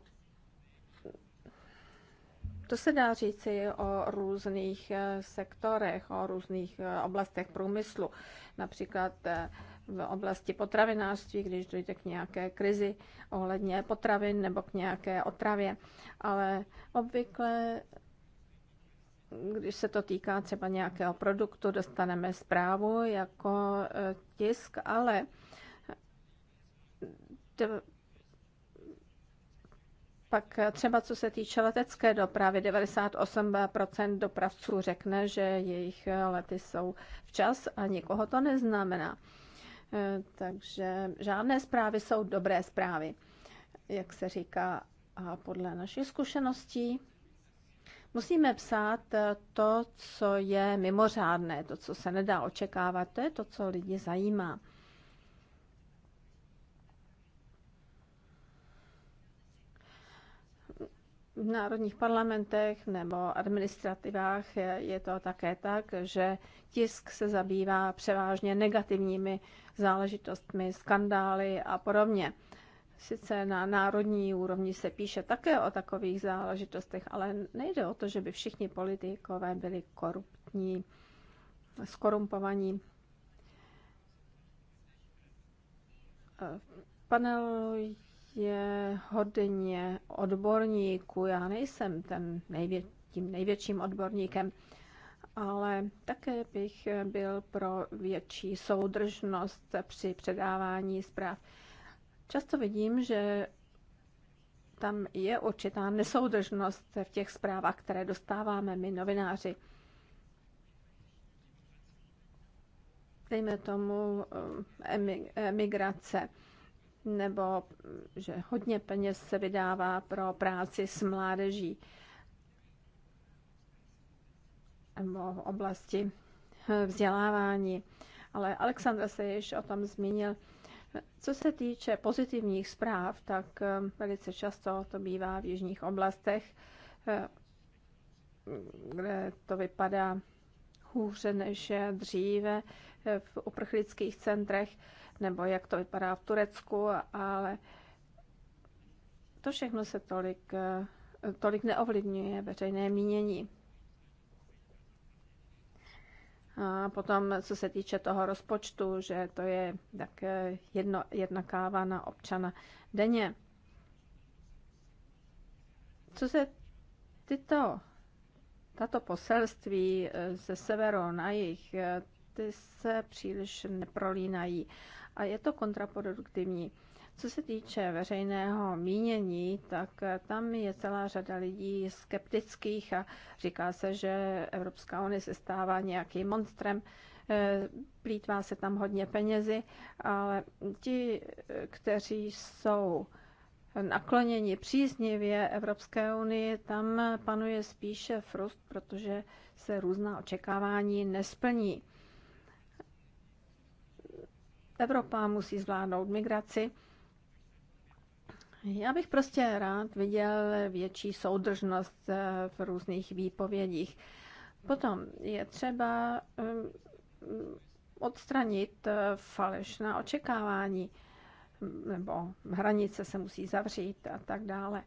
to se dá říci o různých sektorech, o různých oblastech průmyslu. Například v oblasti potravinářství, když dojde k nějaké krizi ohledně potravin nebo k nějaké otravě. Ale obvykle, když se to týká třeba nějakého produktu, dostaneme zprávu jako e, tisk, ale pak třeba co se týče letecké dopravy, 98% dopravců řekne, že jejich lety jsou včas a nikoho to neznamená. Eh, takže žádné zprávy jsou dobré zprávy, jak se říká. A podle našich zkušeností musíme psát eh, to, co je mimořádné, to, co se nedá očekávat, to je to, co lidi zajímá. v národních parlamentech nebo administrativách je, je to také tak, že tisk se zabývá převážně negativními záležitostmi, skandály a podobně. Sice na národní úrovni se píše také o takových záležitostech, ale nejde o to, že by všichni politikové byli korupční, skorumpovaní. Eh, Panel je hodně odborníků. Já nejsem ten nejvě- tím největším odborníkem, ale také bych byl pro větší soudržnost při předávání zpráv. Často vidím, že tam je určitá nesoudržnost v těch zprávách, které dostáváme my, novináři. Dejme tomu eh, emigrace nebo že hodně peněz se vydává pro práci s mládeží nebo v oblasti vzdělávání. Ale Alexandra se již o tom zmínil. Co se týče pozitivních zpráv, tak eh, velice často to bývá v jižních oblastech, eh, kde to vypadá hůře než eh, dříve v uprchlických centrech nebo jak to vypadá v Turecku, ale to všechno se tolik, tolik neovlivňuje veřejné mínění. A potom, co se týče toho rozpočtu, že to je tak jedno, jedna káva na občana denně. Co se tyto, tato poselství ze severu na jich, ty se příliš neprolínají a je to kontraproduktivní. Co se týče veřejného mínění, tak eh, tam je celá řada lidí skeptických a říká se, že Evropská unie se stává nějakým monstrem, eh, plítvá se tam hodně penězi, ale ti, eh, kteří jsou nakloněni příznivě Evropské unii, tam panuje spíše frust, protože se různá očekávání nesplní. Evropa musí zvládnout migraci. Já bych prostě rád viděl větší soudržnost eh, v různých výpovědích. Potom je třeba eh, odstranit eh, falešná očekávání, nebo hranice se musí zavřít a tak dále.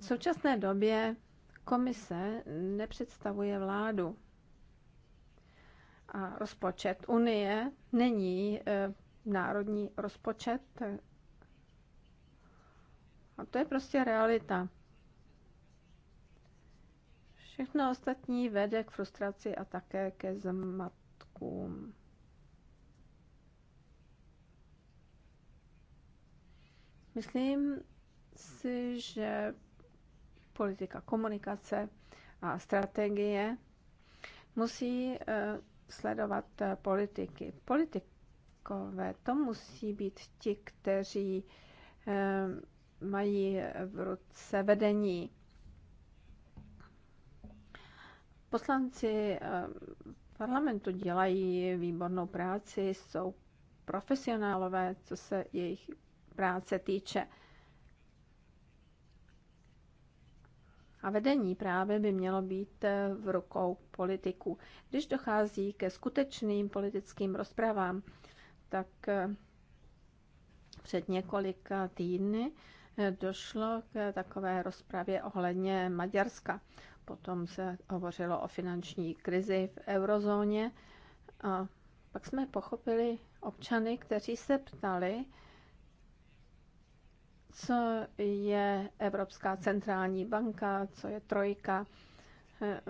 V současné době komise nepředstavuje vládu. A rozpočet Unie není e, národní rozpočet. A to je prostě realita. Všechno ostatní vede k frustraci a také ke zmatkům. Myslím si, že politika komunikace a strategie musí e, sledovat eh, politiky. Politikové to musí být ti, kteří eh, mají v ruce vedení. Poslanci eh, parlamentu dělají výbornou práci, jsou profesionálové, co se jejich práce týče. A vedení právě by mělo být eh, v rukou politiků. Když dochází ke skutečným politickým rozpravám, tak eh, před několika eh, týdny došlo k takové rozpravě ohledně Maďarska. Potom se hovořilo o finanční krizi v eurozóně. A pak jsme pochopili občany, kteří se ptali, co je Evropská centrální banka, co je trojka, eh,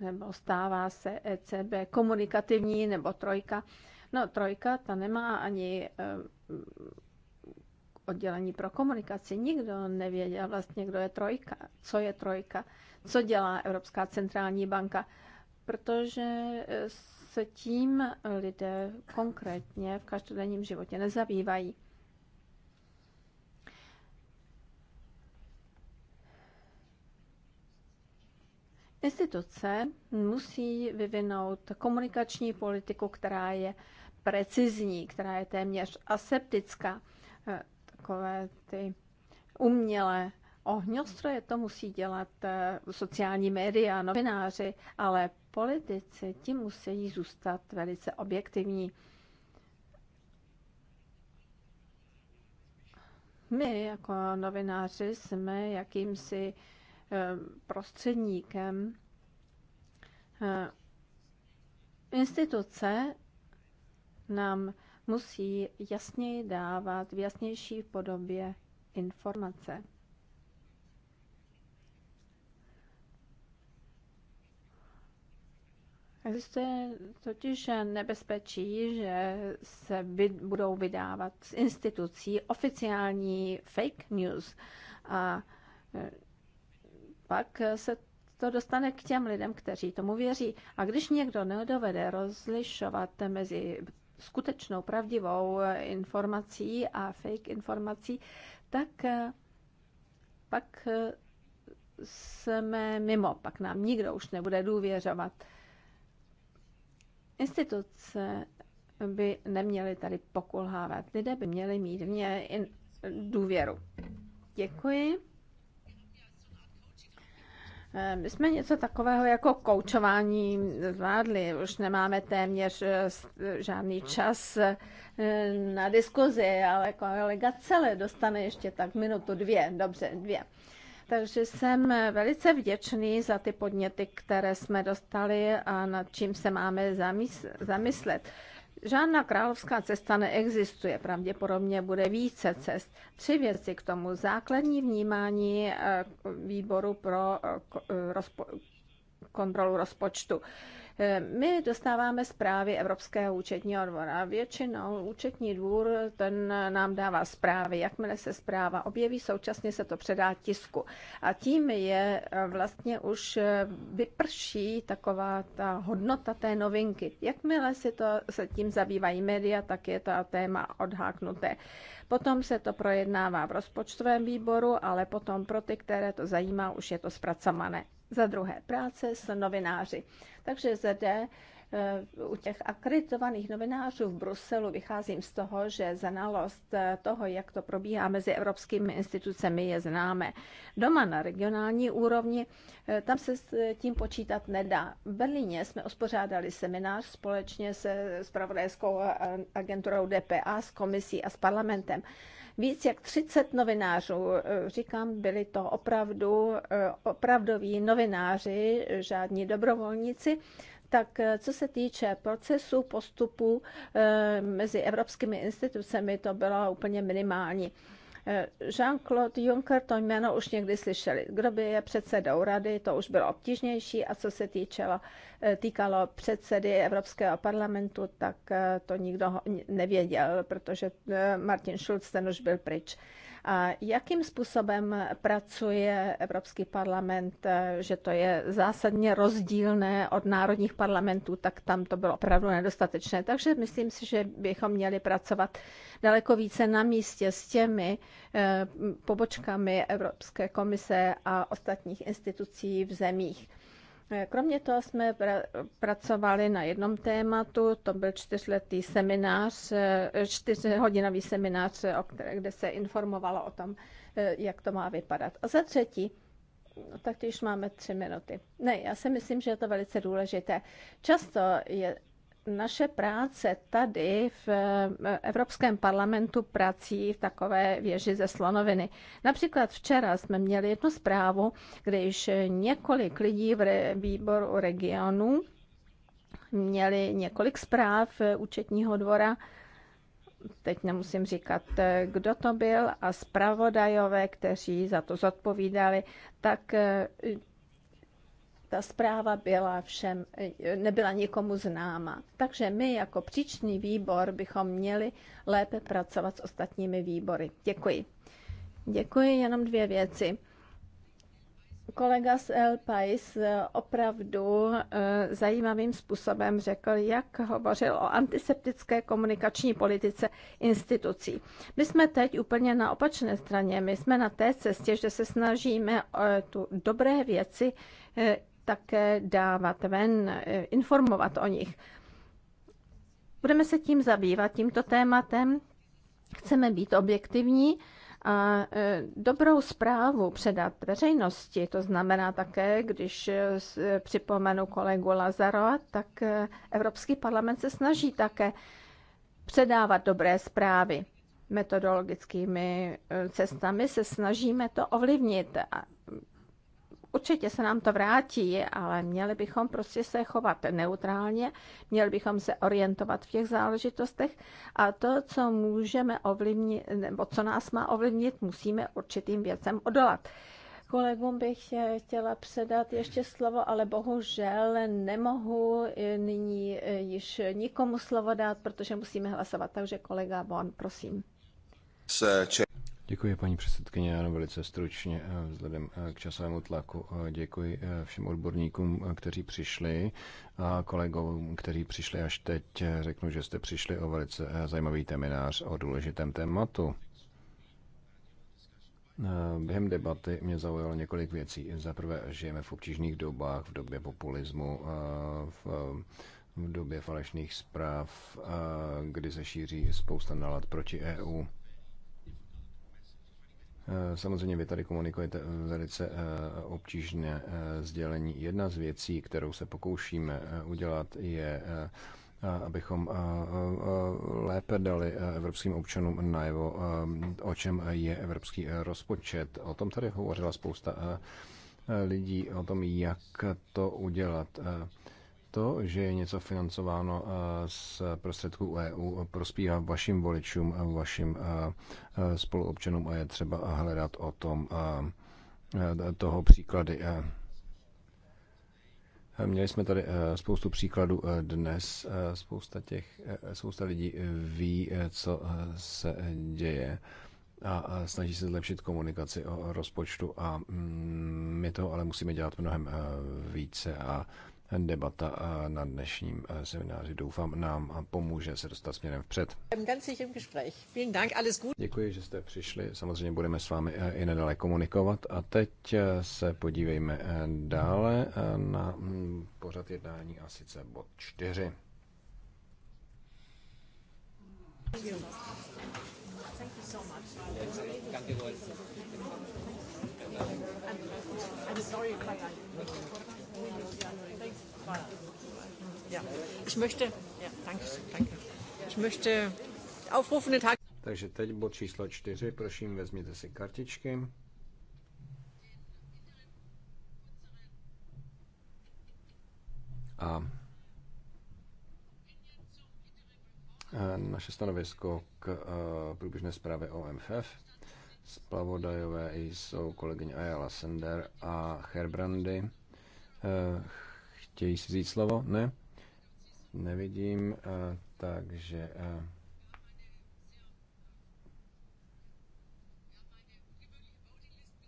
nebo stává se ECB komunikativní nebo trojka. No, trojka, ta nemá ani eh, oddělení pro komunikaci. Nikdo nevěděl vlastně, kdo je trojka, co je trojka, co dělá Evropská centrální banka, protože se tím lidé konkrétně v každodenním životě nezabývají. Instituce musí vyvinout komunikační politiku, která je precizní, která je téměř aseptická. Eh, takové ty umělé ohňostroje to musí dělat eh, sociální média, novináři, ale politici, ti musí zůstat velice objektivní. My jako novináři jsme jakýmsi eh, prostředníkem eh, instituce nám musí jasněji dávat v jasnější podobě informace. Existuje totiž nebezpečí, že se budou vydávat z institucí oficiální fake news a e, pak se to dostane k těm lidem, kteří tomu věří. A když někdo nedovede rozlišovat mezi skutečnou, pravdivou e, informací a fake informací, tak e, pak jsme mimo, pak nám nikdo už nebude důvěřovat. Instituce by neměly tady pokulhávat. Lidé by měli mít v ně důvěru. Děkuji. Eh, my jsme něco takového jako koučování zvládli. Už nemáme téměř eh, žádný čas eh, na diskuzi, ale kolega celé dostane ještě tak minutu, dvě, dobře, dvě. Takže jsem velice vděčný za ty podněty, které jsme dostali a nad čím se máme zamyslet. Žádná královská cesta neexistuje, pravděpodobně bude více cest. Tři věci k tomu. Základní vnímání eh, výboru pro eh, eh, kontrolu rozpočtu. Eh, my dostáváme zprávy Evropského účetního dvora. Většinou účetní dvůr ten nám dává zprávy. Jakmile se zpráva objeví, současně se to předá tisku. A tím je eh, vlastně už eh, vyprší taková ta hodnota té novinky. Jakmile si to, se tím zabývají média, tak je to téma odháknuté. Potom se to projednává v rozpočtovém výboru, ale potom pro ty, které to zajímá, už je to zpracované. Za druhé, práce s novináři. Takže zde eh, u těch akreditovaných novinářů v Bruselu vycházím z toho, že znalost eh, toho, jak to probíhá mezi evropskými institucemi, je známe. Doma na regionální úrovni, eh, tam se s tím počítat nedá. V Berlíně jsme ospořádali seminář společně se spravodajskou agenturou DPA, s komisí a s parlamentem víc jak 30 novinářů. Eh, říkám, byli to opravdu eh, opravdoví novináři, žádní dobrovolníci. Tak eh, co se týče procesu, postupu mezi evropskými institucemi, to bylo úplně minimální. Eh, Jean-Claude Juncker, to jméno už někdy slyšeli. Kdo by je předsedou rady, to už bylo obtížnější a co se týčelo, eh, týkalo předsedy Evropského parlamentu, tak eh, to nikdo nevěděl, protože Martin Schulz ten už byl pryč. A jakým způsobem pracuje Evropský parlament, že to je zásadně rozdílné od národních parlamentů, tak tam to bylo opravdu nedostatečné. Takže myslím si, že bychom měli pracovat daleko více na místě s těmi, Eh, pobočkami Evropské komise a ostatních institucí v zemích. Eh, kromě toho jsme pr- pracovali na jednom tématu, to byl čtyřletý seminář, eh, čtyřhodinový seminář, kde se informovalo o tom, jak to má vypadat. A za třetí, No, tak když máme tři minuty. Ne, já si myslím, že je to velice důležité. Často je naše práce tady v eh, Evropském parlamentu prací v takové věži ze slonoviny. Například včera jsme měli jednu zprávu, když několik lidí v výboru regionu měli několik zpráv účetního dvora, teď nemusím říkat, eh, kdo to byl, a zpravodajové, kteří za to zodpovídali, tak eh, ta zpráva byla všem, nebyla nikomu známa. Takže my jako příčný výbor bychom měli lépe pracovat s ostatními výbory. Děkuji. Děkuji, jenom dvě věci. Kolega z El Pais opravdu eh, zajímavým způsobem řekl, jak hovořil o antiseptické komunikační politice institucí. My jsme teď úplně na opačné straně. My jsme na té cestě, že se snažíme eh, tu dobré věci eh, také dávat ven, e, informovat o nich. Budeme se tím zabývat, tímto tématem. Chceme být objektivní a e, dobrou zprávu předat veřejnosti, to znamená také, když e, připomenu kolegu Lazaro, tak Evropský parlament se snaží také předávat dobré zprávy. Metodologickými cestami se snažíme to ovlivnit Určitě se nám to vrátí, ale měli bychom prostě se chovat neutrálně, měli bychom se orientovat v těch záležitostech a to, co můžeme ovlivnit, nebo co nás má ovlivnit, musíme určitým věcem odolat. Kolegům bych chtěla předat ještě slovo, ale bohužel nemohu nyní již nikomu slovo dát, protože musíme hlasovat. Takže kolega Von, prosím. Děkuji, paní předsedkyně, ano, velice stručně eh, vzhledem eh, k časovému tlaku. Eh, děkuji všem odborníkům, kteří přišli a kolegům, kteří přišli až teď. Řeknu, že jste přišli o velice zajímavý seminář o důležitém tématu. Během debaty mě zaujalo několik věcí. Za prvé, žijeme v obtížných dobách, v době populismu, v v době falešných zpráv, kdy se šíří spousta nálad proti EU. Eh, samozřejmě vy tady komunikujete eh, velice eh, obtížně sdělení. Jedna z věcí, kterou se pokoušíme udělat, je abychom lépe dali evropským občanům najevo, o čem je evropský rozpočet. O tom tady hovořila spousta lidí, o tom, jak to udělat to, že je něco financováno eh, z prostředků EU, prospívá vašim voličům, eh, vašim eh, spoluobčanům a je třeba hledat o tom toho příklady. Měli jsme tady spoustu příkladů dnes. Spousta, těch, spousta lidí ví, co se děje a snaží se zlepšit komunikaci o rozpočtu a mm, my to ale musíme dělat mnohem více a debata na dnešním e, semináři, doufám, nám pomůže se dostat směrem vpřed. Děkuji, že jste přišli. Samozřejmě budeme s vámi e, i nadále komunikovat. A teď e, se podívejme dále na mm, pořad jednání a sice bod 4. Thank you. Thank you so much. I'm sorry, but I'm sorry. Takže teď bod číslo čtyři, prosím, vezměte si kartičky. A naše stanovisko k průběžné zprávě o MFF. Splavodajové jsou kolegyně Ayala Sender a Herbrandy. Eh, Chtějí si vzít slovo? Ne? Nevidím, eh, takže... Eh,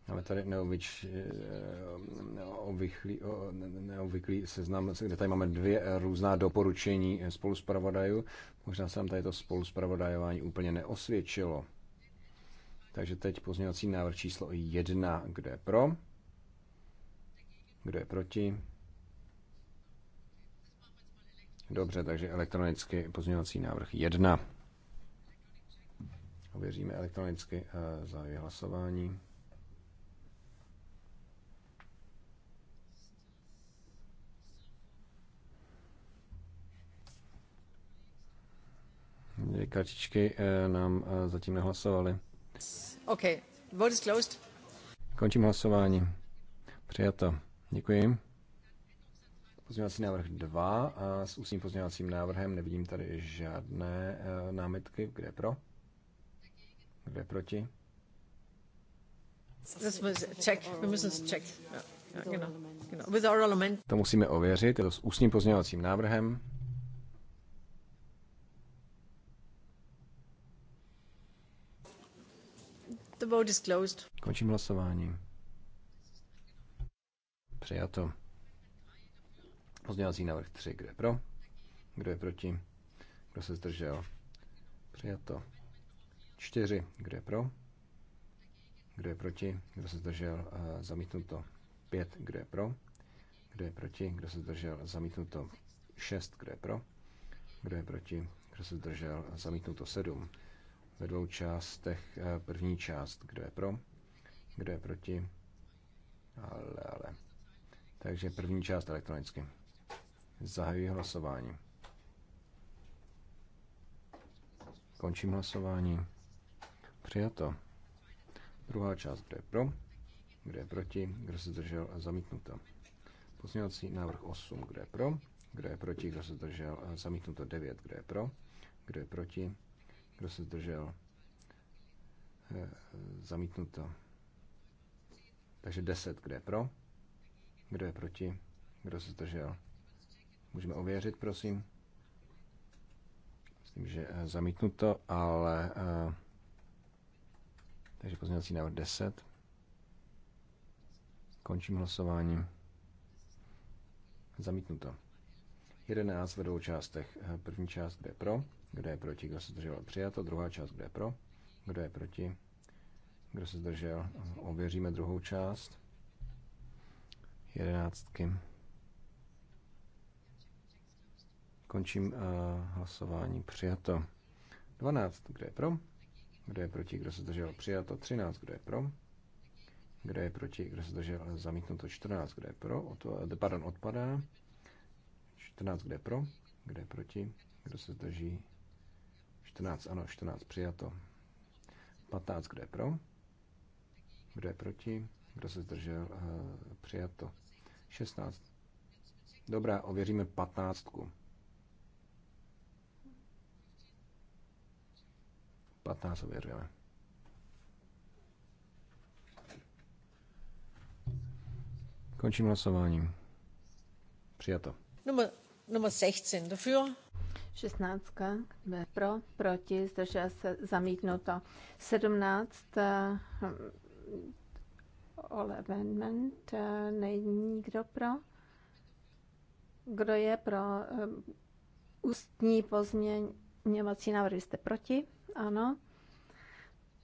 máme tady neobyč, neovychlý, neovyklý seznam, kde tady máme dvě různá doporučení spolu zpravodajů. Možná se nám tady to spolu zpravodajování úplně neosvědčilo. Takže teď pozměňovací návrh číslo 1, kde je pro, kde je proti, Dobře, takže elektronicky pozměňovací návrh 1. Ověříme elektronicky eh, za hlasování. Dvě kartičky eh, nám eh, zatím nehlasovaly. OK, vote is closed. Končím hlasování. Přijato. Děkuji. Pozměňovací návrh 2 a s ústním pozměňovacím návrhem nevidím tady žádné e, námitky. Kde je pro? Kde je proti? No, no, to musíme ověřit, je to s ústním pozměňovacím návrhem. The vote is closed. Končím hlasování. Přijato. Pozdělací návrh 3. Kdo je pro? Kdo je proti? Kdo se zdržel? Přijato. 4. Kdo je pro? Kdo je proti? Kdo se zdržel? Zamítnuto. 5. Kdo je pro? Kdo je proti? Kdo se zdržel? Zamítnuto. 6. Kdo je pro? Kdo je proti? Kdo se zdržel? Zamítnuto. 7. Ve dvou částech. První část. Kdo je pro? Kdo je proti? Ale, ale. Takže první část elektronicky. Zahajuji hlasování. Končím hlasování. Přijato. Druhá část, kde je pro, Kde je proti, kdo se zdržel, zamítnuto. Pozměňovací návrh 8, Kde je pro, kdo je proti, kdo se zdržel, zamítnuto 9, kdo je pro, kdo je proti, kdo se zdržel, zamítnuto. Takže 10, Kde je pro, kdo je proti, kdo se zdržel, Můžeme ověřit, prosím. Myslím, že eh, to, ale... Eh, takže pozměňovací návrh 10. Končím hlasování. Zamítnuto. 11 ve dvou částech. Eh, první část, kde je pro, kdo je proti, kdo se zdržel, přijato. Druhá část, kde je pro, kdo je proti, kdo se zdržel. Ověříme druhou část. Jedenáctky. Končím uh, hlasování přijato. 12. Kdo je pro? Kdo je proti? Kdo se zdržel? Přijato. 13. Kdo je pro? Kdo je proti? Kdo se zdržel? Zamítnuto. 14. Kdo je pro? Od, eh, pardon, odpadá. 14. Kdo je pro? Kdo je proti? Kdo se zdrží? 14. Ano, 14. Přijato. 15. Kdo je pro? Kdo je proti? Kdo se zdržel? Eh, přijato. 16. Dobrá, ověříme 15. 15 ověřujeme. Končím hlasováním. Přijato. Numer, numer 16 dafür. 16 pro, proti, zdržel se zamítnuto. 17 uh, all amendment, není kdo pro. Kdo je pro uh, ústní pozměňovací návrh? Jste proti? Ano.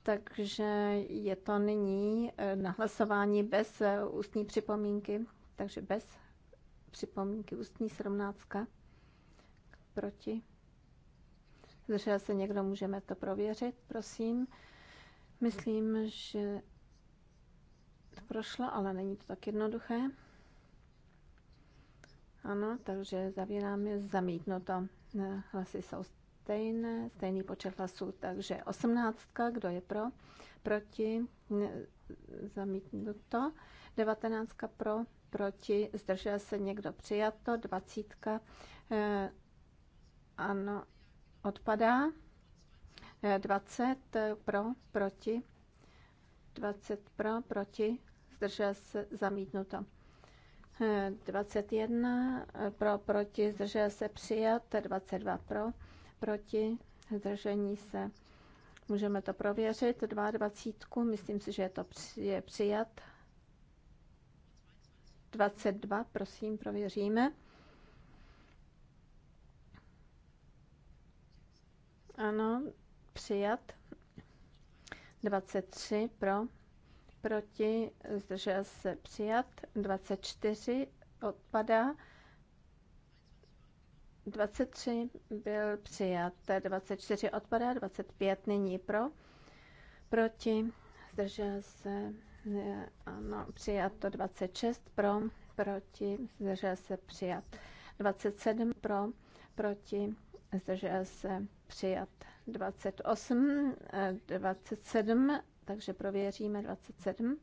Takže je to nyní eh, nahlasování bez eh, ústní připomínky, takže bez připomínky ústní srovnácka proti. Zdržel se někdo, můžeme to prověřit, prosím. Myslím, že to prošlo, ale není to tak jednoduché. Ano, takže zavírám je zamítnuto. Eh, hlasy jsou stejné, stejný počet hlasů, takže 18, kdo je pro, proti, zamítnuto, 19 pro, proti, zdržel se někdo přijato, 20, eh, ano, odpadá, 20 eh, eh, pro, proti, 20 pro, proti, zdržel se zamítnuto. 21 pro, proti, zdržel se přijat, 22 pro, proti, zdržení se. Můžeme to prověřit, 22, myslím si, že je to je přijat. 22, prosím, prověříme. Ano, přijat. 23 pro, proti, zdržel se přijat. 24 odpadá. 23 byl přijat, 24 odpadá, 25 není pro, proti, zdržel se, ano, přijat to 26 pro, proti, zdržel se přijat 27 pro, proti, zdržel se přijat 28, 27, eh, takže prověříme 27.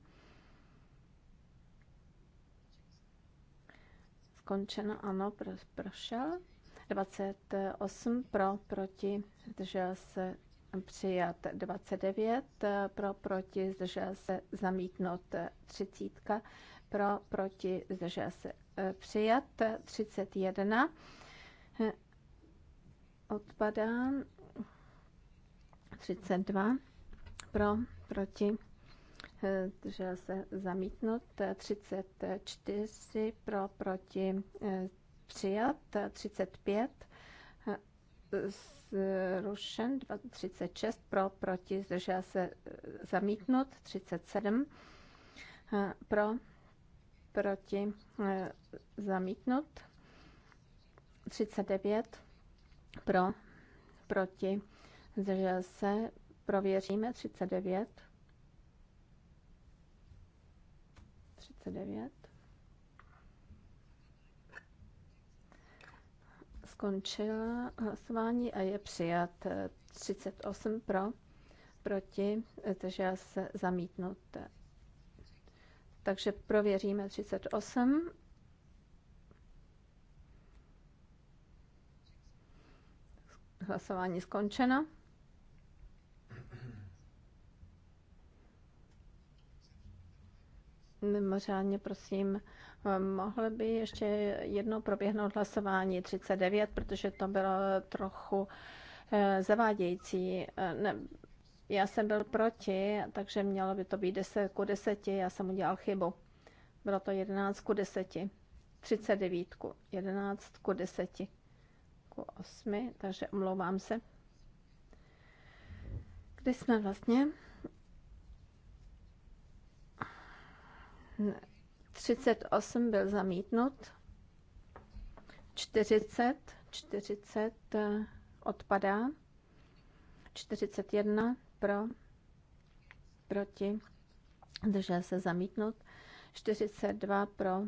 Skončeno, ano, pro, prošel. 28 pro, proti, zdržel se přijat 29, pro, proti, zdržel se zamítnout 30, pro, proti, zdržel se eh, přijat 31, odpadá 32, pro, proti, eh, zdržel se zamítnout 34, pro, proti, eh, přijat, 35 zrušen, 36 pro, proti, zdržel se zamítnut, 37 pro, proti, zamítnut, 39 pro, proti, zdržel se, prověříme, 39, 39, Skončila hlasování a je přijat 38 pro, proti, já se zamítnut. Takže prověříme 38. Hlasování skončeno. Mimořádně prosím Mohlo by ještě jednou proběhnout hlasování 39, protože to bylo trochu eh, zavádějící. Eh, ne, já jsem byl proti, takže mělo by to být 10 ku 10, já jsem udělal chybu. Bylo to 11 ku 10, 39 ku 11 ku 10 ku 8, takže omlouvám se. Kde jsme vlastně? Ne. 38 byl zamítnut, 40, 40 eh, odpadá, 41 pro, proti, zdržel se zamítnut, 42 pro,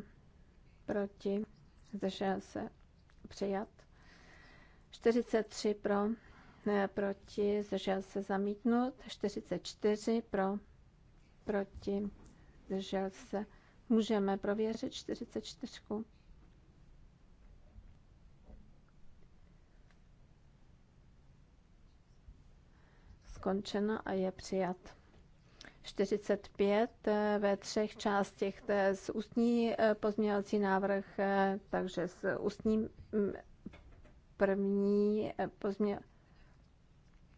proti, zdržel se přijat, 43 pro, ne, eh, proti, zdržel se zamítnut, 44 pro, proti, zdržel se Můžeme prověřit 44. Skončena a je přijat. 45 eh, ve třech částech to je z ústní eh, pozměňovací návrh, eh, takže s ústním mm, první pozměň...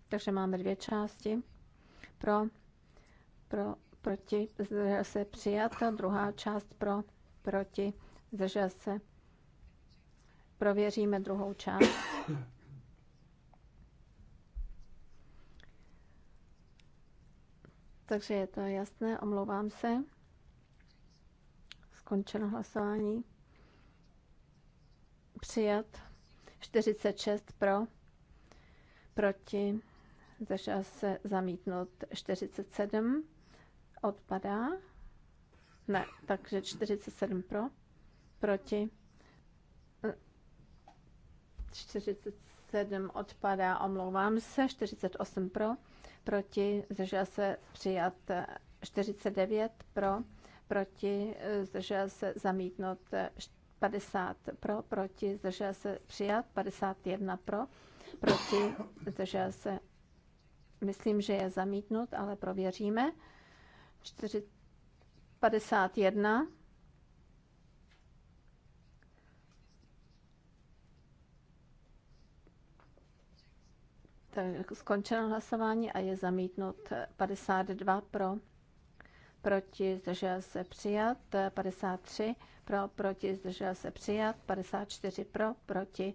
Takže máme dvě části. Pro, pro proti, zdržel se a druhá část pro, proti, zdržel se. Prověříme druhou část. Takže je to jasné, omlouvám se. Skončeno hlasování. Přijat 46 pro, proti, zdržel se zamítnout 47 Odpadá. Ne, takže 47 pro. Proti. 47 odpadá, omlouvám se. 48 pro. Proti. Zdržel se přijat 49 eh, pro. Proti. Eh, zdržel se zamítnout 50 eh, pro. Proti. Zdržel se přijat 51 pro. Proti. Zdržel se Myslím, že je zamítnut, ale prověříme. 4, 51. Tak skončeno hlasování a je zamítnut 52 pro, proti, zdržel se přijat, 53 pro, proti, zdržel se přijat, 54 pro, proti,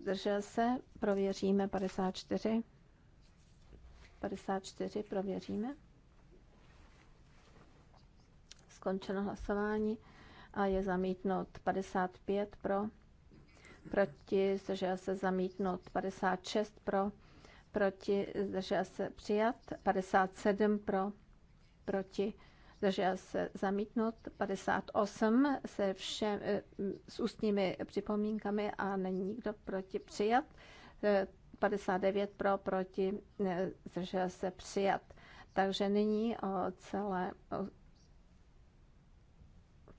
zdržel se, prověříme 54, 54 prověříme. Skončeno hlasování a je zamítnut 55 pro, proti, zdržel se zamítnut 56 pro, proti, zdržel se přijat 57 pro, proti, zdržel se zamítnut 58 se všem, eh, s ústními připomínkami a není nikdo proti přijat. 59 eh, pro, proti, eh, zdržel se přijat. Takže nyní o celé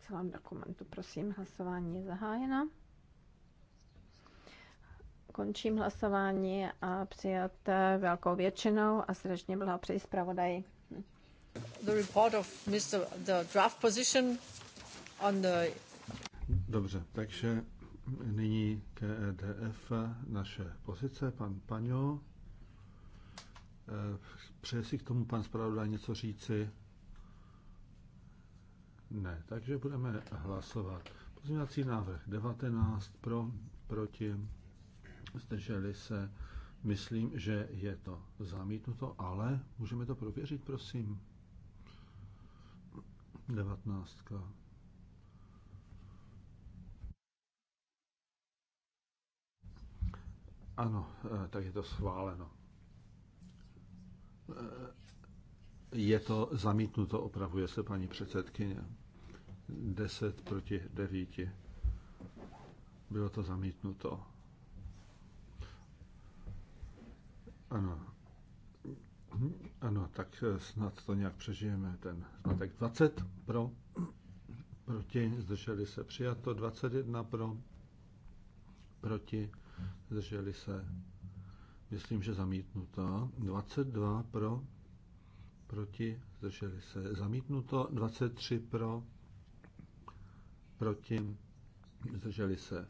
celém dokumentu. Prosím, hlasování je zahájeno. Končím hlasování a přijat eh, velkou většinou a srdečně přeji zpravodaji. The report of Mr. the draft position on the... Dobře, takže nyní KEDF naše pozice, pan Paňo. Eh, přeje si k tomu pan zpravodaj něco říci? Ne, takže budeme hlasovat. Pozměňovací návrh 19 pro, proti, zdrželi se. Myslím, že je to zamítnuto, ale můžeme to prověřit, prosím. 19. Ano, eh, tak je to schváleno. Eh, je to zamítnuto, opravuje se paní předsedkyně. 10 proti 9. Bylo to zamítnuto. Ano. Ano, tak snad to nějak přežijeme, ten zmatek 20 pro, proti, zdrželi se přijato, 21 pro, proti, zdrželi se, myslím, že zamítnuto, 22 pro, proti, zdrželi se. Zamítnuto 23 pro, proti, zdrželi se.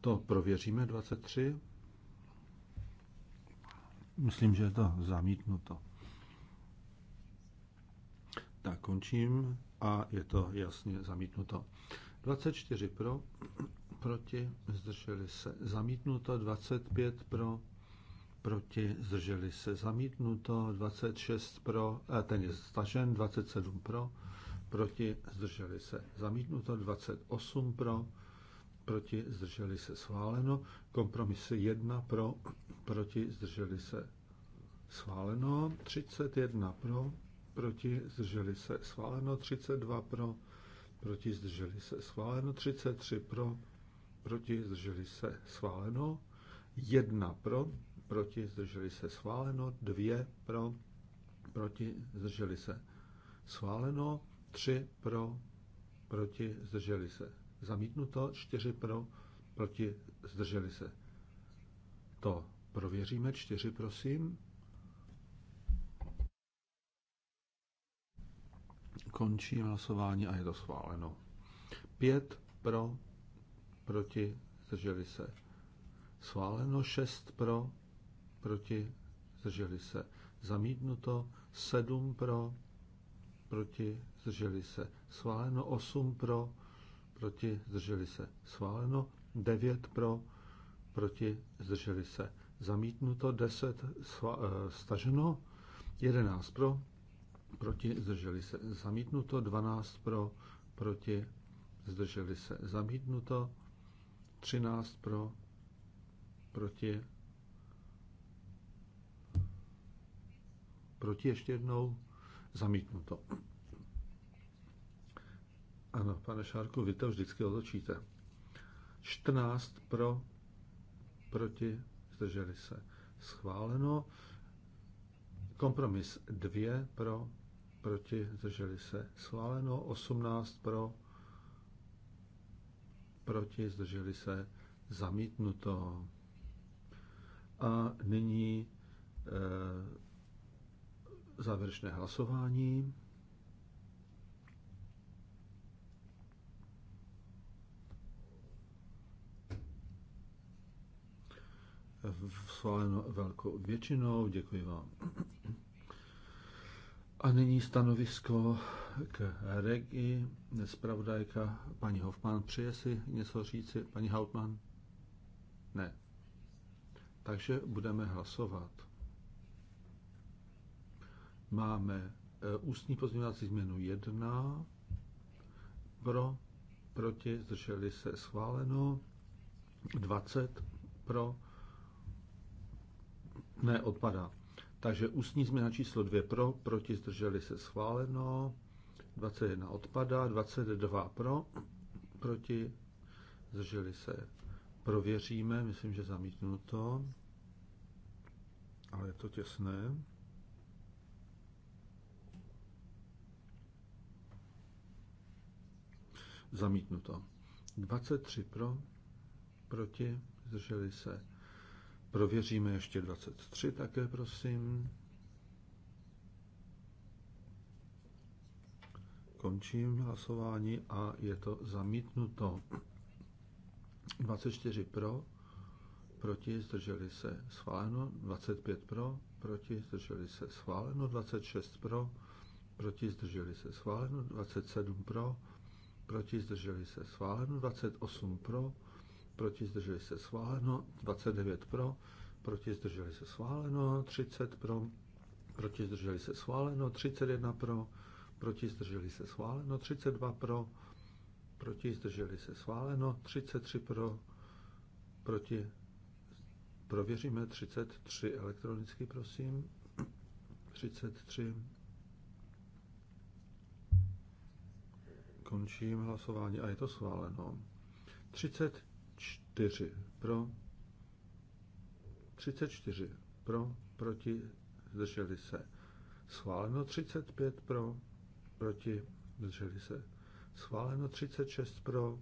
To prověříme 23. Myslím, že je to zamítnuto. Tak končím a je to jasně zamítnuto. 24 pro, proti, zdrželi se. Zamítnuto 25 pro, proti, zdrželi se zamítnuto, 26 pro, eh, ten je stažen, 27 pro, proti, zdrželi se zamítnuto, 28 pro, proti, zdrželi se schváleno, kompromisy 1 pro, proti, zdrželi se schváleno, 31 pro, proti, zdrželi se schváleno, 32 pro, proti, zdrželi se schváleno, 33 pro, proti, zdrželi se schváleno, 1 pro, proti, zdrželi se schváleno, dvě pro, proti, zdrželi se schváleno, tři pro, proti, zdrželi se zamítnuto, čtyři pro, proti, zdrželi se. To prověříme, čtyři prosím. končí hlasování a je to schváleno. Pět pro, proti, zdrželi se. Schváleno 6 pro, proti, zdrželi se. Zamítnuto 7 pro, proti, zdrželi se. Schváleno 8 pro, proti, zdrželi se. Schváleno 9 pro, proti, zdrželi se. Zamítnuto 10, eh, staženo 11 pro, proti, zdrželi se. Zamítnuto 12 pro, proti, zdrželi se. Zamítnuto 13 pro, proti, Proti ještě jednou? Zamítnuto. Ano, pane Šárku, vy to vždycky otočíte. 14 pro, proti, zdrželi se. Schváleno. Kompromis 2 pro, proti, zdrželi se. Schváleno. 18 pro, proti, zdrželi se. Zamítnuto. A nyní eh, Závěrečné hlasování. Schváleno velkou většinou, děkuji vám. A nyní stanovisko k regi. Nespravodajka, paní Hoffman, přeje si něco říci? Paní Hautman. Ne. Takže budeme hlasovat. Máme eh, ústní pozměňovací změnu 1, pro, proti, zdrželi se schváleno, 20 pro, ne, odpadá. Takže ústní změna číslo 2 pro, proti, zdrželi se schváleno, 21 odpadá, 22 pro, proti, zdrželi se prověříme, myslím, že zamítnuto, ale je to těsné. Zamítnuto. 23 pro, proti, zdrželi se. Prověříme ještě 23 také, prosím. Končím hlasování a je to zamítnuto. 24 pro, proti, zdrželi se, schváleno. 25 pro, proti, zdrželi se, schváleno. 26 pro, proti, zdrželi se, schváleno. 27 pro, proti zdrželi se schváleno, 28 pro, proti zdrželi se schváleno, 29 pro, proti zdrželi se schváleno, 30 pro, proti zdrželi se schváleno, 31 pro, proti zdrželi se schváleno, 32 pro, proti zdrželi se schváleno, 33 pro, proti prověříme 33 elektronicky, prosím, 33 Končím hlasování a je to schváleno. 34 pro, 34 pro, proti, zdrželi se. Schváleno 35 pro, proti, zdrželi se. Schváleno 36 pro,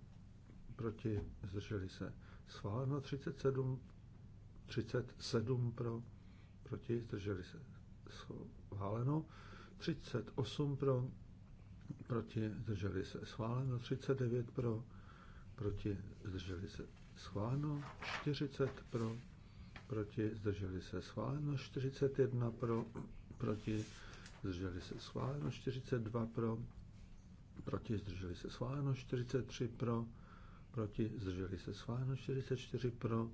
proti, zdrželi se. Schváleno 37, 37 pro, proti, zdrželi se. Schváleno 38 pro, proti, zdrželi se schváleno, 39 pro, proti, zdrželi se schváleno, 40 pro, proti, zdrželi se schváleno, 41 pro, proti, zdrželi se schváleno, 42 pro, proti, zdrželi se schváleno, 43 pro, proti, zdrželi se schváleno, 44 pro,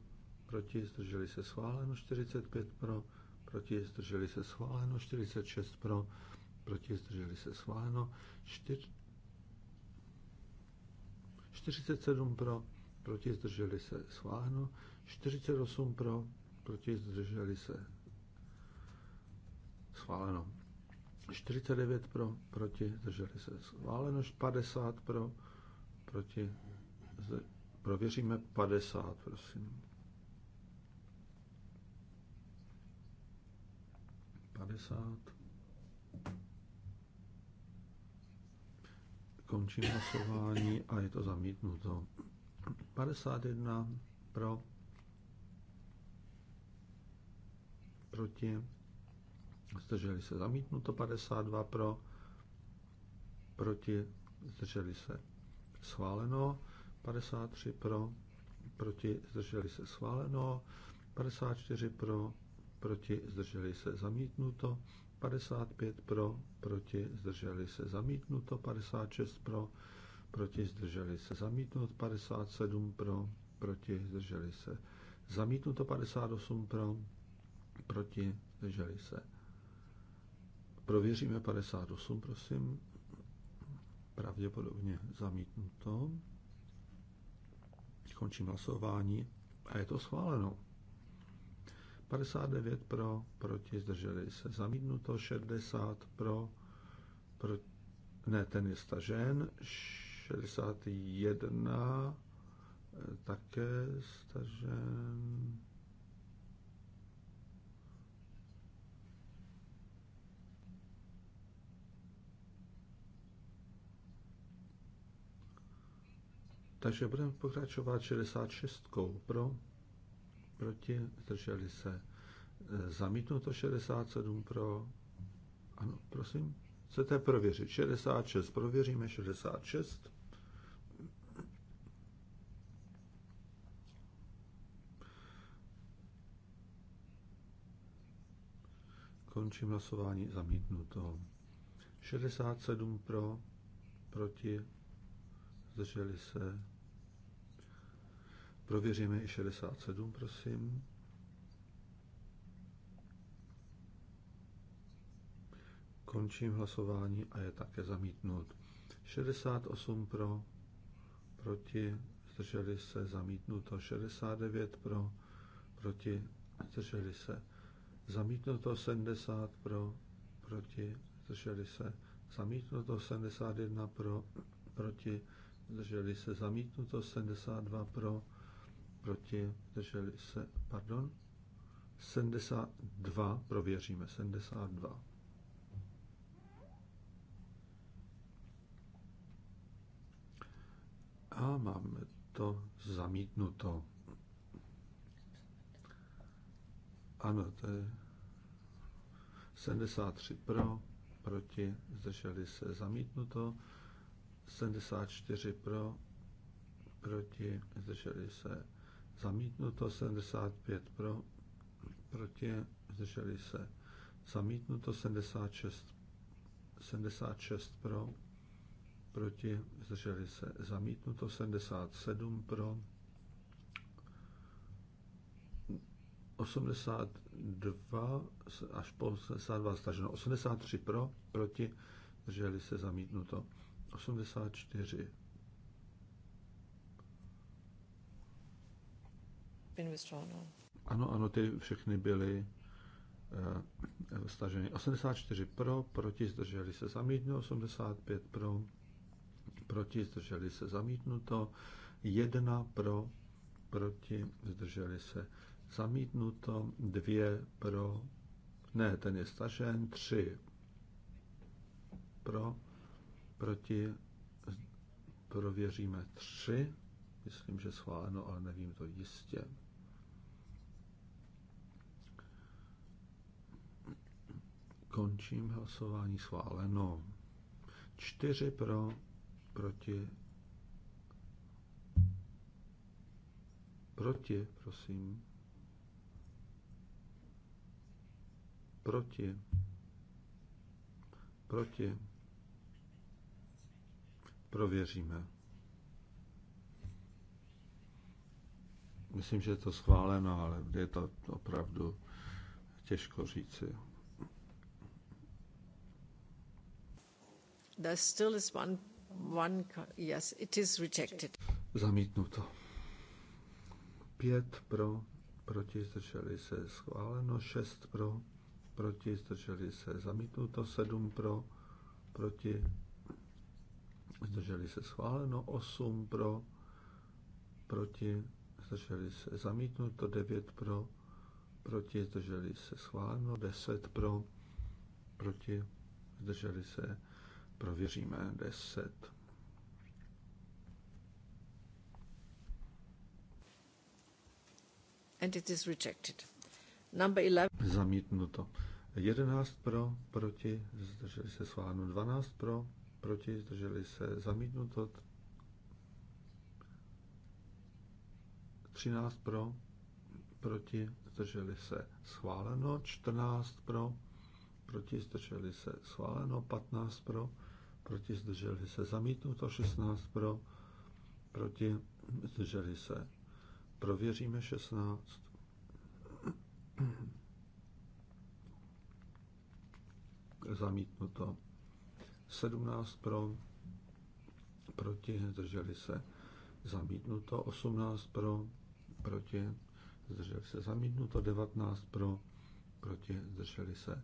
proti, zdrželi se schváleno, 45 pro, proti, zdrželi se schváleno, 46 pro, proti, zdrželi se schváleno, 47 pro, proti, zdrželi se schváleno, 48 pro, proti, zdrželi se schváleno. 49 pro, proti, zdrželi se schváleno, 50 pro, proti, prověříme 50, prosím. 50. Končím hlasování a je to zamítnuto. 51 pro, proti, zdrželi se zamítnuto, 52 pro, proti, zdrželi se schváleno, 53 pro, proti, zdrželi se schváleno, 54 pro, proti, zdrželi se zamítnuto, 55 pro, proti, zdrželi se zamítnuto, 56 pro, proti, zdrželi se zamítnut, 57 pro, proti, zdrželi se zamítnuto, 58 pro, proti, zdrželi se. Prověříme 58, prosím. Pravděpodobně zamítnuto. Končím hlasování a je to schváleno. 59 pro, proti, zdrželi se. Zamítnuto 60 pro, pro ne, ten je stažen. 61 eh, také stažen. Takže budeme pokračovat 66 pro, proti, zdrželi se. E, zamítnuto 67 pro. Ano, prosím. Chcete prověřit? 66. Prověříme 66. Končím hlasování zamítnuto. 67 pro, proti, zdrželi se Prověříme i 67, prosím. Končím hlasování a je také zamítnut. 68 pro, proti, zdrželi se, zamítnuto. 69 pro, proti, zdrželi se. Zamítnuto 70 pro, proti, zdrželi se. Zamítnuto 71 pro, proti, zdrželi se. Zamítnuto 72 pro, proti, drželi se, pardon, 72, prověříme, 72. A máme to zamítnuto. Ano, to je 73 pro, proti, zdrželi se, zamítnuto. 74 pro, proti, zdrželi se, Zamítnuto 75 pro, proti, zdrželi se. Zamítnuto 76, 76 pro, proti, zdrželi se. Zamítnuto 77 pro, 82 až po 82 staženo. 83 pro, proti, zdrželi se. Zamítnuto 84 been withdrawn. No. Ano, ano, ty všechny byly uh, staženy. 84 pro, proti zdrželi se zamítnuto, 85 pro, proti zdrželi se zamítnuto, 1 pro, proti zdrželi se zamítnuto, 2 pro, ne, ten je stažen, 3 pro, proti, prověříme 3, myslím, že schváleno, ale nevím to jistě. Končím hlasování schváleno. Čtyři pro, proti, proti, prosím, proti, proti, prověříme. Myslím, že je to schváleno, ale je to opravdu těžko říci. There still is one, one, yes, it is rejected. Zamítnuto. Pět pro, proti zdrželi se schváleno, šest pro, proti zdrželi se zamítnuto, sedm pro, proti zdrželi se schváleno, osm pro, proti zdrželi se zamítnuto, devět pro, proti zdrželi se schváleno, deset pro, proti zdrželi se Prověříme 10. And it is rejected. Number 11. Zamítnuto. 11 pro, proti, zdrželi se schváleno. 12 pro, proti, zdrželi se zamítnuto. 13 pro, proti, zdrželi se schváleno, 14 pro, proti, zdrželi se schváleno, 15 pro, proti zdrželi se zamítnuto, 16 pro, proti zdrželi se. Prověříme 16. Zamítnuto. 17 pro, proti zdrželi se. Zamítnuto 18 pro, proti zdrželi se. Zamítnuto 19 pro, proti zdrželi se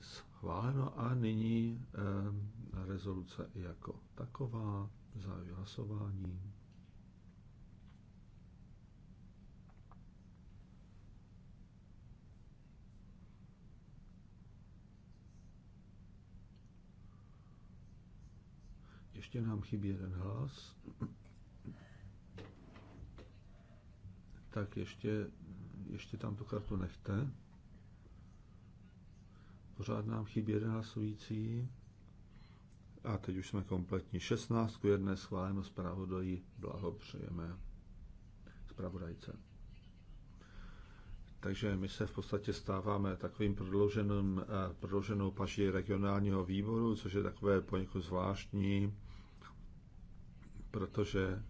schváleno a nyní eh, rezoluce jako taková, zahajuji hlasování. Ještě nám chybí jeden hlas. Tak ještě, ještě tam tu kartu nechte. Pořád nám chybí jeden hlasující. A teď už jsme kompletní. 16 je dnes schváleno zpravodají. Blahopřejeme zpravodajce. Takže my se v podstatě stáváme takovým prodlouženým, eh, prodlouženou paží regionálního výboru, což je takové poněkud zvláštní, protože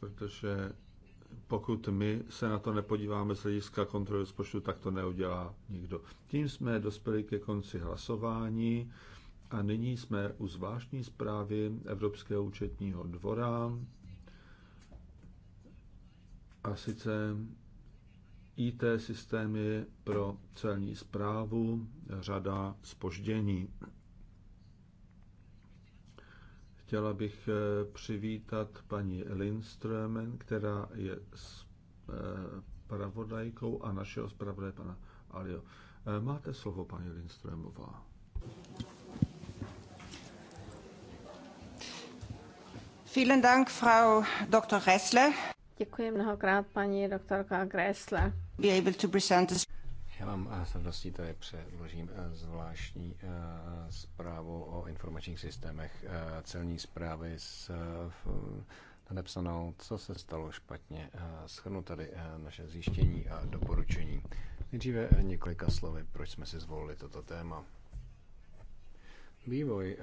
protože pokud my se na to nepodíváme z hlediska kontroly rozpočtu, tak to neudělá nikdo. Tím jsme dospěli ke konci hlasování a nyní jsme u zvláštní zprávy Evropského účetního dvora a sice IT systémy pro celní zprávu, řada spoždění. Chtěla bych eh, přivítat paní Lindströmen, která je eh, pravodajkou a našeho zpravodaje pana Alio. Eh, máte slovo, paní Lindströmová. Vielen Dank, Frau Dr. Ressler. Děkuji mnohokrát, paní doktorka Gressler. Be able to present this. Já vám s radostí tady předložím eh, zvláštní eh, zprávu o informačních systémech eh, celní zprávy s nadepsanou, co se stalo špatně. Schrnu tady naše zjištění a doporučení. Nejdříve několika slovy, proč jsme si zvolili toto téma. Vývoj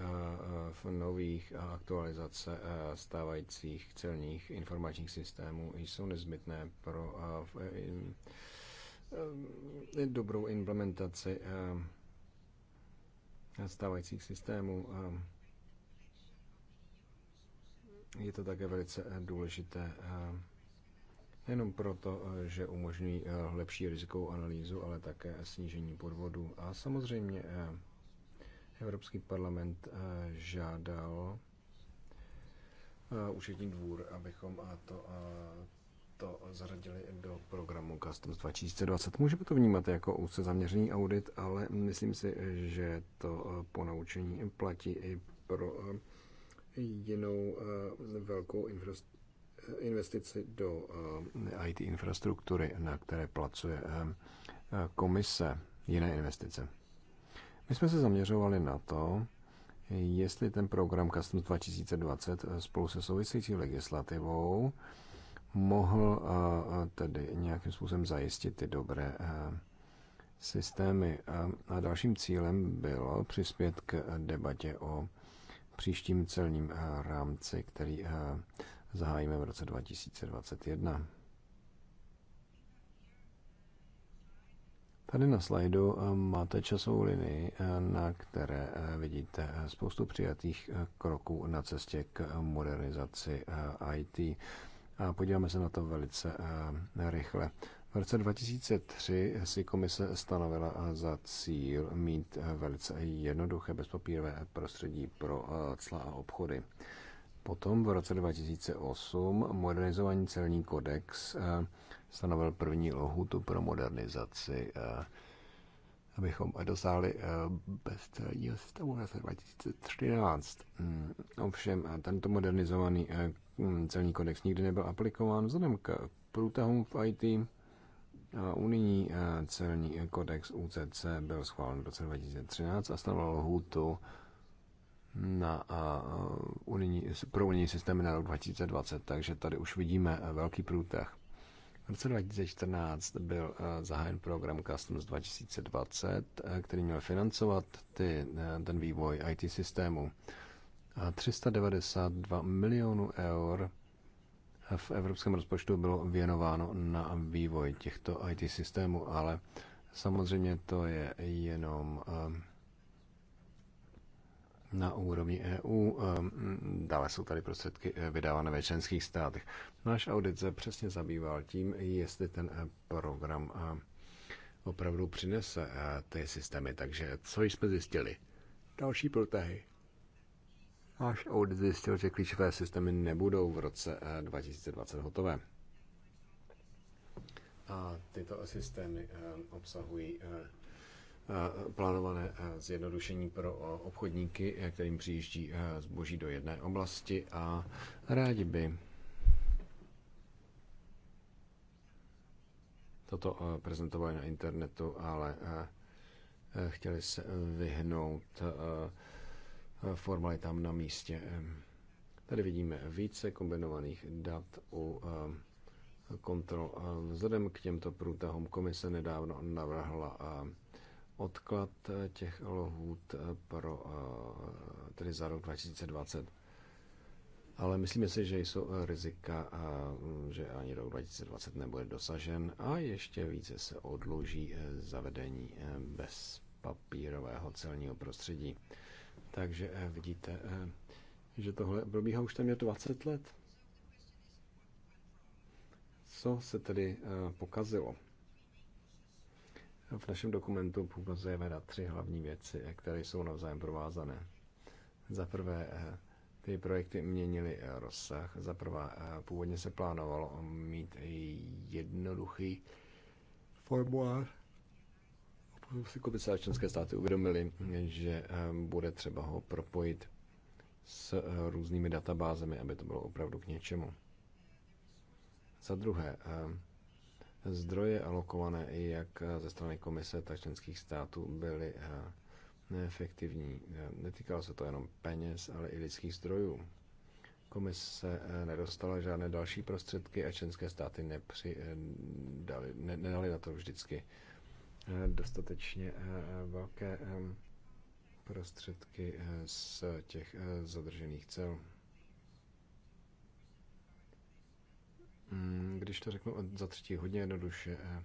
v nových aktualizace stávajících celních informačních systémů jsou nezbytné pro Ehm, dobrou implementaci ehm, stávajících systémů. Ehm, je to také velice eh, důležité nejenom proto, eh, že umožňují eh, lepší rizikovou analýzu, ale také snížení podvodu. A samozřejmě Evropský parlament žádal účetní dvůr, abychom to to zařadili do programu Customs 2020. Můžeme to vnímat jako úzce zaměřený audit, ale myslím si, že to eh, ponaučení platí i pro eh, jinou eh, velkou investici do IT infrastruktury, na které placuje komise jiné investice. My jsme se zaměřovali na to, jestli ten program Customs 2020 spolu se související legislativou mohl tedy nějakým způsobem zajistit ty dobré systémy. A dalším cílem bylo přispět k debatě o příštím celním rámci, který zahájíme v roce 2021. Tady na slajdu máte časovou linii, na které vidíte spoustu přijatých kroků na cestě k modernizaci IT a podíváme se na to velice eh, rychle. V roce 2003 si komise stanovila eh, za cíl mít eh, velice jednoduché bezpapírové prostředí pro cla a obchody. Potom v roce 2008 modernizovaný celní kodex stanovil první lohutu pro modernizaci abychom dosáhli eh, bezcelního systému v roce 2013. Mm, ovšem, eh, tento modernizovaný eh, mm, celní kodex nikdy nebyl aplikován vzhledem k průtahům v IT. Unijní celní kodex UCC byl schválen v roce 2013 a stanovil lhůtu na unijní, pro unijní systémy na rok 2020, takže tady už vidíme velký průtah. V roce 2014 byl eh, zahájen program Customs 2020, eh, který měl financovat ty, eh, ten vývoj IT systému. A 392 milionů eur v evropském rozpočtu bylo věnováno na vývoj těchto IT systémů, ale samozřejmě to je jenom na úrovni EU. Ehm, dále jsou tady prostředky eh, vydávané ve členských státech. Náš audit se přesně zabýval tím, jestli ten eh, program eh, opravdu přinese ty systémy. Takže co jsme zjistili? Další protahy. Náš audit zjistil, že klíčové systémy nebudou v roce 2020 hotové. A tyto systémy obsahují Eh, plánované eh, zjednodušení pro eh, obchodníky, kterým přijíždí zboží do jedné oblasti a rádi by toto prezentovali na internetu, ale chtěli se vyhnout formalitám na místě. Tady vidíme více kombinovaných dat u kontrol. Vzhledem k těmto průtahům komise nedávno navrhla odklad eh, těch lhůt eh, pro, eh, tedy za rok 2020. Ale myslíme si, že jsou rizika, že ani rok 2020 nebude dosažen a ještě více se odloží zavedení bez papírového celního prostředí. Takže vidíte, že tohle probíhá už téměř 20 let. Co se tedy pokazilo? V našem dokumentu poukazujeme na tři hlavní věci, které jsou navzájem provázané. Za prvé, eh, ty projekty měnily eh, rozsah. Za prvé, eh, původně se plánovalo mít jednoduchý formulář. Potom si komisář členské státy uvědomili, že bude třeba ho propojit s různými databázemi, aby to bylo opravdu k něčemu. Za druhé, zdroje alokované i jak eh, ze strany komise, tak členských států byly eh, neefektivní. Eh, netýkalo se to jenom peněz, ale i lidských zdrojů. Komise nedostala žádné další prostředky a členské státy nepři, dali, ne, nedali na to vždycky dostatečně velké prostředky z těch zadržených cel. Mm, když to řeknu za třetí hodně jednoduše, eh,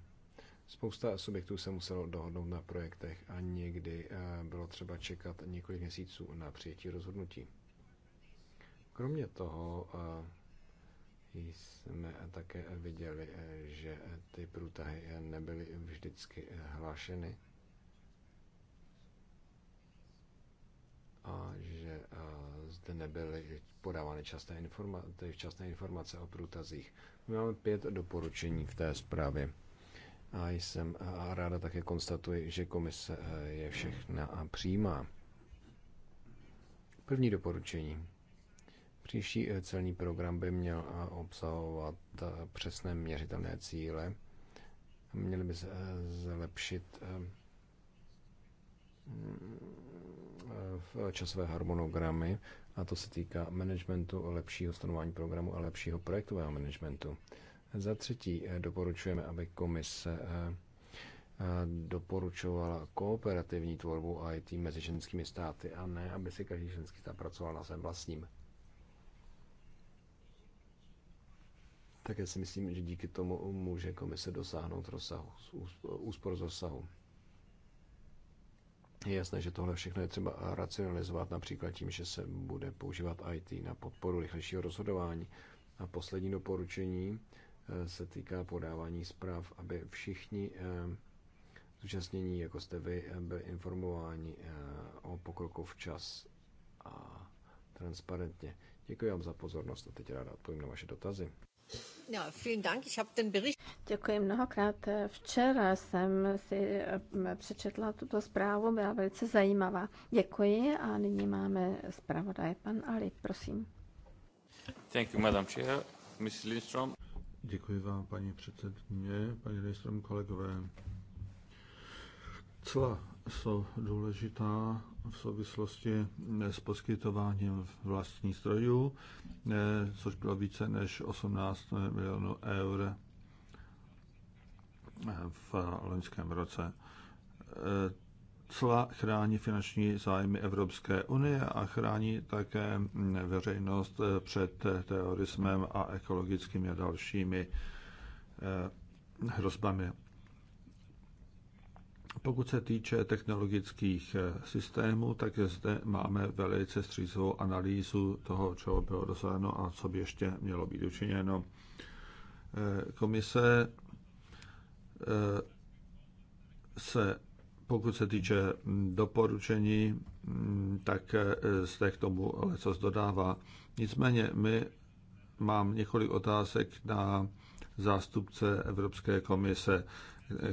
spousta subjektů se muselo dohodnout na projektech a někdy eh, bylo třeba čekat několik měsíců na přijetí rozhodnutí. Kromě toho eh, jsme také viděli, že ty průtahy nebyly vždycky hlášeny a že zde nebyly podávány časté informace, včasné informace o průtazích. My máme pět doporučení v té zprávě a jsem a ráda také konstatuji, že komise e, je všechna a přijímá. První doporučení. Příští e, celní program by měl obsahovat e, přesné měřitelné cíle. Měly by se zlepšit v časové harmonogramy a to se týká managementu, lepšího stanování programu a lepšího projektového managementu. Za třetí eh, doporučujeme, aby komise eh, eh, doporučovala kooperativní tvorbu IT mezi ženskými státy a ne, aby si každý ženský stát pracoval na svém vlastním. Také si myslím, že díky tomu může komise dosáhnout rozsahu, úspor z rozsahu. Je jasné, že tohle všechno je třeba racionalizovat například tím, že se bude používat IT na podporu rychlejšího rozhodování. A poslední doporučení eh, se týká podávání zpráv, aby všichni eh, zúčastnění, jako jste vy, eh, byli informováni o pokroku včas a transparentně. Děkuji vám za pozornost a teď ráda odpovím na vaše dotazy. Děkuji mnohokrát. Včera jsem si eh, přečetla tuto zprávu, byla velice zajímavá. Děkuji a nyní máme zpravodaj pan Ali, prosím. Thank you, Madam Chair. Mrs. Lindstrom. Děkuji vám, paní předsedkyně, paní Lindstrom, kolegové. Cla jsou důležitá v souvislosti eh, s poskytováním vlastních strojů, eh, což bylo více než 18 milionů eur eh, v loňském roce. Cla chrání finanční zájmy Evropské unie a chrání také hm, veřejnost před terorismem a ekologickými a dalšími hrozbami. Pokud se týče technologických eh, systémů, tak zde máme velice střízovou analýzu toho, čeho bylo dosaženo a co by ještě mělo být učiněno. Eh, komise eh, se, pokud se týče hm, doporučení, hm, tak zde k tomu co dodává. Nicméně my mám několik otázek na zástupce Evropské komise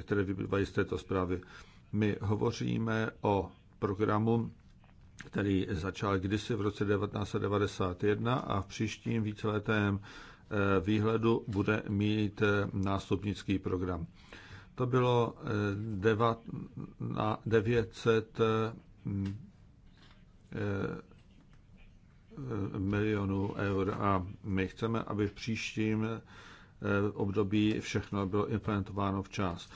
které vyplývají z této zprávy. My hovoříme o programu, který začal kdysi v roce 1991 a v příštím víceletém eh, výhledu bude mít eh, nástupnický program. To bylo 900 eh, milionů eur a my chceme, aby v příštím Eh, období všechno bylo implementováno včas.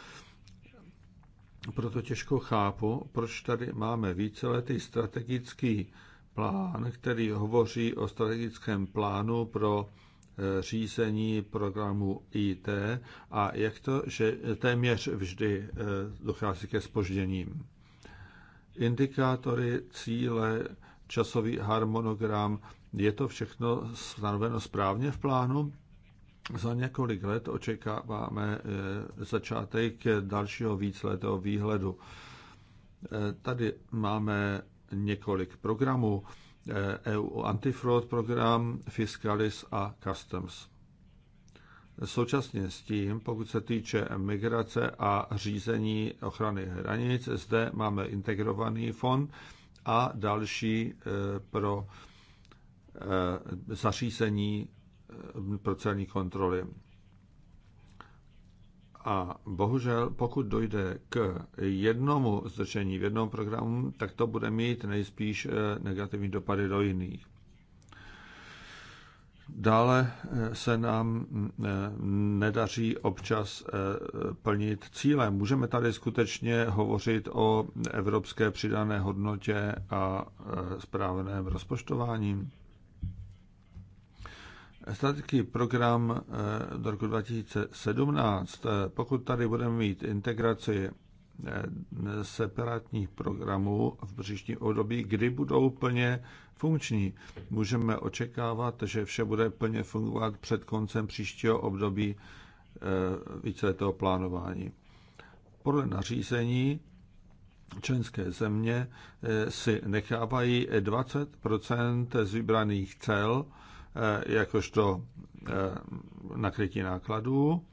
Proto těžko chápu, proč tady máme víceletý strategický plán, který hovoří o strategickém plánu pro eh, řízení programu IT a jak to, že téměř vždy eh, dochází ke spožděním. Indikátory, cíle, časový harmonogram, je to všechno stanoveno správně v plánu? Za několik let očekáváme eh, začátek dalšího víceletého výhledu. Eh, tady máme několik programů. EU eh, e Antifraud program, Fiscalis a Customs. Současně s tím, pokud se týče migrace a řízení ochrany hranic, zde máme integrovaný fond a další pro zařízení Eh, pro celní kontroly. A bohužel, pokud dojde k jednomu zdržení v jednom programu, tak to bude mít nejspíš eh, negativní dopady do jiných. Dále eh, se nám nedaří občas plnit cíle. Můžeme tady skutečně hovořit o evropské přidané hodnotě a správném rozpočtování. Statický program eh, do roku 2017, eh, pokud tady budeme mít integraci eh, separátních programů v příštím období, kdy budou plně funkční. Můžeme očekávat, že vše bude plně fungovat před koncem příštího období víceletého plánování. Podle nařízení členské země si nechávají 20 z vybraných cel Eh, jakožto eh, nakrytí nákladů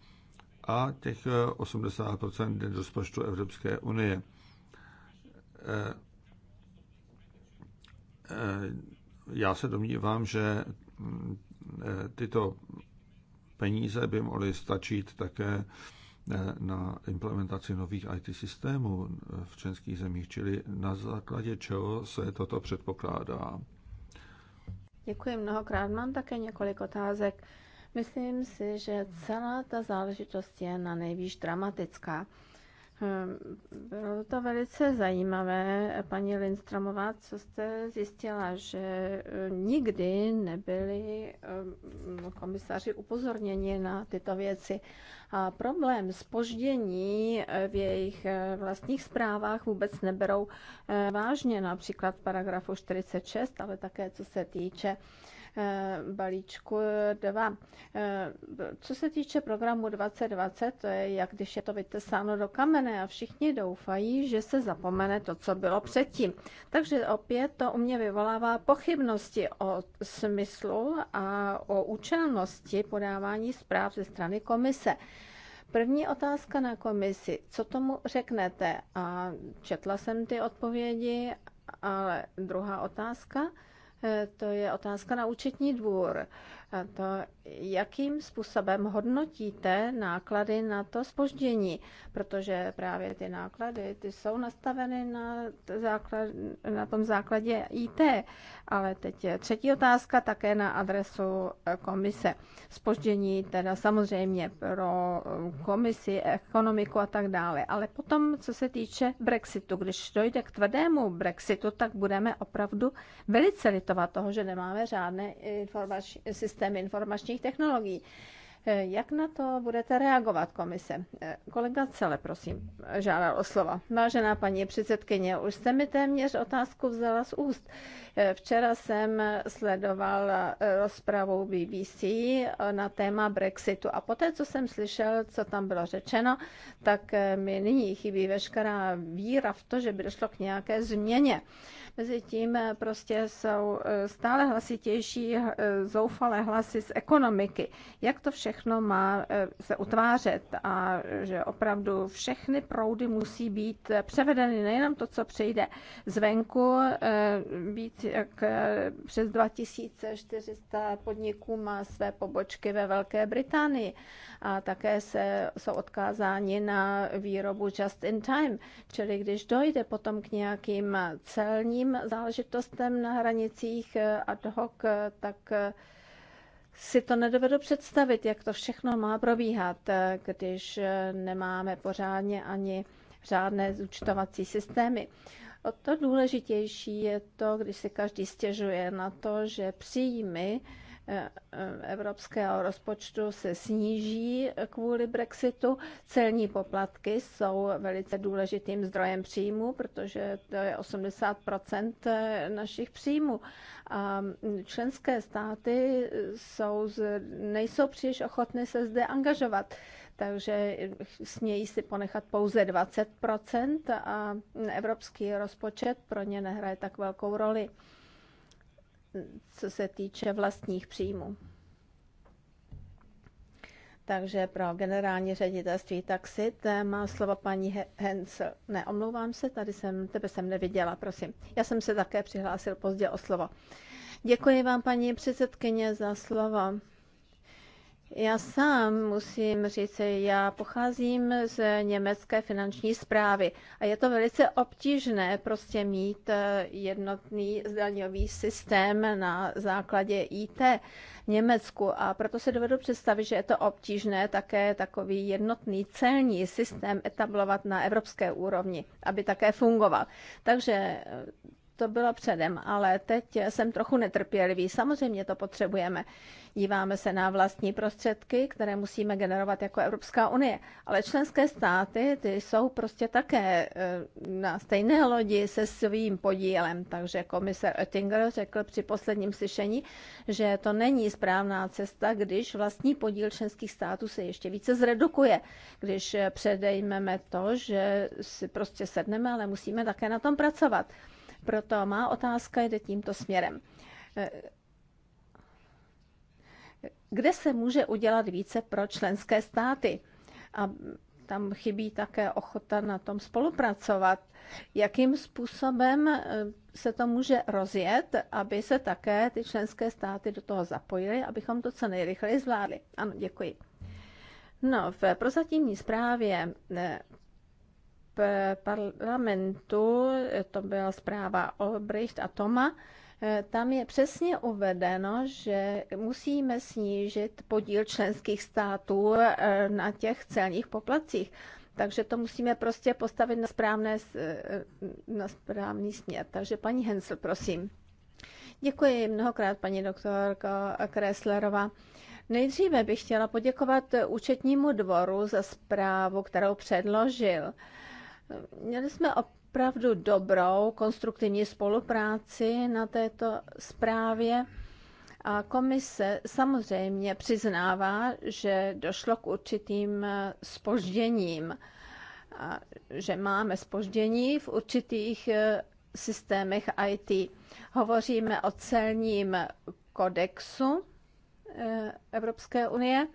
a těch 80 eh, rozpočtu Evropské unie. Já se domnívám, že mm, tyto peníze by mohly stačit také na implementaci nových IT systémů v členských zemích, čili na základě čeho se toto předpokládá. Děkuji mnohokrát. Mám také několik otázek. Myslím si, že celá ta záležitost je na nejvíc dramatická. Ehm, bylo to velice zajímavé, paní Lindstromová, co jste zjistila, že eh, nikdy nebyli ehm, komisaři upozorněni na tyto věci. A problém spoždění eh, v jejich eh, vlastních zprávách vůbec neberou vážně, například paragrafu 46, ale také co se týče Eh, balíčku 2. Eh, eh, co se týče programu 2020, to je jak když je to vytesáno do kamene a všichni doufají, že se zapomene to, co bylo předtím. Takže opět to u mě vyvolává pochybnosti o smyslu a o účelnosti podávání zpráv ze strany komise. První otázka na komisi. Co tomu řeknete? A četla jsem ty odpovědi, ale druhá otázka. Eh, to je otázka na účetní dvůr to, jakým způsobem hodnotíte náklady na to spoždění, protože právě ty náklady ty jsou nastaveny na, základ, na tom základě IT. Ale teď je třetí otázka také na adresu e, komise. Spoždění teda samozřejmě pro e, komisi, ekonomiku a tak dále. Ale potom, co se týče Brexitu, když dojde k tvrdému Brexitu, tak budeme opravdu velice litovat toho, že nemáme žádné informační systémy systém informačních technologií. Eh, jak na to budete reagovat, komise? Eh, kolega Cele, prosím, žádal o slova. Vážená paní předsedkyně, už jste mi téměř otázku vzala z úst. Eh, včera jsem sledoval rozpravu BBC na téma Brexitu a poté, co jsem slyšel, co tam bylo řečeno, tak mi nyní chybí veškerá víra v to, že by došlo k nějaké změně. Mezitím eh, prostě jsou eh, stále hlasitější eh, zoufalé hlasy z ekonomiky. Jak to všechno má se utvářet a že opravdu všechny proudy musí být převedeny, nejenom to, co přijde zvenku, být jak přes 2400 podniků má své pobočky ve Velké Británii a také se, jsou odkázáni na výrobu just in time, čili když dojde potom k nějakým celním citlivým záležitostem na hranicích eh, ad hoc, eh, tak eh, si to nedovedu představit, jak to všechno má probíhat, když nemáme pořádně ani řádné zúčtovací systémy. O to důležitější je to, když se každý stěžuje na to, že příjmy evropského rozpočtu se sníží kvůli Brexitu. Celní poplatky jsou velice důležitým zdrojem příjmu, protože to je 80 našich příjmů. A členské státy jsou, nejsou příliš ochotny se zde angažovat takže smějí si ponechat pouze 20 a evropský rozpočet pro ně nehraje tak velkou roli co se týče vlastních příjmů. Takže pro generální ředitelství taxi, má slova paní Hensel. Ne, omlouvám se, tady jsem, tebe jsem neviděla, prosím. Já jsem se také přihlásil pozdě o slovo. Děkuji vám, paní předsedkyně, za slovo. Já sám musím říct, já pocházím z německé finanční zprávy a je to velice obtížné prostě mít eh, jednotný zdaňový systém na základě IT v Německu a proto se dovedu představit, že je to obtížné také takový jednotný celní systém etablovat na evropské úrovni, aby také fungoval. Takže eh, to bylo předem, ale teď jsem trochu netrpělivý. Samozřejmě to potřebujeme. Díváme se na vlastní prostředky, které musíme generovat jako Evropská unie. Ale členské státy, ty jsou prostě také eh, na stejné lodi se svým podílem. Takže komisar Oettinger řekl při posledním slyšení, že to není správná cesta, když vlastní podíl členských států se ještě více zredukuje. Když předejmeme to, že si prostě sedneme, ale musíme také na tom pracovat. Proto má otázka jde tímto směrem. Kde se může udělat více pro členské státy? A tam chybí také ochota na tom spolupracovat. Jakým způsobem eh, se to může rozjet, aby se také ty členské státy do toho zapojily, abychom to co nejrychleji zvládli? Ano, děkuji. No, v prozatímní zprávě eh, Eh, parlamentu, eh, to byla zpráva Olbricht a Toma, eh, tam je přesně uvedeno, že musíme snížit podíl členských států na těch celních poplacích. Takže to musíme prostě postavit na, správné, na správný směr. Takže paní Hensel, prosím. Děkuji mnohokrát, paní doktorka Kreslerová. Nejdříve bych chtěla poděkovat účetnímu dvoru za zprávu, kterou předložil. Měli jsme opravdu dobrou konstruktivní spolupráci na této zprávě. A komise samozřejmě přiznává, že došlo k určitým spožděním, a že máme spoždění v určitých eh, systémech IT. Hovoříme o celním kodexu eh, Evropské unie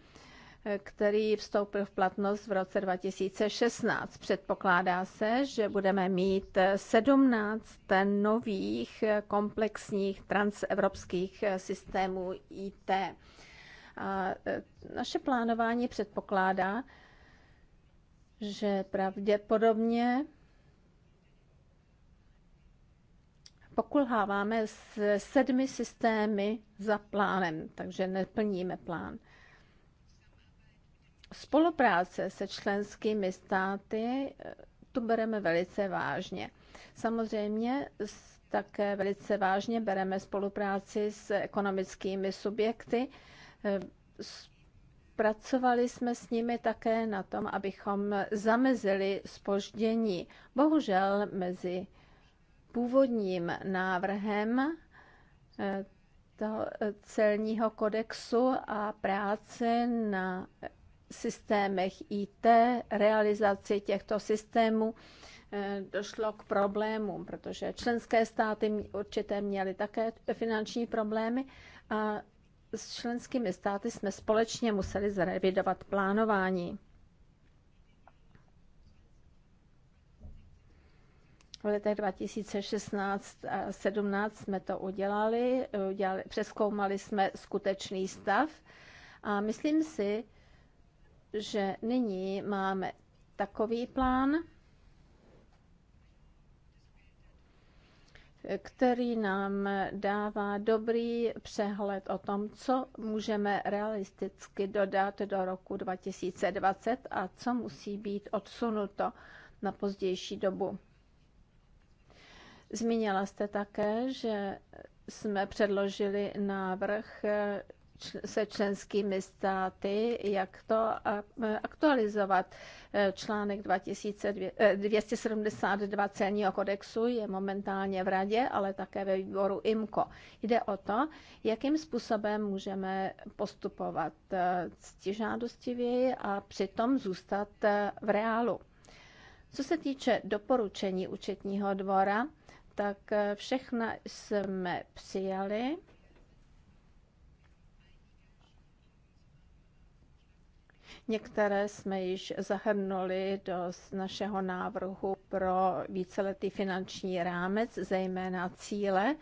který vstoupil v platnost v roce 2016. Předpokládá se, že budeme mít 17 nových komplexních transevropských systémů IT. A e, naše plánování předpokládá, že pravděpodobně pokulháváme s sedmi systémy za plánem, takže neplníme plán spolupráce se členskými státy eh, tu bereme velice vážně. Samozřejmě také velice vážně bereme spolupráci s ekonomickými subjekty. Eh, pracovali jsme s nimi také na tom, abychom zamezili spoždění. Bohužel mezi původním návrhem eh, toho celního kodexu a práce na systémech IT, realizaci těchto systémů eh, došlo k problémům, protože členské státy určité měly také finanční problémy a s členskými státy jsme společně museli zrevidovat plánování. V letech 2016 a 2017 jsme to udělali, udělali, přeskoumali jsme skutečný stav a myslím si, že nyní máme takový plán, který nám dává dobrý přehled o tom, co můžeme realisticky dodat do roku 2020 a co musí být odsunuto na pozdější dobu. Zmínila jste také, že jsme předložili návrh se členskými státy, jak to e, aktualizovat. E, článek 272 e, celního kodexu je momentálně v radě, ale také ve výboru IMCO. Jde o to, jakým způsobem můžeme postupovat ctižádostivěji a přitom zůstat v reálu. Co se týče doporučení účetního dvora, tak všechna jsme přijali. Některé jsme již zahrnuli do našeho návrhu pro víceletý finanční rámec, zejména cíle,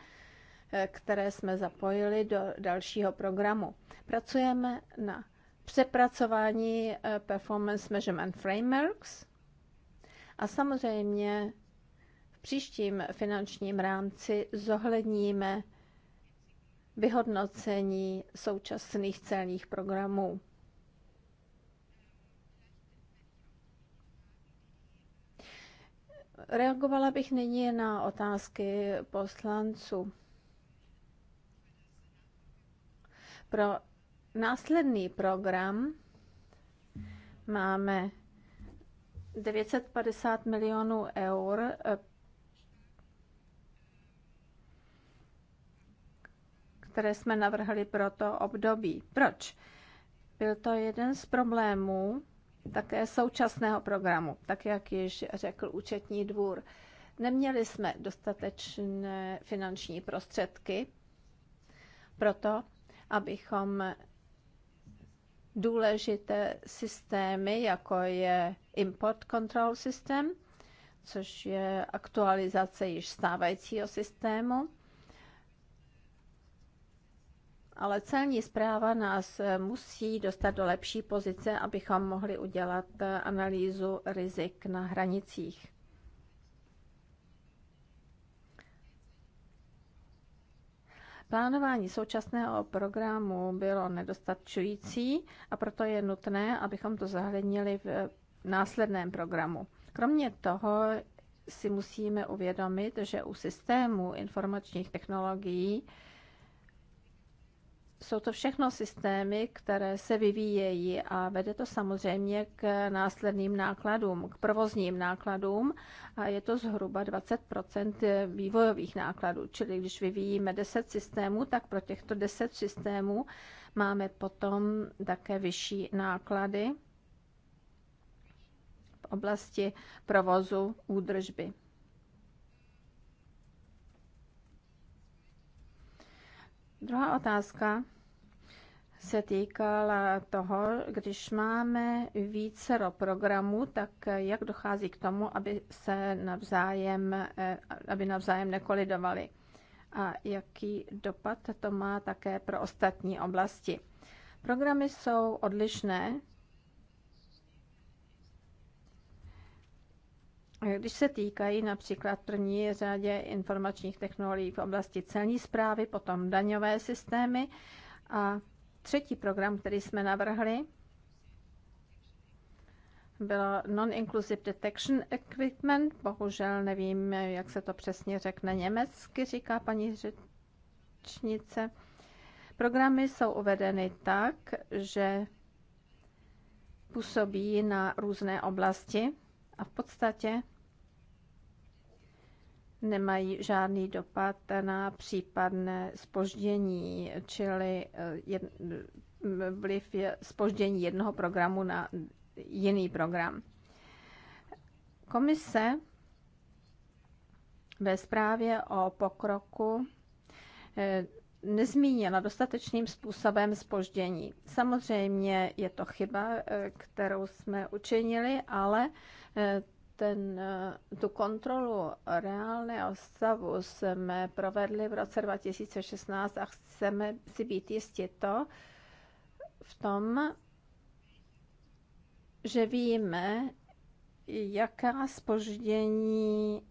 eh, které jsme zapojili do dalšího programu. Pracujeme na přepracování eh, Performance Measurement Frameworks a samozřejmě v příštím finančním rámci zohledníme vyhodnocení současných celních programů. Reagovala bych nyní na otázky poslanců. Pro následný program máme 950 milionů eur které jsme navrhli pro to období. Proč? Byl to jeden z problémů, také současného programu, tak jak již řekl účetní dvůr. Neměli jsme dostatečné finanční prostředky pro to, abychom důležité systémy, jako je import control systém, což je aktualizace již stávajícího systému, ale celní zpráva nás eh, musí dostat do lepší pozice, abychom mohli udělat eh, analýzu rizik na hranicích. Plánování současného programu bylo nedostačující a proto je nutné, abychom to zahlednili v eh, následném programu. Kromě toho si musíme uvědomit, že u systému informačních technologií jsou to všechno systémy, které se vyvíjejí a vede to samozřejmě k následným nákladům, k provozním nákladům a je to zhruba 20 vývojových nákladů. Čili když vyvíjíme 10 systémů, tak pro těchto 10 systémů máme potom také vyšší náklady v oblasti provozu údržby. Druhá otázka se týkala toho, když máme více programů, tak jak dochází k tomu, aby se navzájem, eh, aby navzájem nekolidovali a jaký dopad to má také pro ostatní oblasti. Programy jsou odlišné. Když se týkají například první řadě informačních technologií v oblasti celní zprávy, potom daňové systémy a Třetí program, který jsme navrhli, bylo Non-Inclusive Detection Equipment. Bohužel nevím, jak se to přesně řekne německy, říká paní řečnice. Programy jsou uvedeny tak, že působí na různé oblasti a v podstatě nemají žádný dopad na případné spoždění, čili eh, jed, vliv je spoždění jednoho programu na jiný program. Komise ve zprávě o pokroku eh, nezmínila dostatečným způsobem spoždění. Samozřejmě je to chyba, eh, kterou jsme učinili, ale ten, eh, tu kontrolu reálného stavu jsme provedli v roce 2016 a chceme si být jistě to v tom, že víme, jaká spoždění,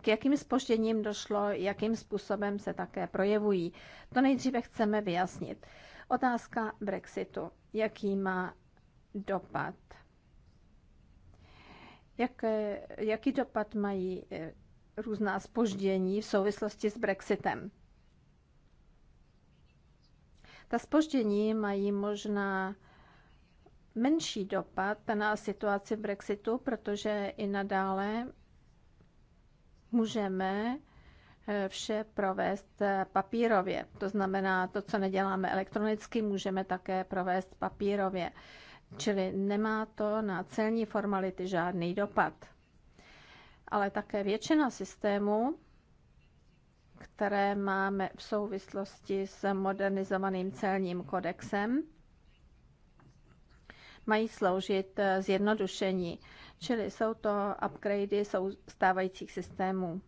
k jakým spožděním došlo, jakým způsobem se také projevují. To nejdříve chceme vyjasnit. Otázka Brexitu. Jaký má dopad? jak, eh, jaký dopad mají eh, různá spoždění v souvislosti s Brexitem. Ta spoždění mají možná menší dopad na situaci Brexitu, protože i nadále můžeme eh, vše provést papírově. To znamená, to, co neděláme elektronicky, můžeme také provést papírově. Čili nemá to na celní formality žádný dopad. Ale také většina systémů, které máme v souvislosti s modernizovaným celním kodexem, mají sloužit zjednodušení, čili jsou to upgradey stávajících systémů.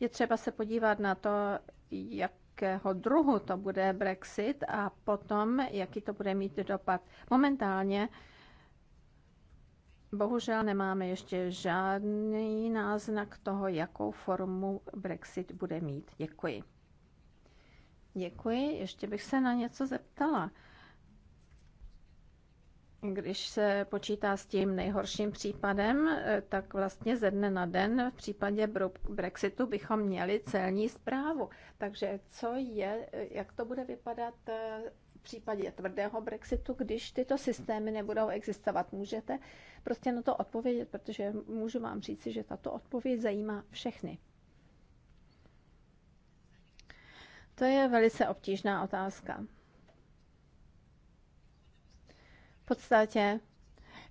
Je třeba se podívat na to, jak jakého druhu to bude Brexit a potom, jaký to bude mít dopad. Momentálně bohužel nemáme ještě žádný náznak toho, jakou formu Brexit bude mít. Děkuji. Děkuji. Ještě bych se na něco zeptala. Když se počítá s tím nejhorším případem, eh, tak vlastně ze dne na den v případě Brexitu bychom měli celní zprávu. Takže co je, eh, jak to bude vypadat eh, v případě tvrdého Brexitu, když tyto systémy nebudou existovat? Můžete prostě na to odpovědět, protože můžu vám říci, že tato odpověď zajímá všechny. To je velice obtížná otázka. podstatě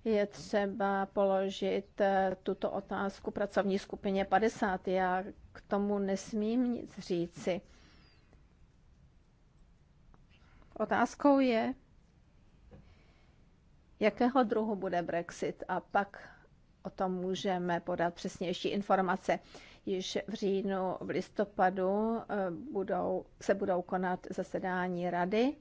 je třeba položit eh, tuto otázku pracovní skupině 50. Já k tomu nesmím nic říci. Otázkou je, jakého druhu bude Brexit a pak o tom můžeme podat přesnější informace. Již v říjnu, v listopadu eh, budou, se budou konat zasedání rady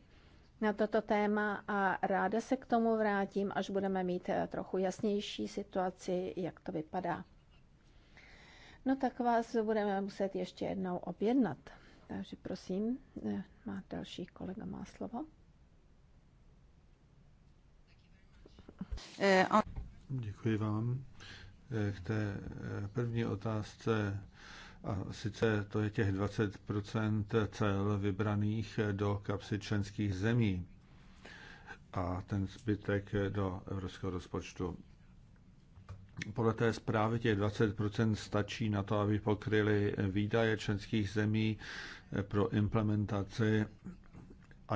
na toto téma a ráda se k tomu vrátím, až budeme mít eh, trochu jasnější situaci, jak to vypadá. No tak vás budeme muset ještě jednou objednat. Takže prosím, eh, má další kolega má slovo. Eh, Děkuji vám. K té první otázce a sice to je těch 20 cel vybraných do kapsy členských zemí a ten zbytek do evropského rozpočtu. Podle té zprávy těch 20 stačí na to, aby pokryli výdaje členských zemí pro implementaci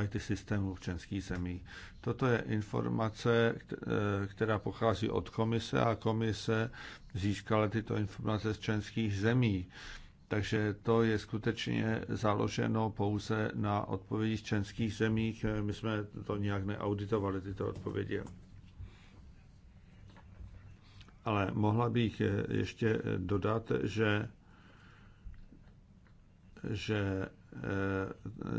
IT systému v členských zemích. Toto je informace, eh, která pochází od komise a komise získala tyto informace z členských zemí. Takže to je skutečně založeno pouze na odpovědi z členských zemích. Eh, my jsme to nějak neauditovali, tyto odpovědi. Ale mohla bych eh, ještě dodat, že, že Eh,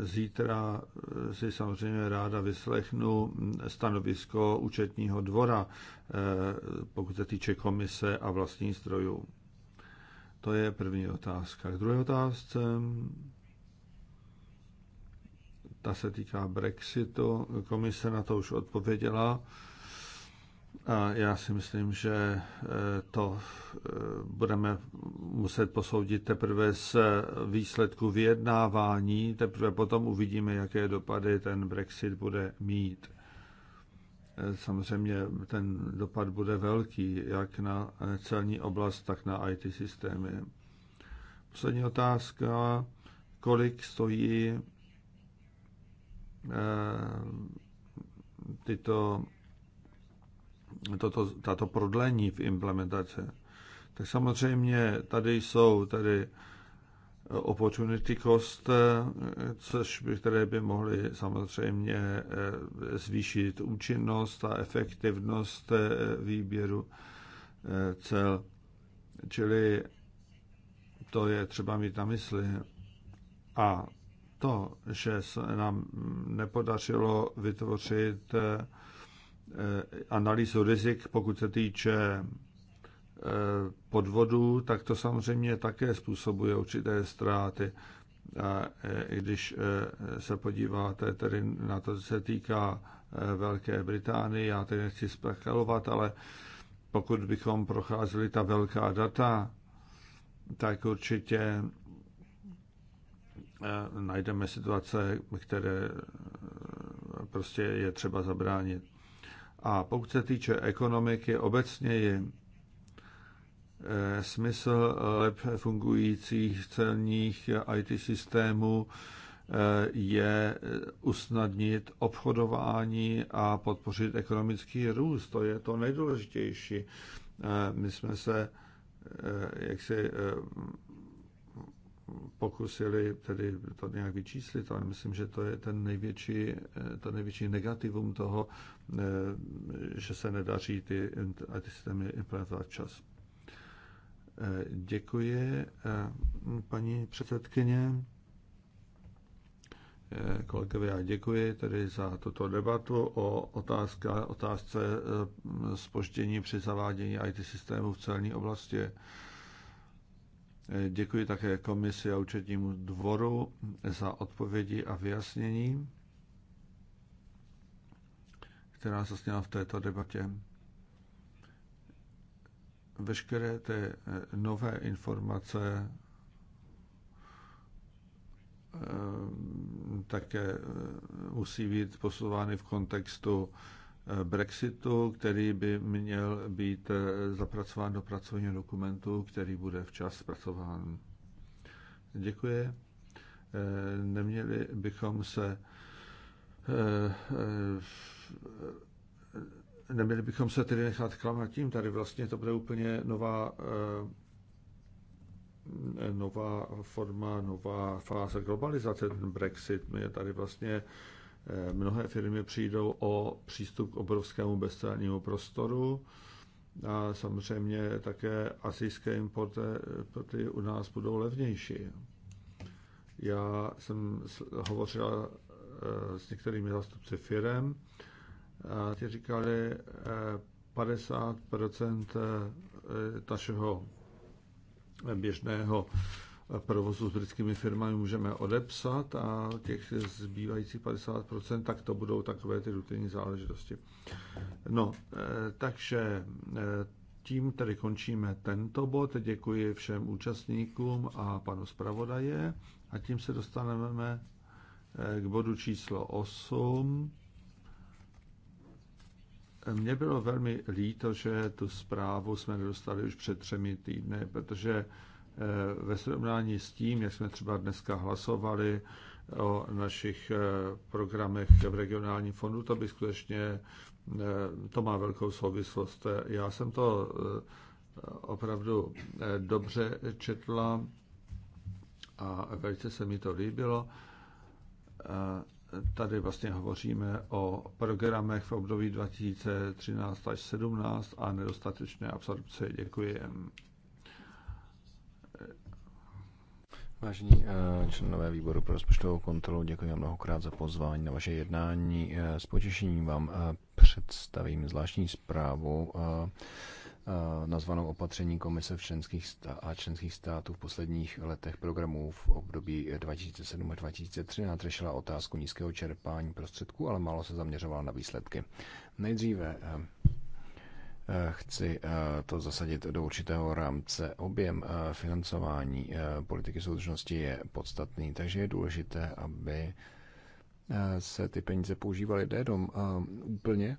zítra eh, si samozřejmě ráda vyslechnu stanovisko účetního dvora, eh, pokud se týče komise a vlastních strojů. To je první otázka. K druhé otázce, ta se týká Brexitu. Komise na to už odpověděla a já si myslím, že e, to e, budeme muset posoudit teprve z výsledku vyjednávání, teprve potom uvidíme, jaké dopady ten Brexit bude mít. E, samozřejmě ten dopad bude velký, jak na celní oblast, tak na IT systémy. Poslední otázka, kolik stojí tyto toto, tato prodlení v implementaci, tak samozřejmě tady jsou tady opportunity cost, což by, které by mohly samozřejmě eh, zvýšit účinnost a efektivnost eh, výběru eh, cel. Čili to je třeba mít na mysli. A to, že se nám nepodařilo vytvořit Eh, analýzu rizik, pokud se týče eh, podvodu, tak to samozřejmě také způsobuje určité ztráty. A eh, i když se podíváte tedy na to, co se týká Velké Británie, já tedy nechci spekulovat, ale pokud bychom procházeli ta velká data, tak určitě najdeme situace, které prostě je třeba zabránit. A pokud se týče ekonomiky obecně je eh, smysl lep fungujících celních IT systémů eh, je eh, usnadnit obchodování a podpořit ekonomický růst. To je to nejdůležitější. My jsme se jak si pokusili tedy to nějak vyčíslit, ale myslím, že to je ten největší, to největší negativum toho, eh, že se nedaří ty, ty systémy implementovat čas. Eh, děkuji, eh, paní předsedkyně. Kolegové, já děkuji tedy za tuto debatu o otázka, otázce spoždění při zavádění IT systému v celní oblasti. Děkuji také komisi a účetnímu dvoru za odpovědi a vyjasnění, která sněla v této debatě. Veškeré ty eh, nové informace eh, také eh, musí být posouvány v kontextu Brexitu, který by měl být eh, zapracován do pracovního dokumentu, který bude včas zpracován. Děkuji. Eh, neměli bychom se eh, neměli bychom se tedy nechat klamat tím, tady vlastně to bude úplně nová nová forma, nová fáze globalizace, ten Brexit. My tady vlastně Eh, mnohé firmy přijdou o přístup k obrovskému bezstrannému prostoru a samozřejmě také asijské importy eh, u nás budou levnější. Já jsem hovořila eh, s některými zástupci firem a ti říkali, 50 našeho běžného provozu s britskými firmami můžeme odepsat a těch zbývajících 50%, tak to budou takové ty rutinní záležitosti. No, eh, takže eh, tím tedy končíme tento bod. Děkuji všem účastníkům a panu zpravodaje a tím se dostaneme eh, k bodu číslo 8. Mně bylo velmi líto, že tu zprávu jsme nedostali už před třemi týdny, protože Eh, ve srovnání s tím, jak jsme třeba dneska hlasovali o našich eh, programech v regionálním fondu, to by skutečně eh, to má velkou souvislost. Já jsem to opravdu dobře četla a velice se mi to líbilo. Tady vlastně hovoříme o programech v období 2013 až 17 a nedostatečné absorpce. Děkuji. Vážení eh, členové výboru pro rozpočtovou kontrolu, děkuji vám mnohokrát za pozvání na vaše jednání. Eh, s potěšením vám eh, představím zvláštní zprávu nazvanou opatření Komise v členských a členských států v posledních letech programů v období 2007 a 2013 řešila otázku nízkého čerpání prostředků, ale málo se zaměřovala na výsledky. Nejdříve Eh, chci eh, to zasadit do určitého rámce. Objem eh, financování politiky soudržnosti je podstatný, takže je důležité, aby se ty peníze používaly nejenom úplně,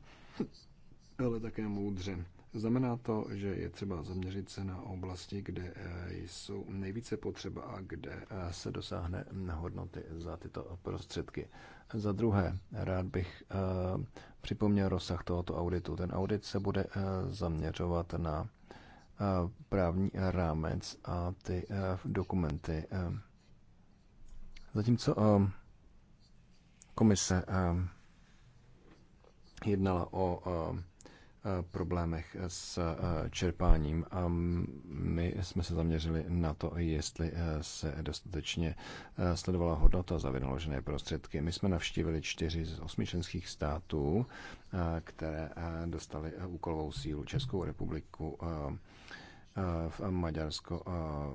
ale také moudře. Znamená to, že je třeba zaměřit se na oblasti, kde eh, jsou nejvíce potřeba a kde eh, se dosáhne hodnoty za tyto prostředky. Za druhé, rád bych eh, připomněl rozsah tohoto auditu. Ten audit se bude zaměřovat na právní rámec a ty dokumenty. Zatímco komise jednala o problémech s eh, čerpáním a my jsme se zaměřili na to, jestli eh, se dostatečně eh, sledovala hodnota za vynaložené prostředky. My jsme navštívili čtyři z osmi členských států, které dostaly úkolovou sílu Českou republiku, v Maďarsko,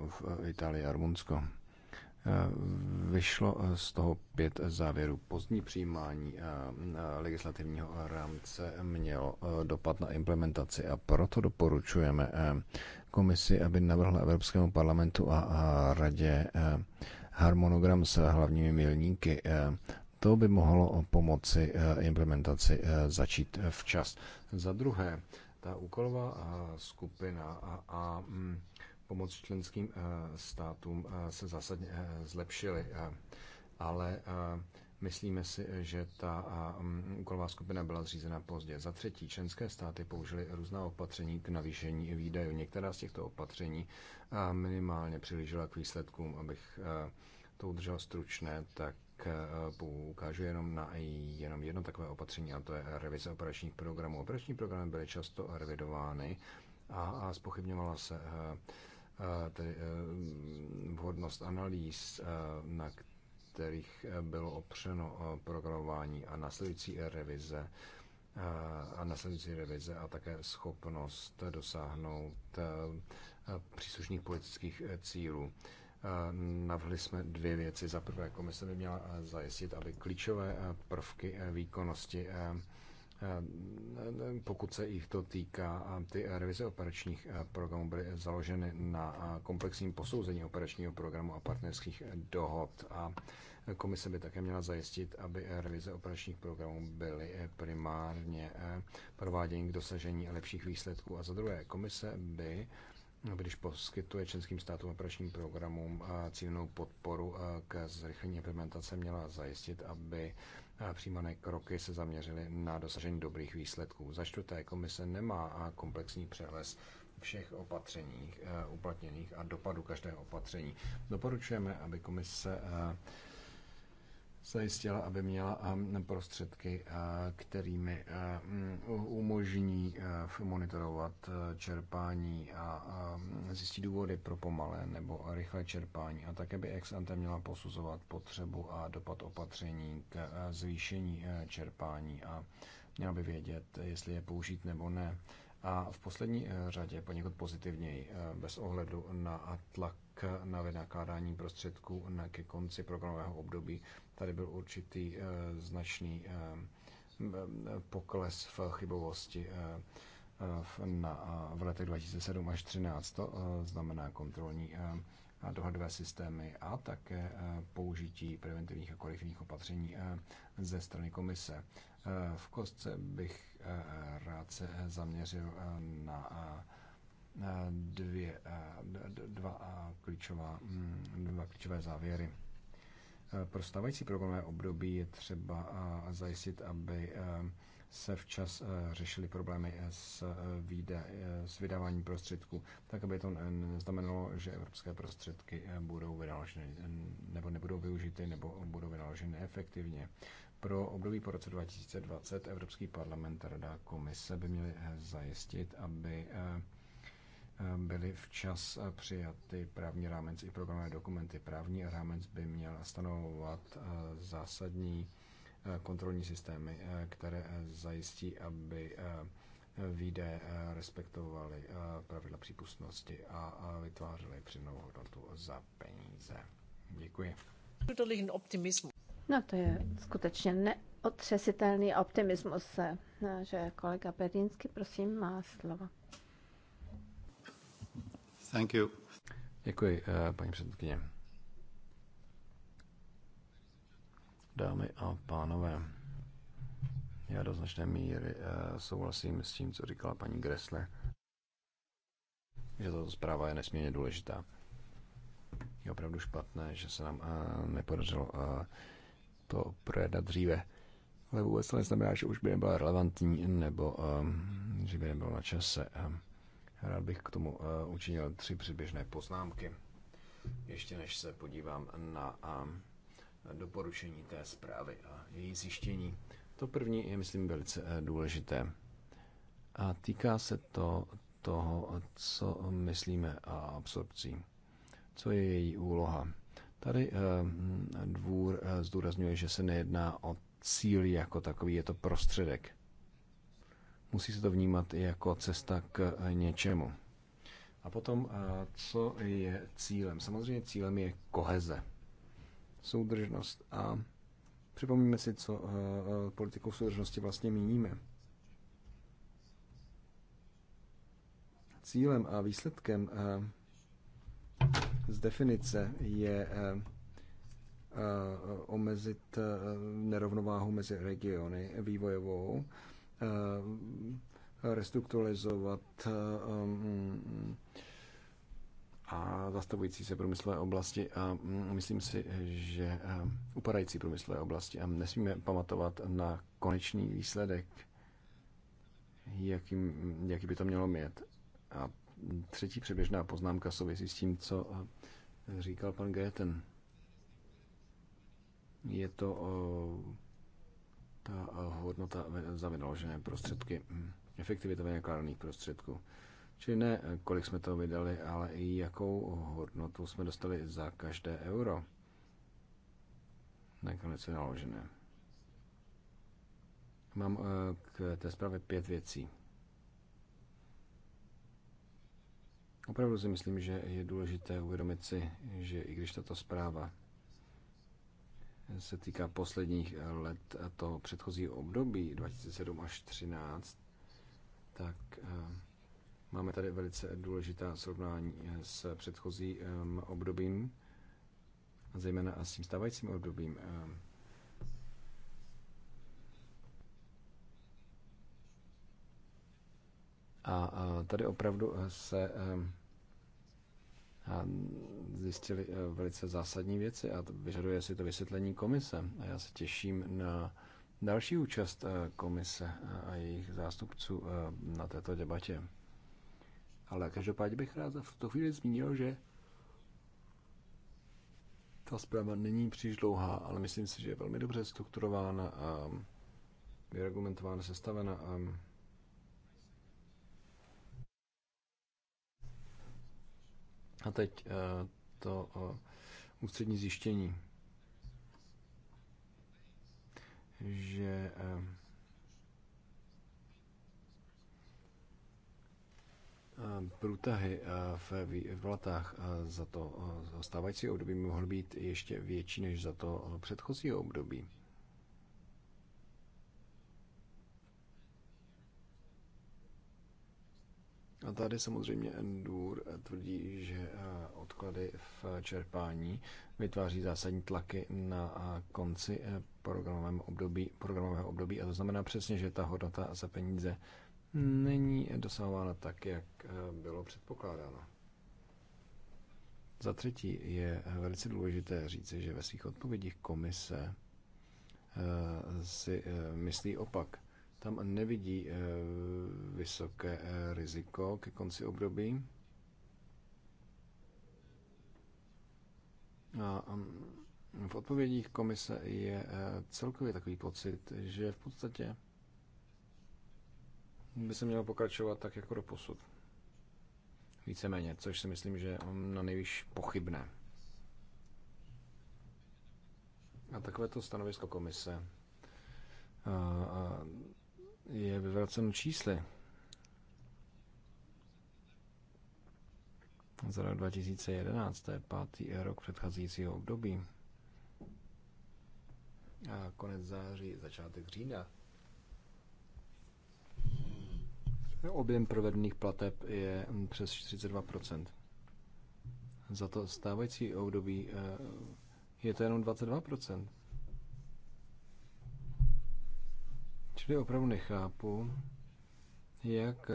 v Itálii a Rumunsko. Eh, vyšlo eh, z toho pět závěrů. Pozdní přijímání eh, legislativního rámce mělo dopad na implementaci a proto doporučujeme komisi, aby navrhla Evropskému parlamentu a radě harmonogram s hlavními milníky. To by mohlo pomoci implementaci začít včas. Za druhé, ta úkolová skupina a, a mm, pomoc členským eh, státům eh, se zásadně eh, zlepšily. Ale myslíme si, že ta úkolová skupina byla zřízena pozdě. Za třetí, členské státy použily různá opatření k navýšení výdajů. Některá z těchto opatření minimálně přihlížela k výsledkům, abych to udržel stručné, tak ukážu jenom na jenom jedno takové opatření, a to je revize operačních programů. Operační programy byly často revidovány a, a spochybňovala se tedy eh, vhodnost analýz, eh, na kterých eh, bylo opřeno programování a následující revize a následující revize a také schopnost dosáhnout příslušných politických cílů. Navrhli jsme dvě věci. Za prvé, komise by měla zajistit, aby klíčové prvky výkonnosti Eh, eh, pokud se jich to týká, ty revize operačních eh, programů byly založeny na komplexním posouzení operačního programu a partnerských dohod a komise by také měla zajistit, aby revize operačních programů byly primárně prováděny k dosažení lepších výsledků. A za druhé, komise by no, když poskytuje členským státům operačním programům cílenou podporu k zrychlení implementace, měla zajistit, aby Přijímané kroky se zaměřily na dosažení dobrých výsledků. Za čtvrté, komise nemá komplexní přehled všech opatřeních eh, uplatněných a dopadu každého opatření. Doporučujeme, aby komise eh, zajistila, aby měla ehm, prostředky, eh, kterými ehm, umožní eh, monitorovat eh, čerpání a ehm, zjistit důvody pro pomalé nebo rychlé čerpání. A také by ex ante měla posuzovat potřebu a dopad opatření k zvýšení čerpání a měla by vědět, jestli je použít nebo ne. A v poslední řadě, poněkud pozitivněji, bez ohledu na tlak k, na vynakládání prostředků na, ke konci programového období. Tady byl určitý eh, značný eh, pokles v chybovosti eh, v, na, v letech 2007 až 2013. To znamená kontrolní a dohadové systémy a také použití preventivních a korektivních opatření ze strany komise. V kostce bych rád se zaměřil na Eh, dvě, eh, dva, eh, klíčová, hm, dva klíčové závěry. Pro stávající programové období je třeba zajistit, aby se včas řešily problémy s, výde, s vydáváním prostředků, tak aby to neznamenalo, že evropské prostředky budou vynaloženy nebo nebudou využity nebo budou vynaloženy efektivně. Pro období po roce 2020 Evropský parlament a Rada komise by měly zajistit, aby byly včas přijaty právní rámec i programové dokumenty. Právní rámec by měl stanovovat eh, zásadní eh, kontrolní systémy, eh, které zajistí, aby výdé respektovali pravidla přípustnosti a vytvářeli přidanou hodnotu za peníze. Děkuji. No to je skutečně neotřesitelný optimismus. Že kolega Berinsky, prosím, má slovo. Thank you. Děkuji, eh, paní předsedkyně. Dámy a pánové, já do značné míry eh, souhlasím s tím, co říkala paní Gressler, že tato zpráva je nesmírně důležitá. Je opravdu špatné, že se nám eh, nepodařilo to projednat dříve. Ale vůbec to neznamená, že už by nebyla relevantní nebo že by nebylo na čase. Um, Rád bych k tomu eh, učinil tři předběžné poznámky. Ještě než se podívám na doporučení té zprávy a její zjištění. To první je, myslím, velice eh, důležité. A týká se to toho, co myslíme a absorpcí. Co je její úloha? Tady eh, dvůr zdůrazňuje, že se nejedná o cíl jako takový, je to prostředek. Musí se to vnímat i jako cesta k eh, něčemu. A potom, eh, co je cílem? Samozřejmě cílem je koheze, soudržnost a připomínáme si, co eh, politikou soudržnosti vlastně míníme. Cílem a výsledkem z definice je omezit nerovnováhu mezi regiony vývojovou Eh, restrukturalizovat eh, eh, a zastavující se průmyslové oblasti a mm, myslím si, že upadající průmyslové oblasti a nesmíme pamatovat na konečný výsledek, jaký, jaký by to mělo mít. A třetí přeběžná poznámka souvisí s tím, co říkal pan Greten. Je to ta hodnota za vynaložené prostředky, hm, efektivita vynakládaných prostředků. Čili ne, kolik jsme to vydali, ale i jakou hodnotu jsme dostali za každé euro. Nakonec je naložené. Mám eh, k té zprávě pět věcí. Opravdu si myslím, že je důležité uvědomit si, že i když tato zpráva se týká posledních eh, let a toho předchozího období 2007 až 2013, tak eh, máme tady velice důležitá srovnání eh, s předchozím obdobím, a zejména s tím stávajícím obdobím. A tady opravdu se zjistili eh, velice zásadní věci a vyžaduje si to vysvětlení komise. A já se těším na další účast eh, komise eh, a jejich zástupců na této debatě. Ale každopádně bych rád v tuto chvíli zmínil, že ta zpráva není příliš dlouhá, ale myslím si, že je velmi dobře strukturována a vyargumentována, sestavena. A A teď eh, to eh, ústřední zjištění, že eh, průtahy v platách za to stávající období mohly být ještě větší než za to předchozího období. A tady samozřejmě Endur tvrdí, že eh, odklady v čerpání vytváří zásadní tlaky na eh, konci eh, programového období, programového období a to znamená přesně, že ta hodnota za peníze není dosahována tak, jak bylo předpokládáno. Za třetí je velice důležité říci, že ve svých odpovědích komise si myslí opak tam nevidí eh, vysoké eh, riziko ke konci období. A um, v odpovědích komise je eh, celkově takový pocit, že v podstatě by se mělo pokračovat tak jako do posud. Víceméně, což si myslím, že on um, na nejvíc pochybné. A takovéto stanovisko komise a, a je vyvraceno čísly. Za rok 2011, to je pátý rok předcházejícího období. A konec září, začátek října. Objem provedených plateb je přes 42%. Za to stávající období eh, je to jenom 22%. Čili opravdu nechápu, jak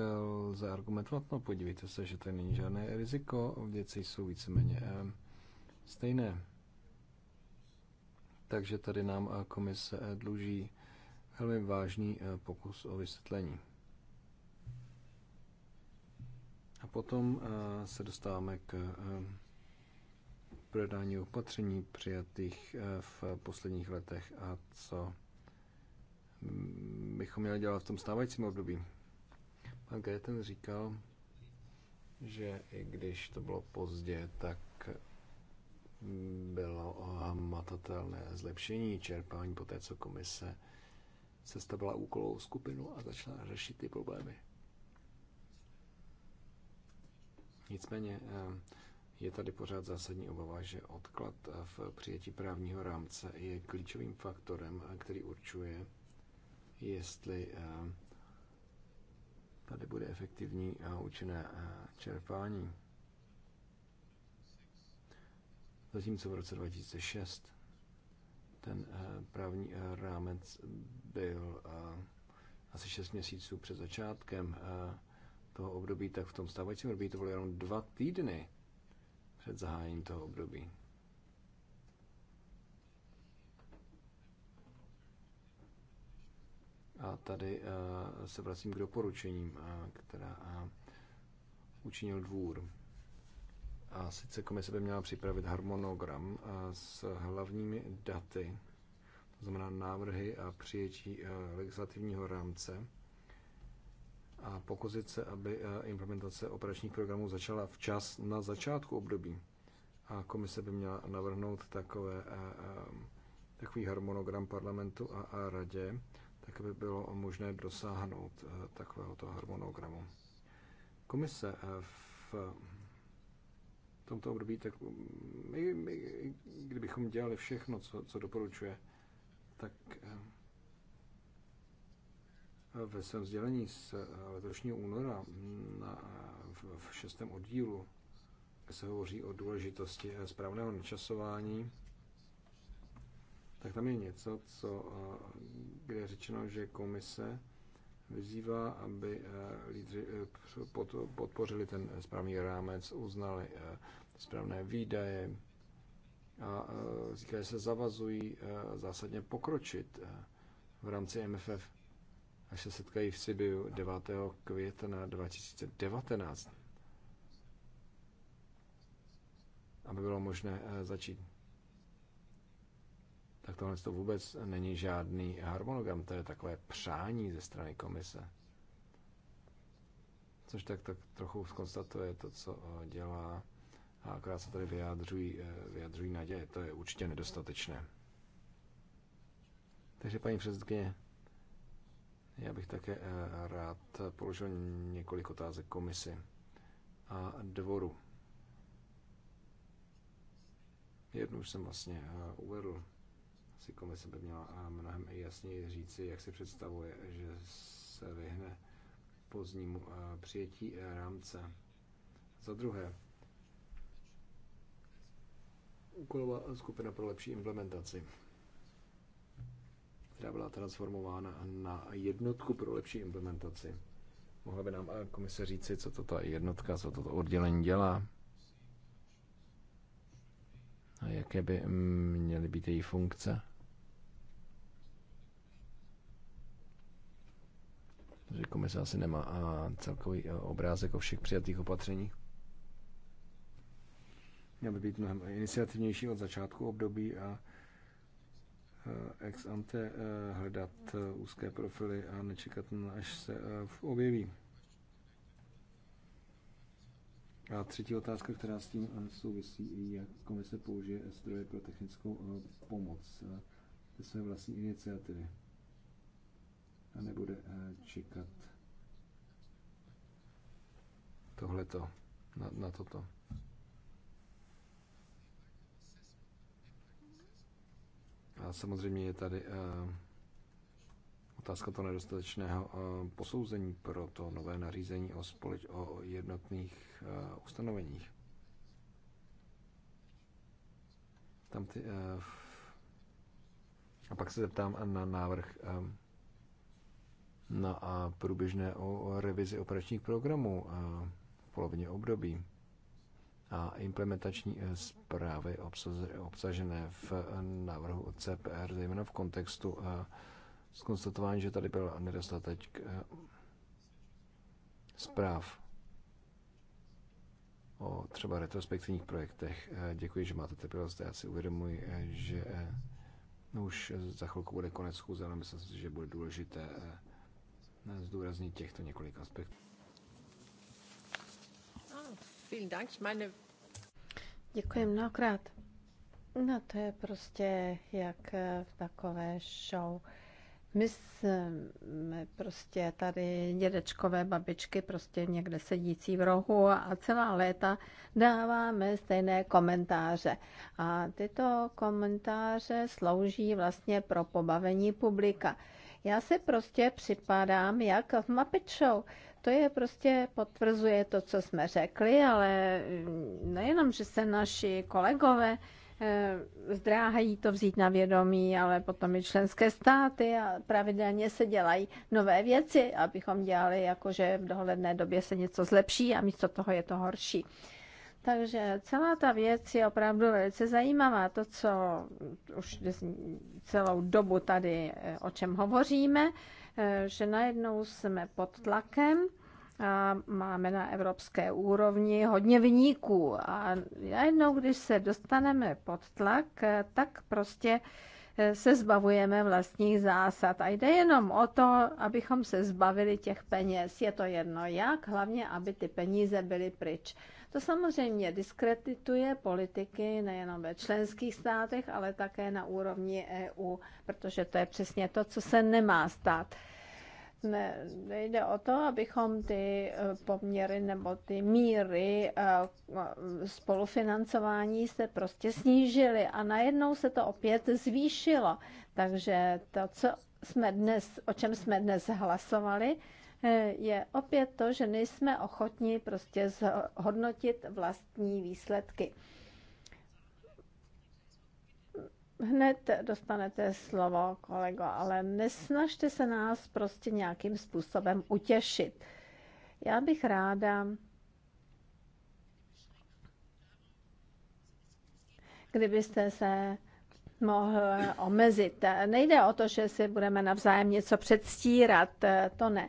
lze argumentovat. No podívejte se, že to není žádné riziko, věci jsou víceméně eh, stejné. Takže tady nám eh, komise eh, dluží velmi vážný pokus o vysvětlení. A potom se dostáváme k projednání opatření přijatých v posledních letech a co bychom měli dělat v tom stávajícím období. Pan ten říkal, že i když to bylo pozdě, tak bylo hmatatelné zlepšení čerpání po té, co komise sestavila úkolovou skupinu a začala řešit ty problémy. Nicméně eh, je tady pořád zásadní obava, že odklad v přijetí právního rámce je klíčovým faktorem, eh, který určuje, jestli eh, tady bude efektivní a účinné eh, čerpání. Zatímco v roce 2006 ten eh, právní rámec byl asi 6 měsíců před začátkem toho období, tak v tom stávajícím období to bylo jenom dva týdny před zahájením toho období. A tady eh, se vracím k doporučením, eh, která eh, učinil dvůr. A sice komise by měla připravit harmonogram s hlavními daty, to znamená návrhy a přijetí legislativního rámce a pokusit se, aby implementace operačních programů začala včas na začátku období. A komise by měla navrhnout takové, takový harmonogram parlamentu a radě tak by bylo možné dosáhnout eh, takovéhoto harmonogramu. Komise eh, v tomto období, tak mm, my, my kdybychom dělali všechno, co, co doporučuje, tak eh, ve svém sdělení z letošního února na, v, v šestém oddílu se hovoří o důležitosti správného načasování tak tam je něco, co, eh, kde je řečeno, že komise vyzývá, aby eh, lídři eh, podpořili ten správný rámec, uznali správné výdaje a říká, že se zavazují zásadně pokročit v rámci MFF, až se setkají v Sibiu 9. května 2019, aby bylo možné začít tak tohle to vůbec není žádný harmonogram, to je takové přání ze strany komise. Což tak, tak trochu zkonstatuje to, co eh, dělá a akorát se tady vyjadřují, eh, vyjadřují naděje. To je určitě nedostatečné. Takže paní předsedkyně, já bych také eh, rád položil několik otázek komisi a dvoru. Jednu už jsem vlastně uvedl si komise by měla mnohem jasněji říci, jak si představuje, že se vyhne pozdnímu eh, přijetí eh, rámce. Za druhé, úkolová skupina pro lepší implementaci, která byla transformována na jednotku pro lepší implementaci. Mohla by nám eh, komise říci, co to ta jednotka, co to, to oddělení dělá? A jaké by měly být její funkce? že komise asi nemá a celkový e, obrázek o všech přijatých opatřeních. Měl by být mnohem iniciativnější od začátku období a e, ex ante e, hledat úzké profily a nečekat, až se objeví. A třetí otázka, která s tím souvisí, jak komise použije stroje pro technickou pomoc ze své vlastní iniciativy. A nebude eh, čekat tohleto, na, na toto. A samozřejmě je tady eh, otázka toho nedostatečného eh, posouzení pro to nové nařízení o, společ, o jednotných ustanoveních. Tam ty, a pak se zeptám na návrh na no průběžné o revizi operačních programů v polovině období a implementační e, zprávy obsažené v e, návrhu CPR, zejména v kontextu skonstatování, e, že tady byl nedostatek zpráv o třeba retrospektivních projektech. Děkuji, že máte trpělost. Já si uvědomuji, že už za chvilku bude konec schůze, ale myslím si, že bude důležité zdůraznit těchto několik aspektů. Ah, Děkuji mnohokrát. No to je prostě jak v eh, takové show. My jsme prostě tady dědečkové babičky, prostě někde sedící v rohu a celá léta dáváme stejné komentáře. A tyto komentáře slouží vlastně pro pobavení publika. Já se prostě připadám jak v Muppet Show. To je prostě potvrzuje to, co jsme řekli, ale mm, nejenom, že se naši kolegové eh, zdráhají to vzít na vědomí, ale potom i členské státy a pravidelně se dělají nové věci, abychom dělali jako, že v dohledné době se něco zlepší a místo toho je to horší. Takže celá ta věc je opravdu velice zajímavá. To, co už celou dobu tady eh, o čem hovoříme, eh, že najednou jsme pod tlakem a máme na evropské úrovni hodně vyníků. A najednou, když se dostaneme pod tlak, eh, tak prostě Eh, se zbavujeme vlastních zásad. A jde jenom o to, abychom se zbavili těch peněz. Je to jedno jak, hlavně, aby ty peníze byly pryč. To samozřejmě diskredituje politiky nejenom ve členských státech, ale také na úrovni EU, protože to je přesně to, co se nemá stát ne, nejde o to, abychom ty eh, poměry nebo ty míry eh, spolufinancování se prostě snížily a najednou se to opět zvýšilo. Takže to, co jsme dnes, o čem jsme dnes hlasovali, eh, je opět to, že nejsme ochotní prostě zhodnotit vlastní výsledky. Hned dostanete slovo, kolego, ale nesnažte se nás prostě nějakým způsobem utěšit. Já bych ráda, kdybyste se mohl omezit. Nejde o to, že si budeme navzájem něco předstírat, to ne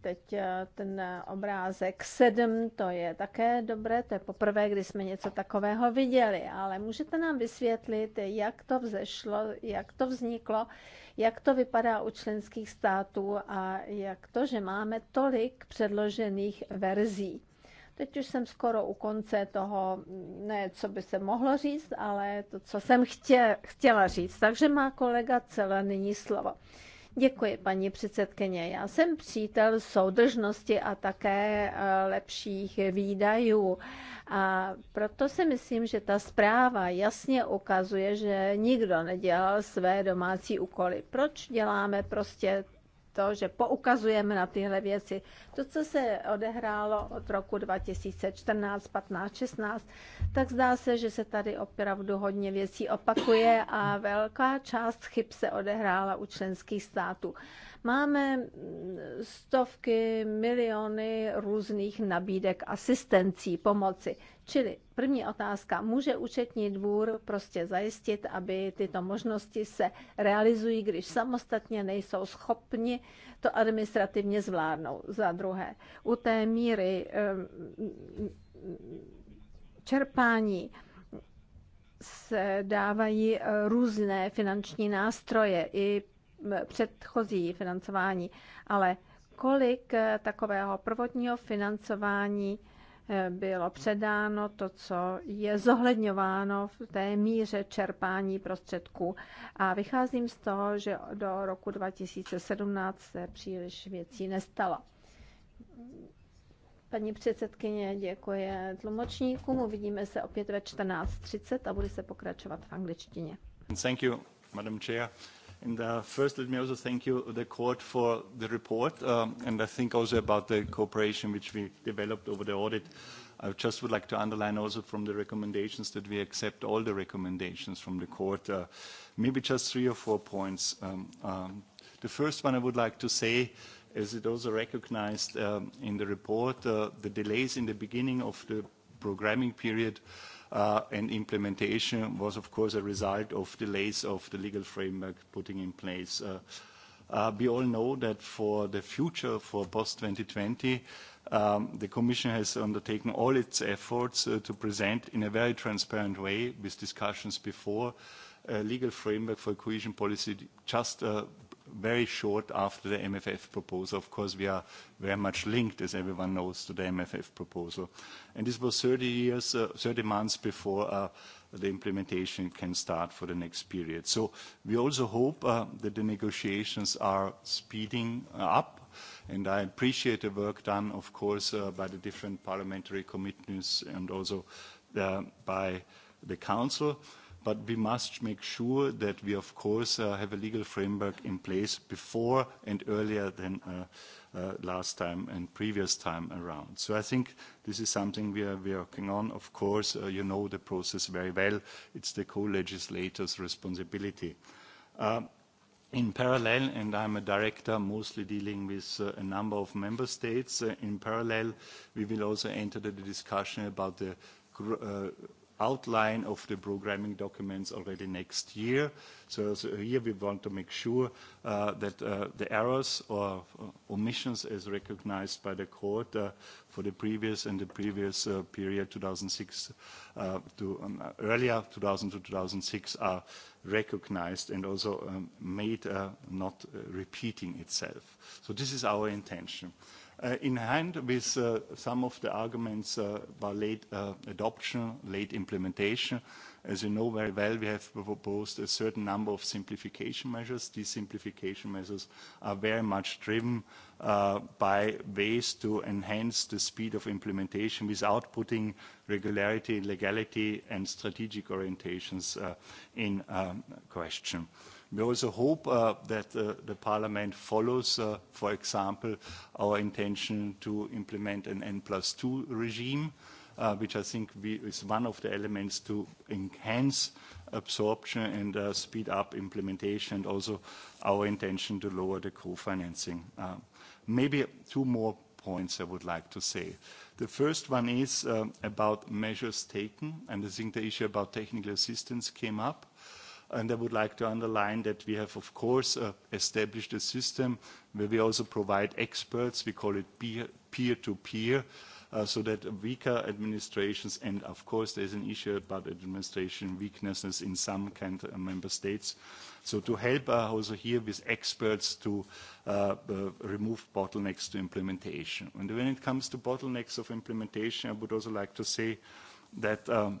teď eh, ten eh, obrázek 7, to je také dobré, to je poprvé, kdy jsme něco takového viděli, ale můžete nám vysvětlit, jak to vzešlo, jak to vzniklo, jak to vypadá u členských států a jak to, že máme tolik předložených verzí. Teď už jsem skoro u konce toho, ne co by se mohlo říct, ale to, co jsem chtě, chtěla říct. Takže má kolega celé nyní slovo. Děkuji, paní předsedkyně. Já jsem přítel soudržnosti a také eh, lepších výdajů. A proto si myslím, že ta zpráva jasně ukazuje, že nikdo nedělal své domácí úkoly. Proč děláme prostě to, že poukazujeme na tyhle věci. To, co se odehrálo od roku 2014, 15, 16, tak zdá se, že se tady opravdu hodně věcí opakuje a velká část chyb se odehrála u členských států. Máme stovky, miliony různých nabídek asistencí, pomoci. Čili první otázka, může účetní dvůr prostě zajistit, aby tyto možnosti se realizují, když samostatně nejsou schopni to administrativně zvládnout. Za druhé, u té míry čerpání se dávají eh, různé finanční nástroje i předchozí financování, ale kolik eh, takového prvotního financování bylo předáno to, co je zohledňováno v té míře čerpání prostředků. A vycházím z toho, že do roku 2017 se příliš věcí nestalo. Paní předsedkyně děkuji tlumočníkům. Uvidíme se opět ve 14.30 a bude se pokračovat v angličtině. Thank you, Madam Chair. And uh, first, let me also thank you, the court, for the report, um, and I think also about the cooperation which we developed over the audit. I just would like to underline also from the recommendations that we accept all the recommendations from the court. Uh, maybe just three or four points. Um, um, the first one I would like to say, as it also recognized in the report, uh, the delays in the beginning of the programming period Uh, and implementation was, of course, a result of delays of the legal framework putting in place. Uh, uh, we all know that for the future, for post-2020, um, the Commission has undertaken all its efforts to present in a very transparent way, with discussions before, a legal framework for cohesion policy just very short after the MFF proposal. Of course, we are very much linked, as everyone knows, to the MFF proposal. And this was 30 years, uh, 30 months before uh, the implementation can start for the next period. So we also hope uh, that the negotiations are speeding up, and I appreciate the work done, of course, uh, by the different parliamentary committees and also uh, by the council but we must make sure that we, of course, uh, have a legal framework in place before and earlier than uh, uh, last time and previous time around. So I think this is something we are working on. Of course, uh, you know the process very well. It's the co-legislator's responsibility. Uh, in parallel, and I'm a director mostly dealing with uh, a number of member states, uh, in parallel, we will also enter the discussion about the uh, outline of the programming documents already next year. So, here we want to make sure uh, that uh, the errors or uh, omissions as recognized by the court for the previous and the previous period, 2006 to um, earlier 2000 to 2006, are recognized and also um, made not repeating itself. So this is our intention uh, in hand with uh, some of the arguments uh, by late uh, adoption, late implementation. As you know very well, we have proposed a certain number of simplification measures. These simplification measures are very much driven uh, by ways to enhance the speed of implementation without putting regularity, legality, and strategic orientations uh, in um, question. Uh, We also hope uh, that uh, the parliament follows, uh, for example, our intention to implement an N+2 regime, which I think is one of the elements to enhance absorption and speed up implementation, and also our intention to lower the co-financing. Maybe two more points I would like to say. The first one is about measures taken, and I think the issue about technical assistance came up. And I would like to underline that we have, of course, uh, established a system where we also provide experts. We call it peer-to-peer, -peer, uh, so that weaker administrations, and of course, there's an issue about administration weaknesses in some kind of uh, member states. So to help uh, also here with experts to uh, uh, remove bottlenecks to implementation. And when it comes to bottlenecks of implementation, I would also like to say that um,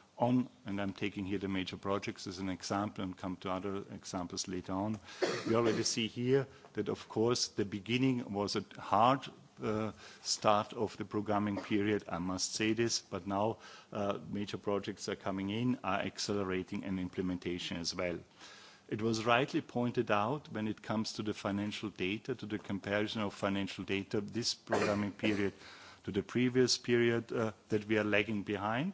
on, and I'm taking here the major projects as an example and come to other examples later on. We already see here that, of course, the beginning was a hard uh, start of the programming period, I must say this, but now uh, major projects are coming in, are accelerating and implementation as well. It was rightly pointed out when it comes to the financial data, to the comparison of financial data, this programming period to the previous period, uh, that we are lagging behind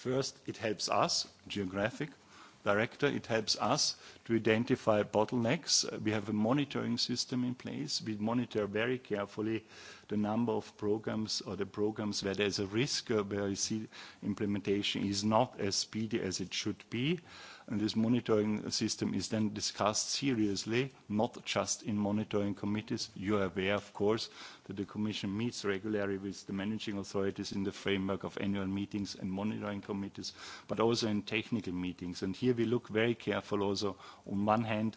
First, it helps us, geographic director, it helps us to identify bottlenecks. We have a monitoring system in place. We monitor very carefully the number of programs or the programs where there's a risk, uh, where you see implementation is not as speedy as it should be. And this monitoring system is then discussed seriously, not just in monitoring committees. You are aware, of course, that the Commission meets regularly with the managing authorities in the framework of annual meetings and monitoring committees, but also in technical meetings. And here we look very careful also, on one hand,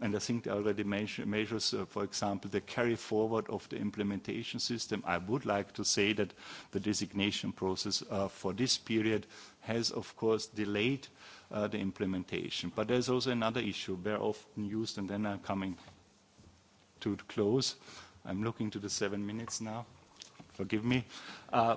And I think they already measures, uh, for example, the carry forward of the implementation system. I would like to say that the designation process uh, for this period has, of course, delayed uh, the implementation. But there's also another issue, very often used, and then I'm coming to close. I'm looking to the seven minutes now. Forgive me. Uh,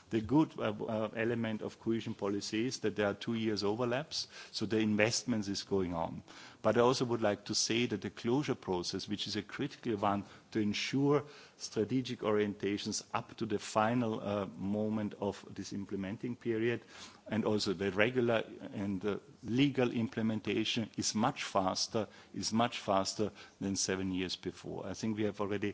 The good uh, uh, element of cohesion policy is that there are two years overlaps, so the investments is going on. But I also would like to say that the closure process, which is a critical one to ensure strategic orientations up to the final uh, moment of this implementing period, and also the regular and legal implementation is much faster, is much faster than seven years before. I think we have already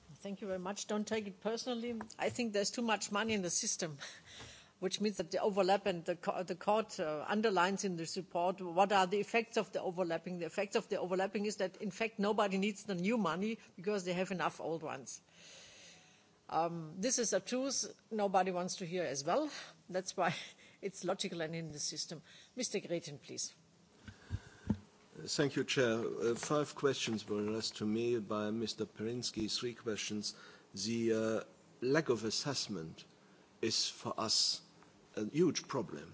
Thank you very much. Don't take it personally. I think there's too much money in the system, <laughs> which means that the overlap and the, the court uh, underlines in this report what are the effects of the overlapping. The effects of the overlapping is that, in fact, nobody needs the new money because they have enough old ones. Um, this is a truth nobody wants to hear as well. That's why <laughs> it's logical and in the system. Mr. Gretin, please. Thank you, Chair. Uh, five questions were addressed to me by Mr. Perinsky, three questions. The uh, lack of assessment is for us a huge problem.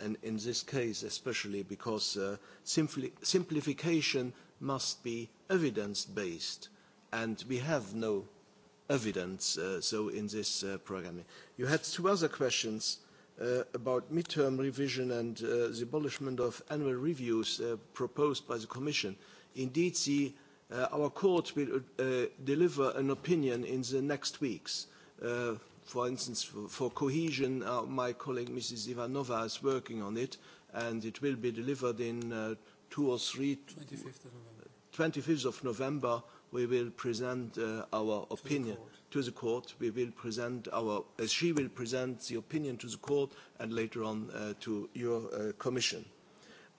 And in this case, especially because uh, simpli simplification must be evidence-based, and we have no evidence, uh, so in this uh, programming. You had two other questions uh, about midterm revision and uh, the abolishment of annual reviews uh, proposed by the Commission. Indeed, the, uh, our court will uh, deliver an opinion in the next weeks. Uh, for instance, for, for cohesion, uh, my colleague Mrs. Ivanova is working on it, and it will be delivered in uh, two or three... 25th of November. 25th of November, we will present uh, our opinion. To the court to the court. We will present our, as she will present the opinion to the court and later on uh, to your uh, commission.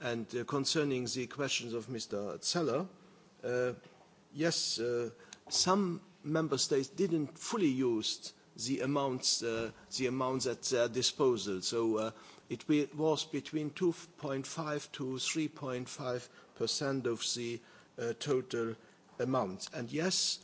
And uh, concerning the questions of Mr. Zeller, uh, yes, uh, some member states didn't fully use the amounts, uh, the amounts at their disposal. So uh, it was between 2.5 to 3.5 percent of the uh, total amount. And yes, uh,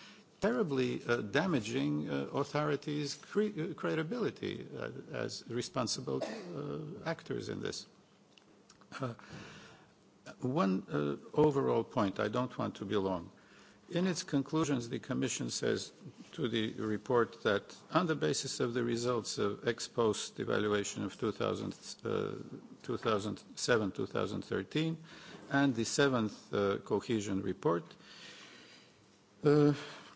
terribly uh, damaging uh, authorities' cre uh, credibility uh, as responsible uh, actors in this. Uh, one overall point, I don't want to be long. In its conclusions, the Commission says to the report that on the basis of the results of ex post evaluation of 2007 2013 and the seventh cohesion report,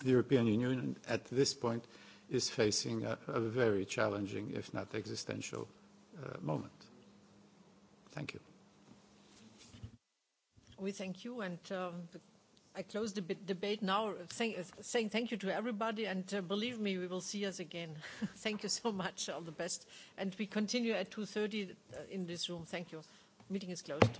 the European Union at this point is facing a, a very challenging, if not existential, uh, moment. Thank you. We thank you, and um, I close the debate now, saying, saying thank you to everybody, and uh, believe me, we will see us again. <laughs> thank you so much. All the best, and we continue at 2:30 uh, in this room. Thank you. Meeting is closed.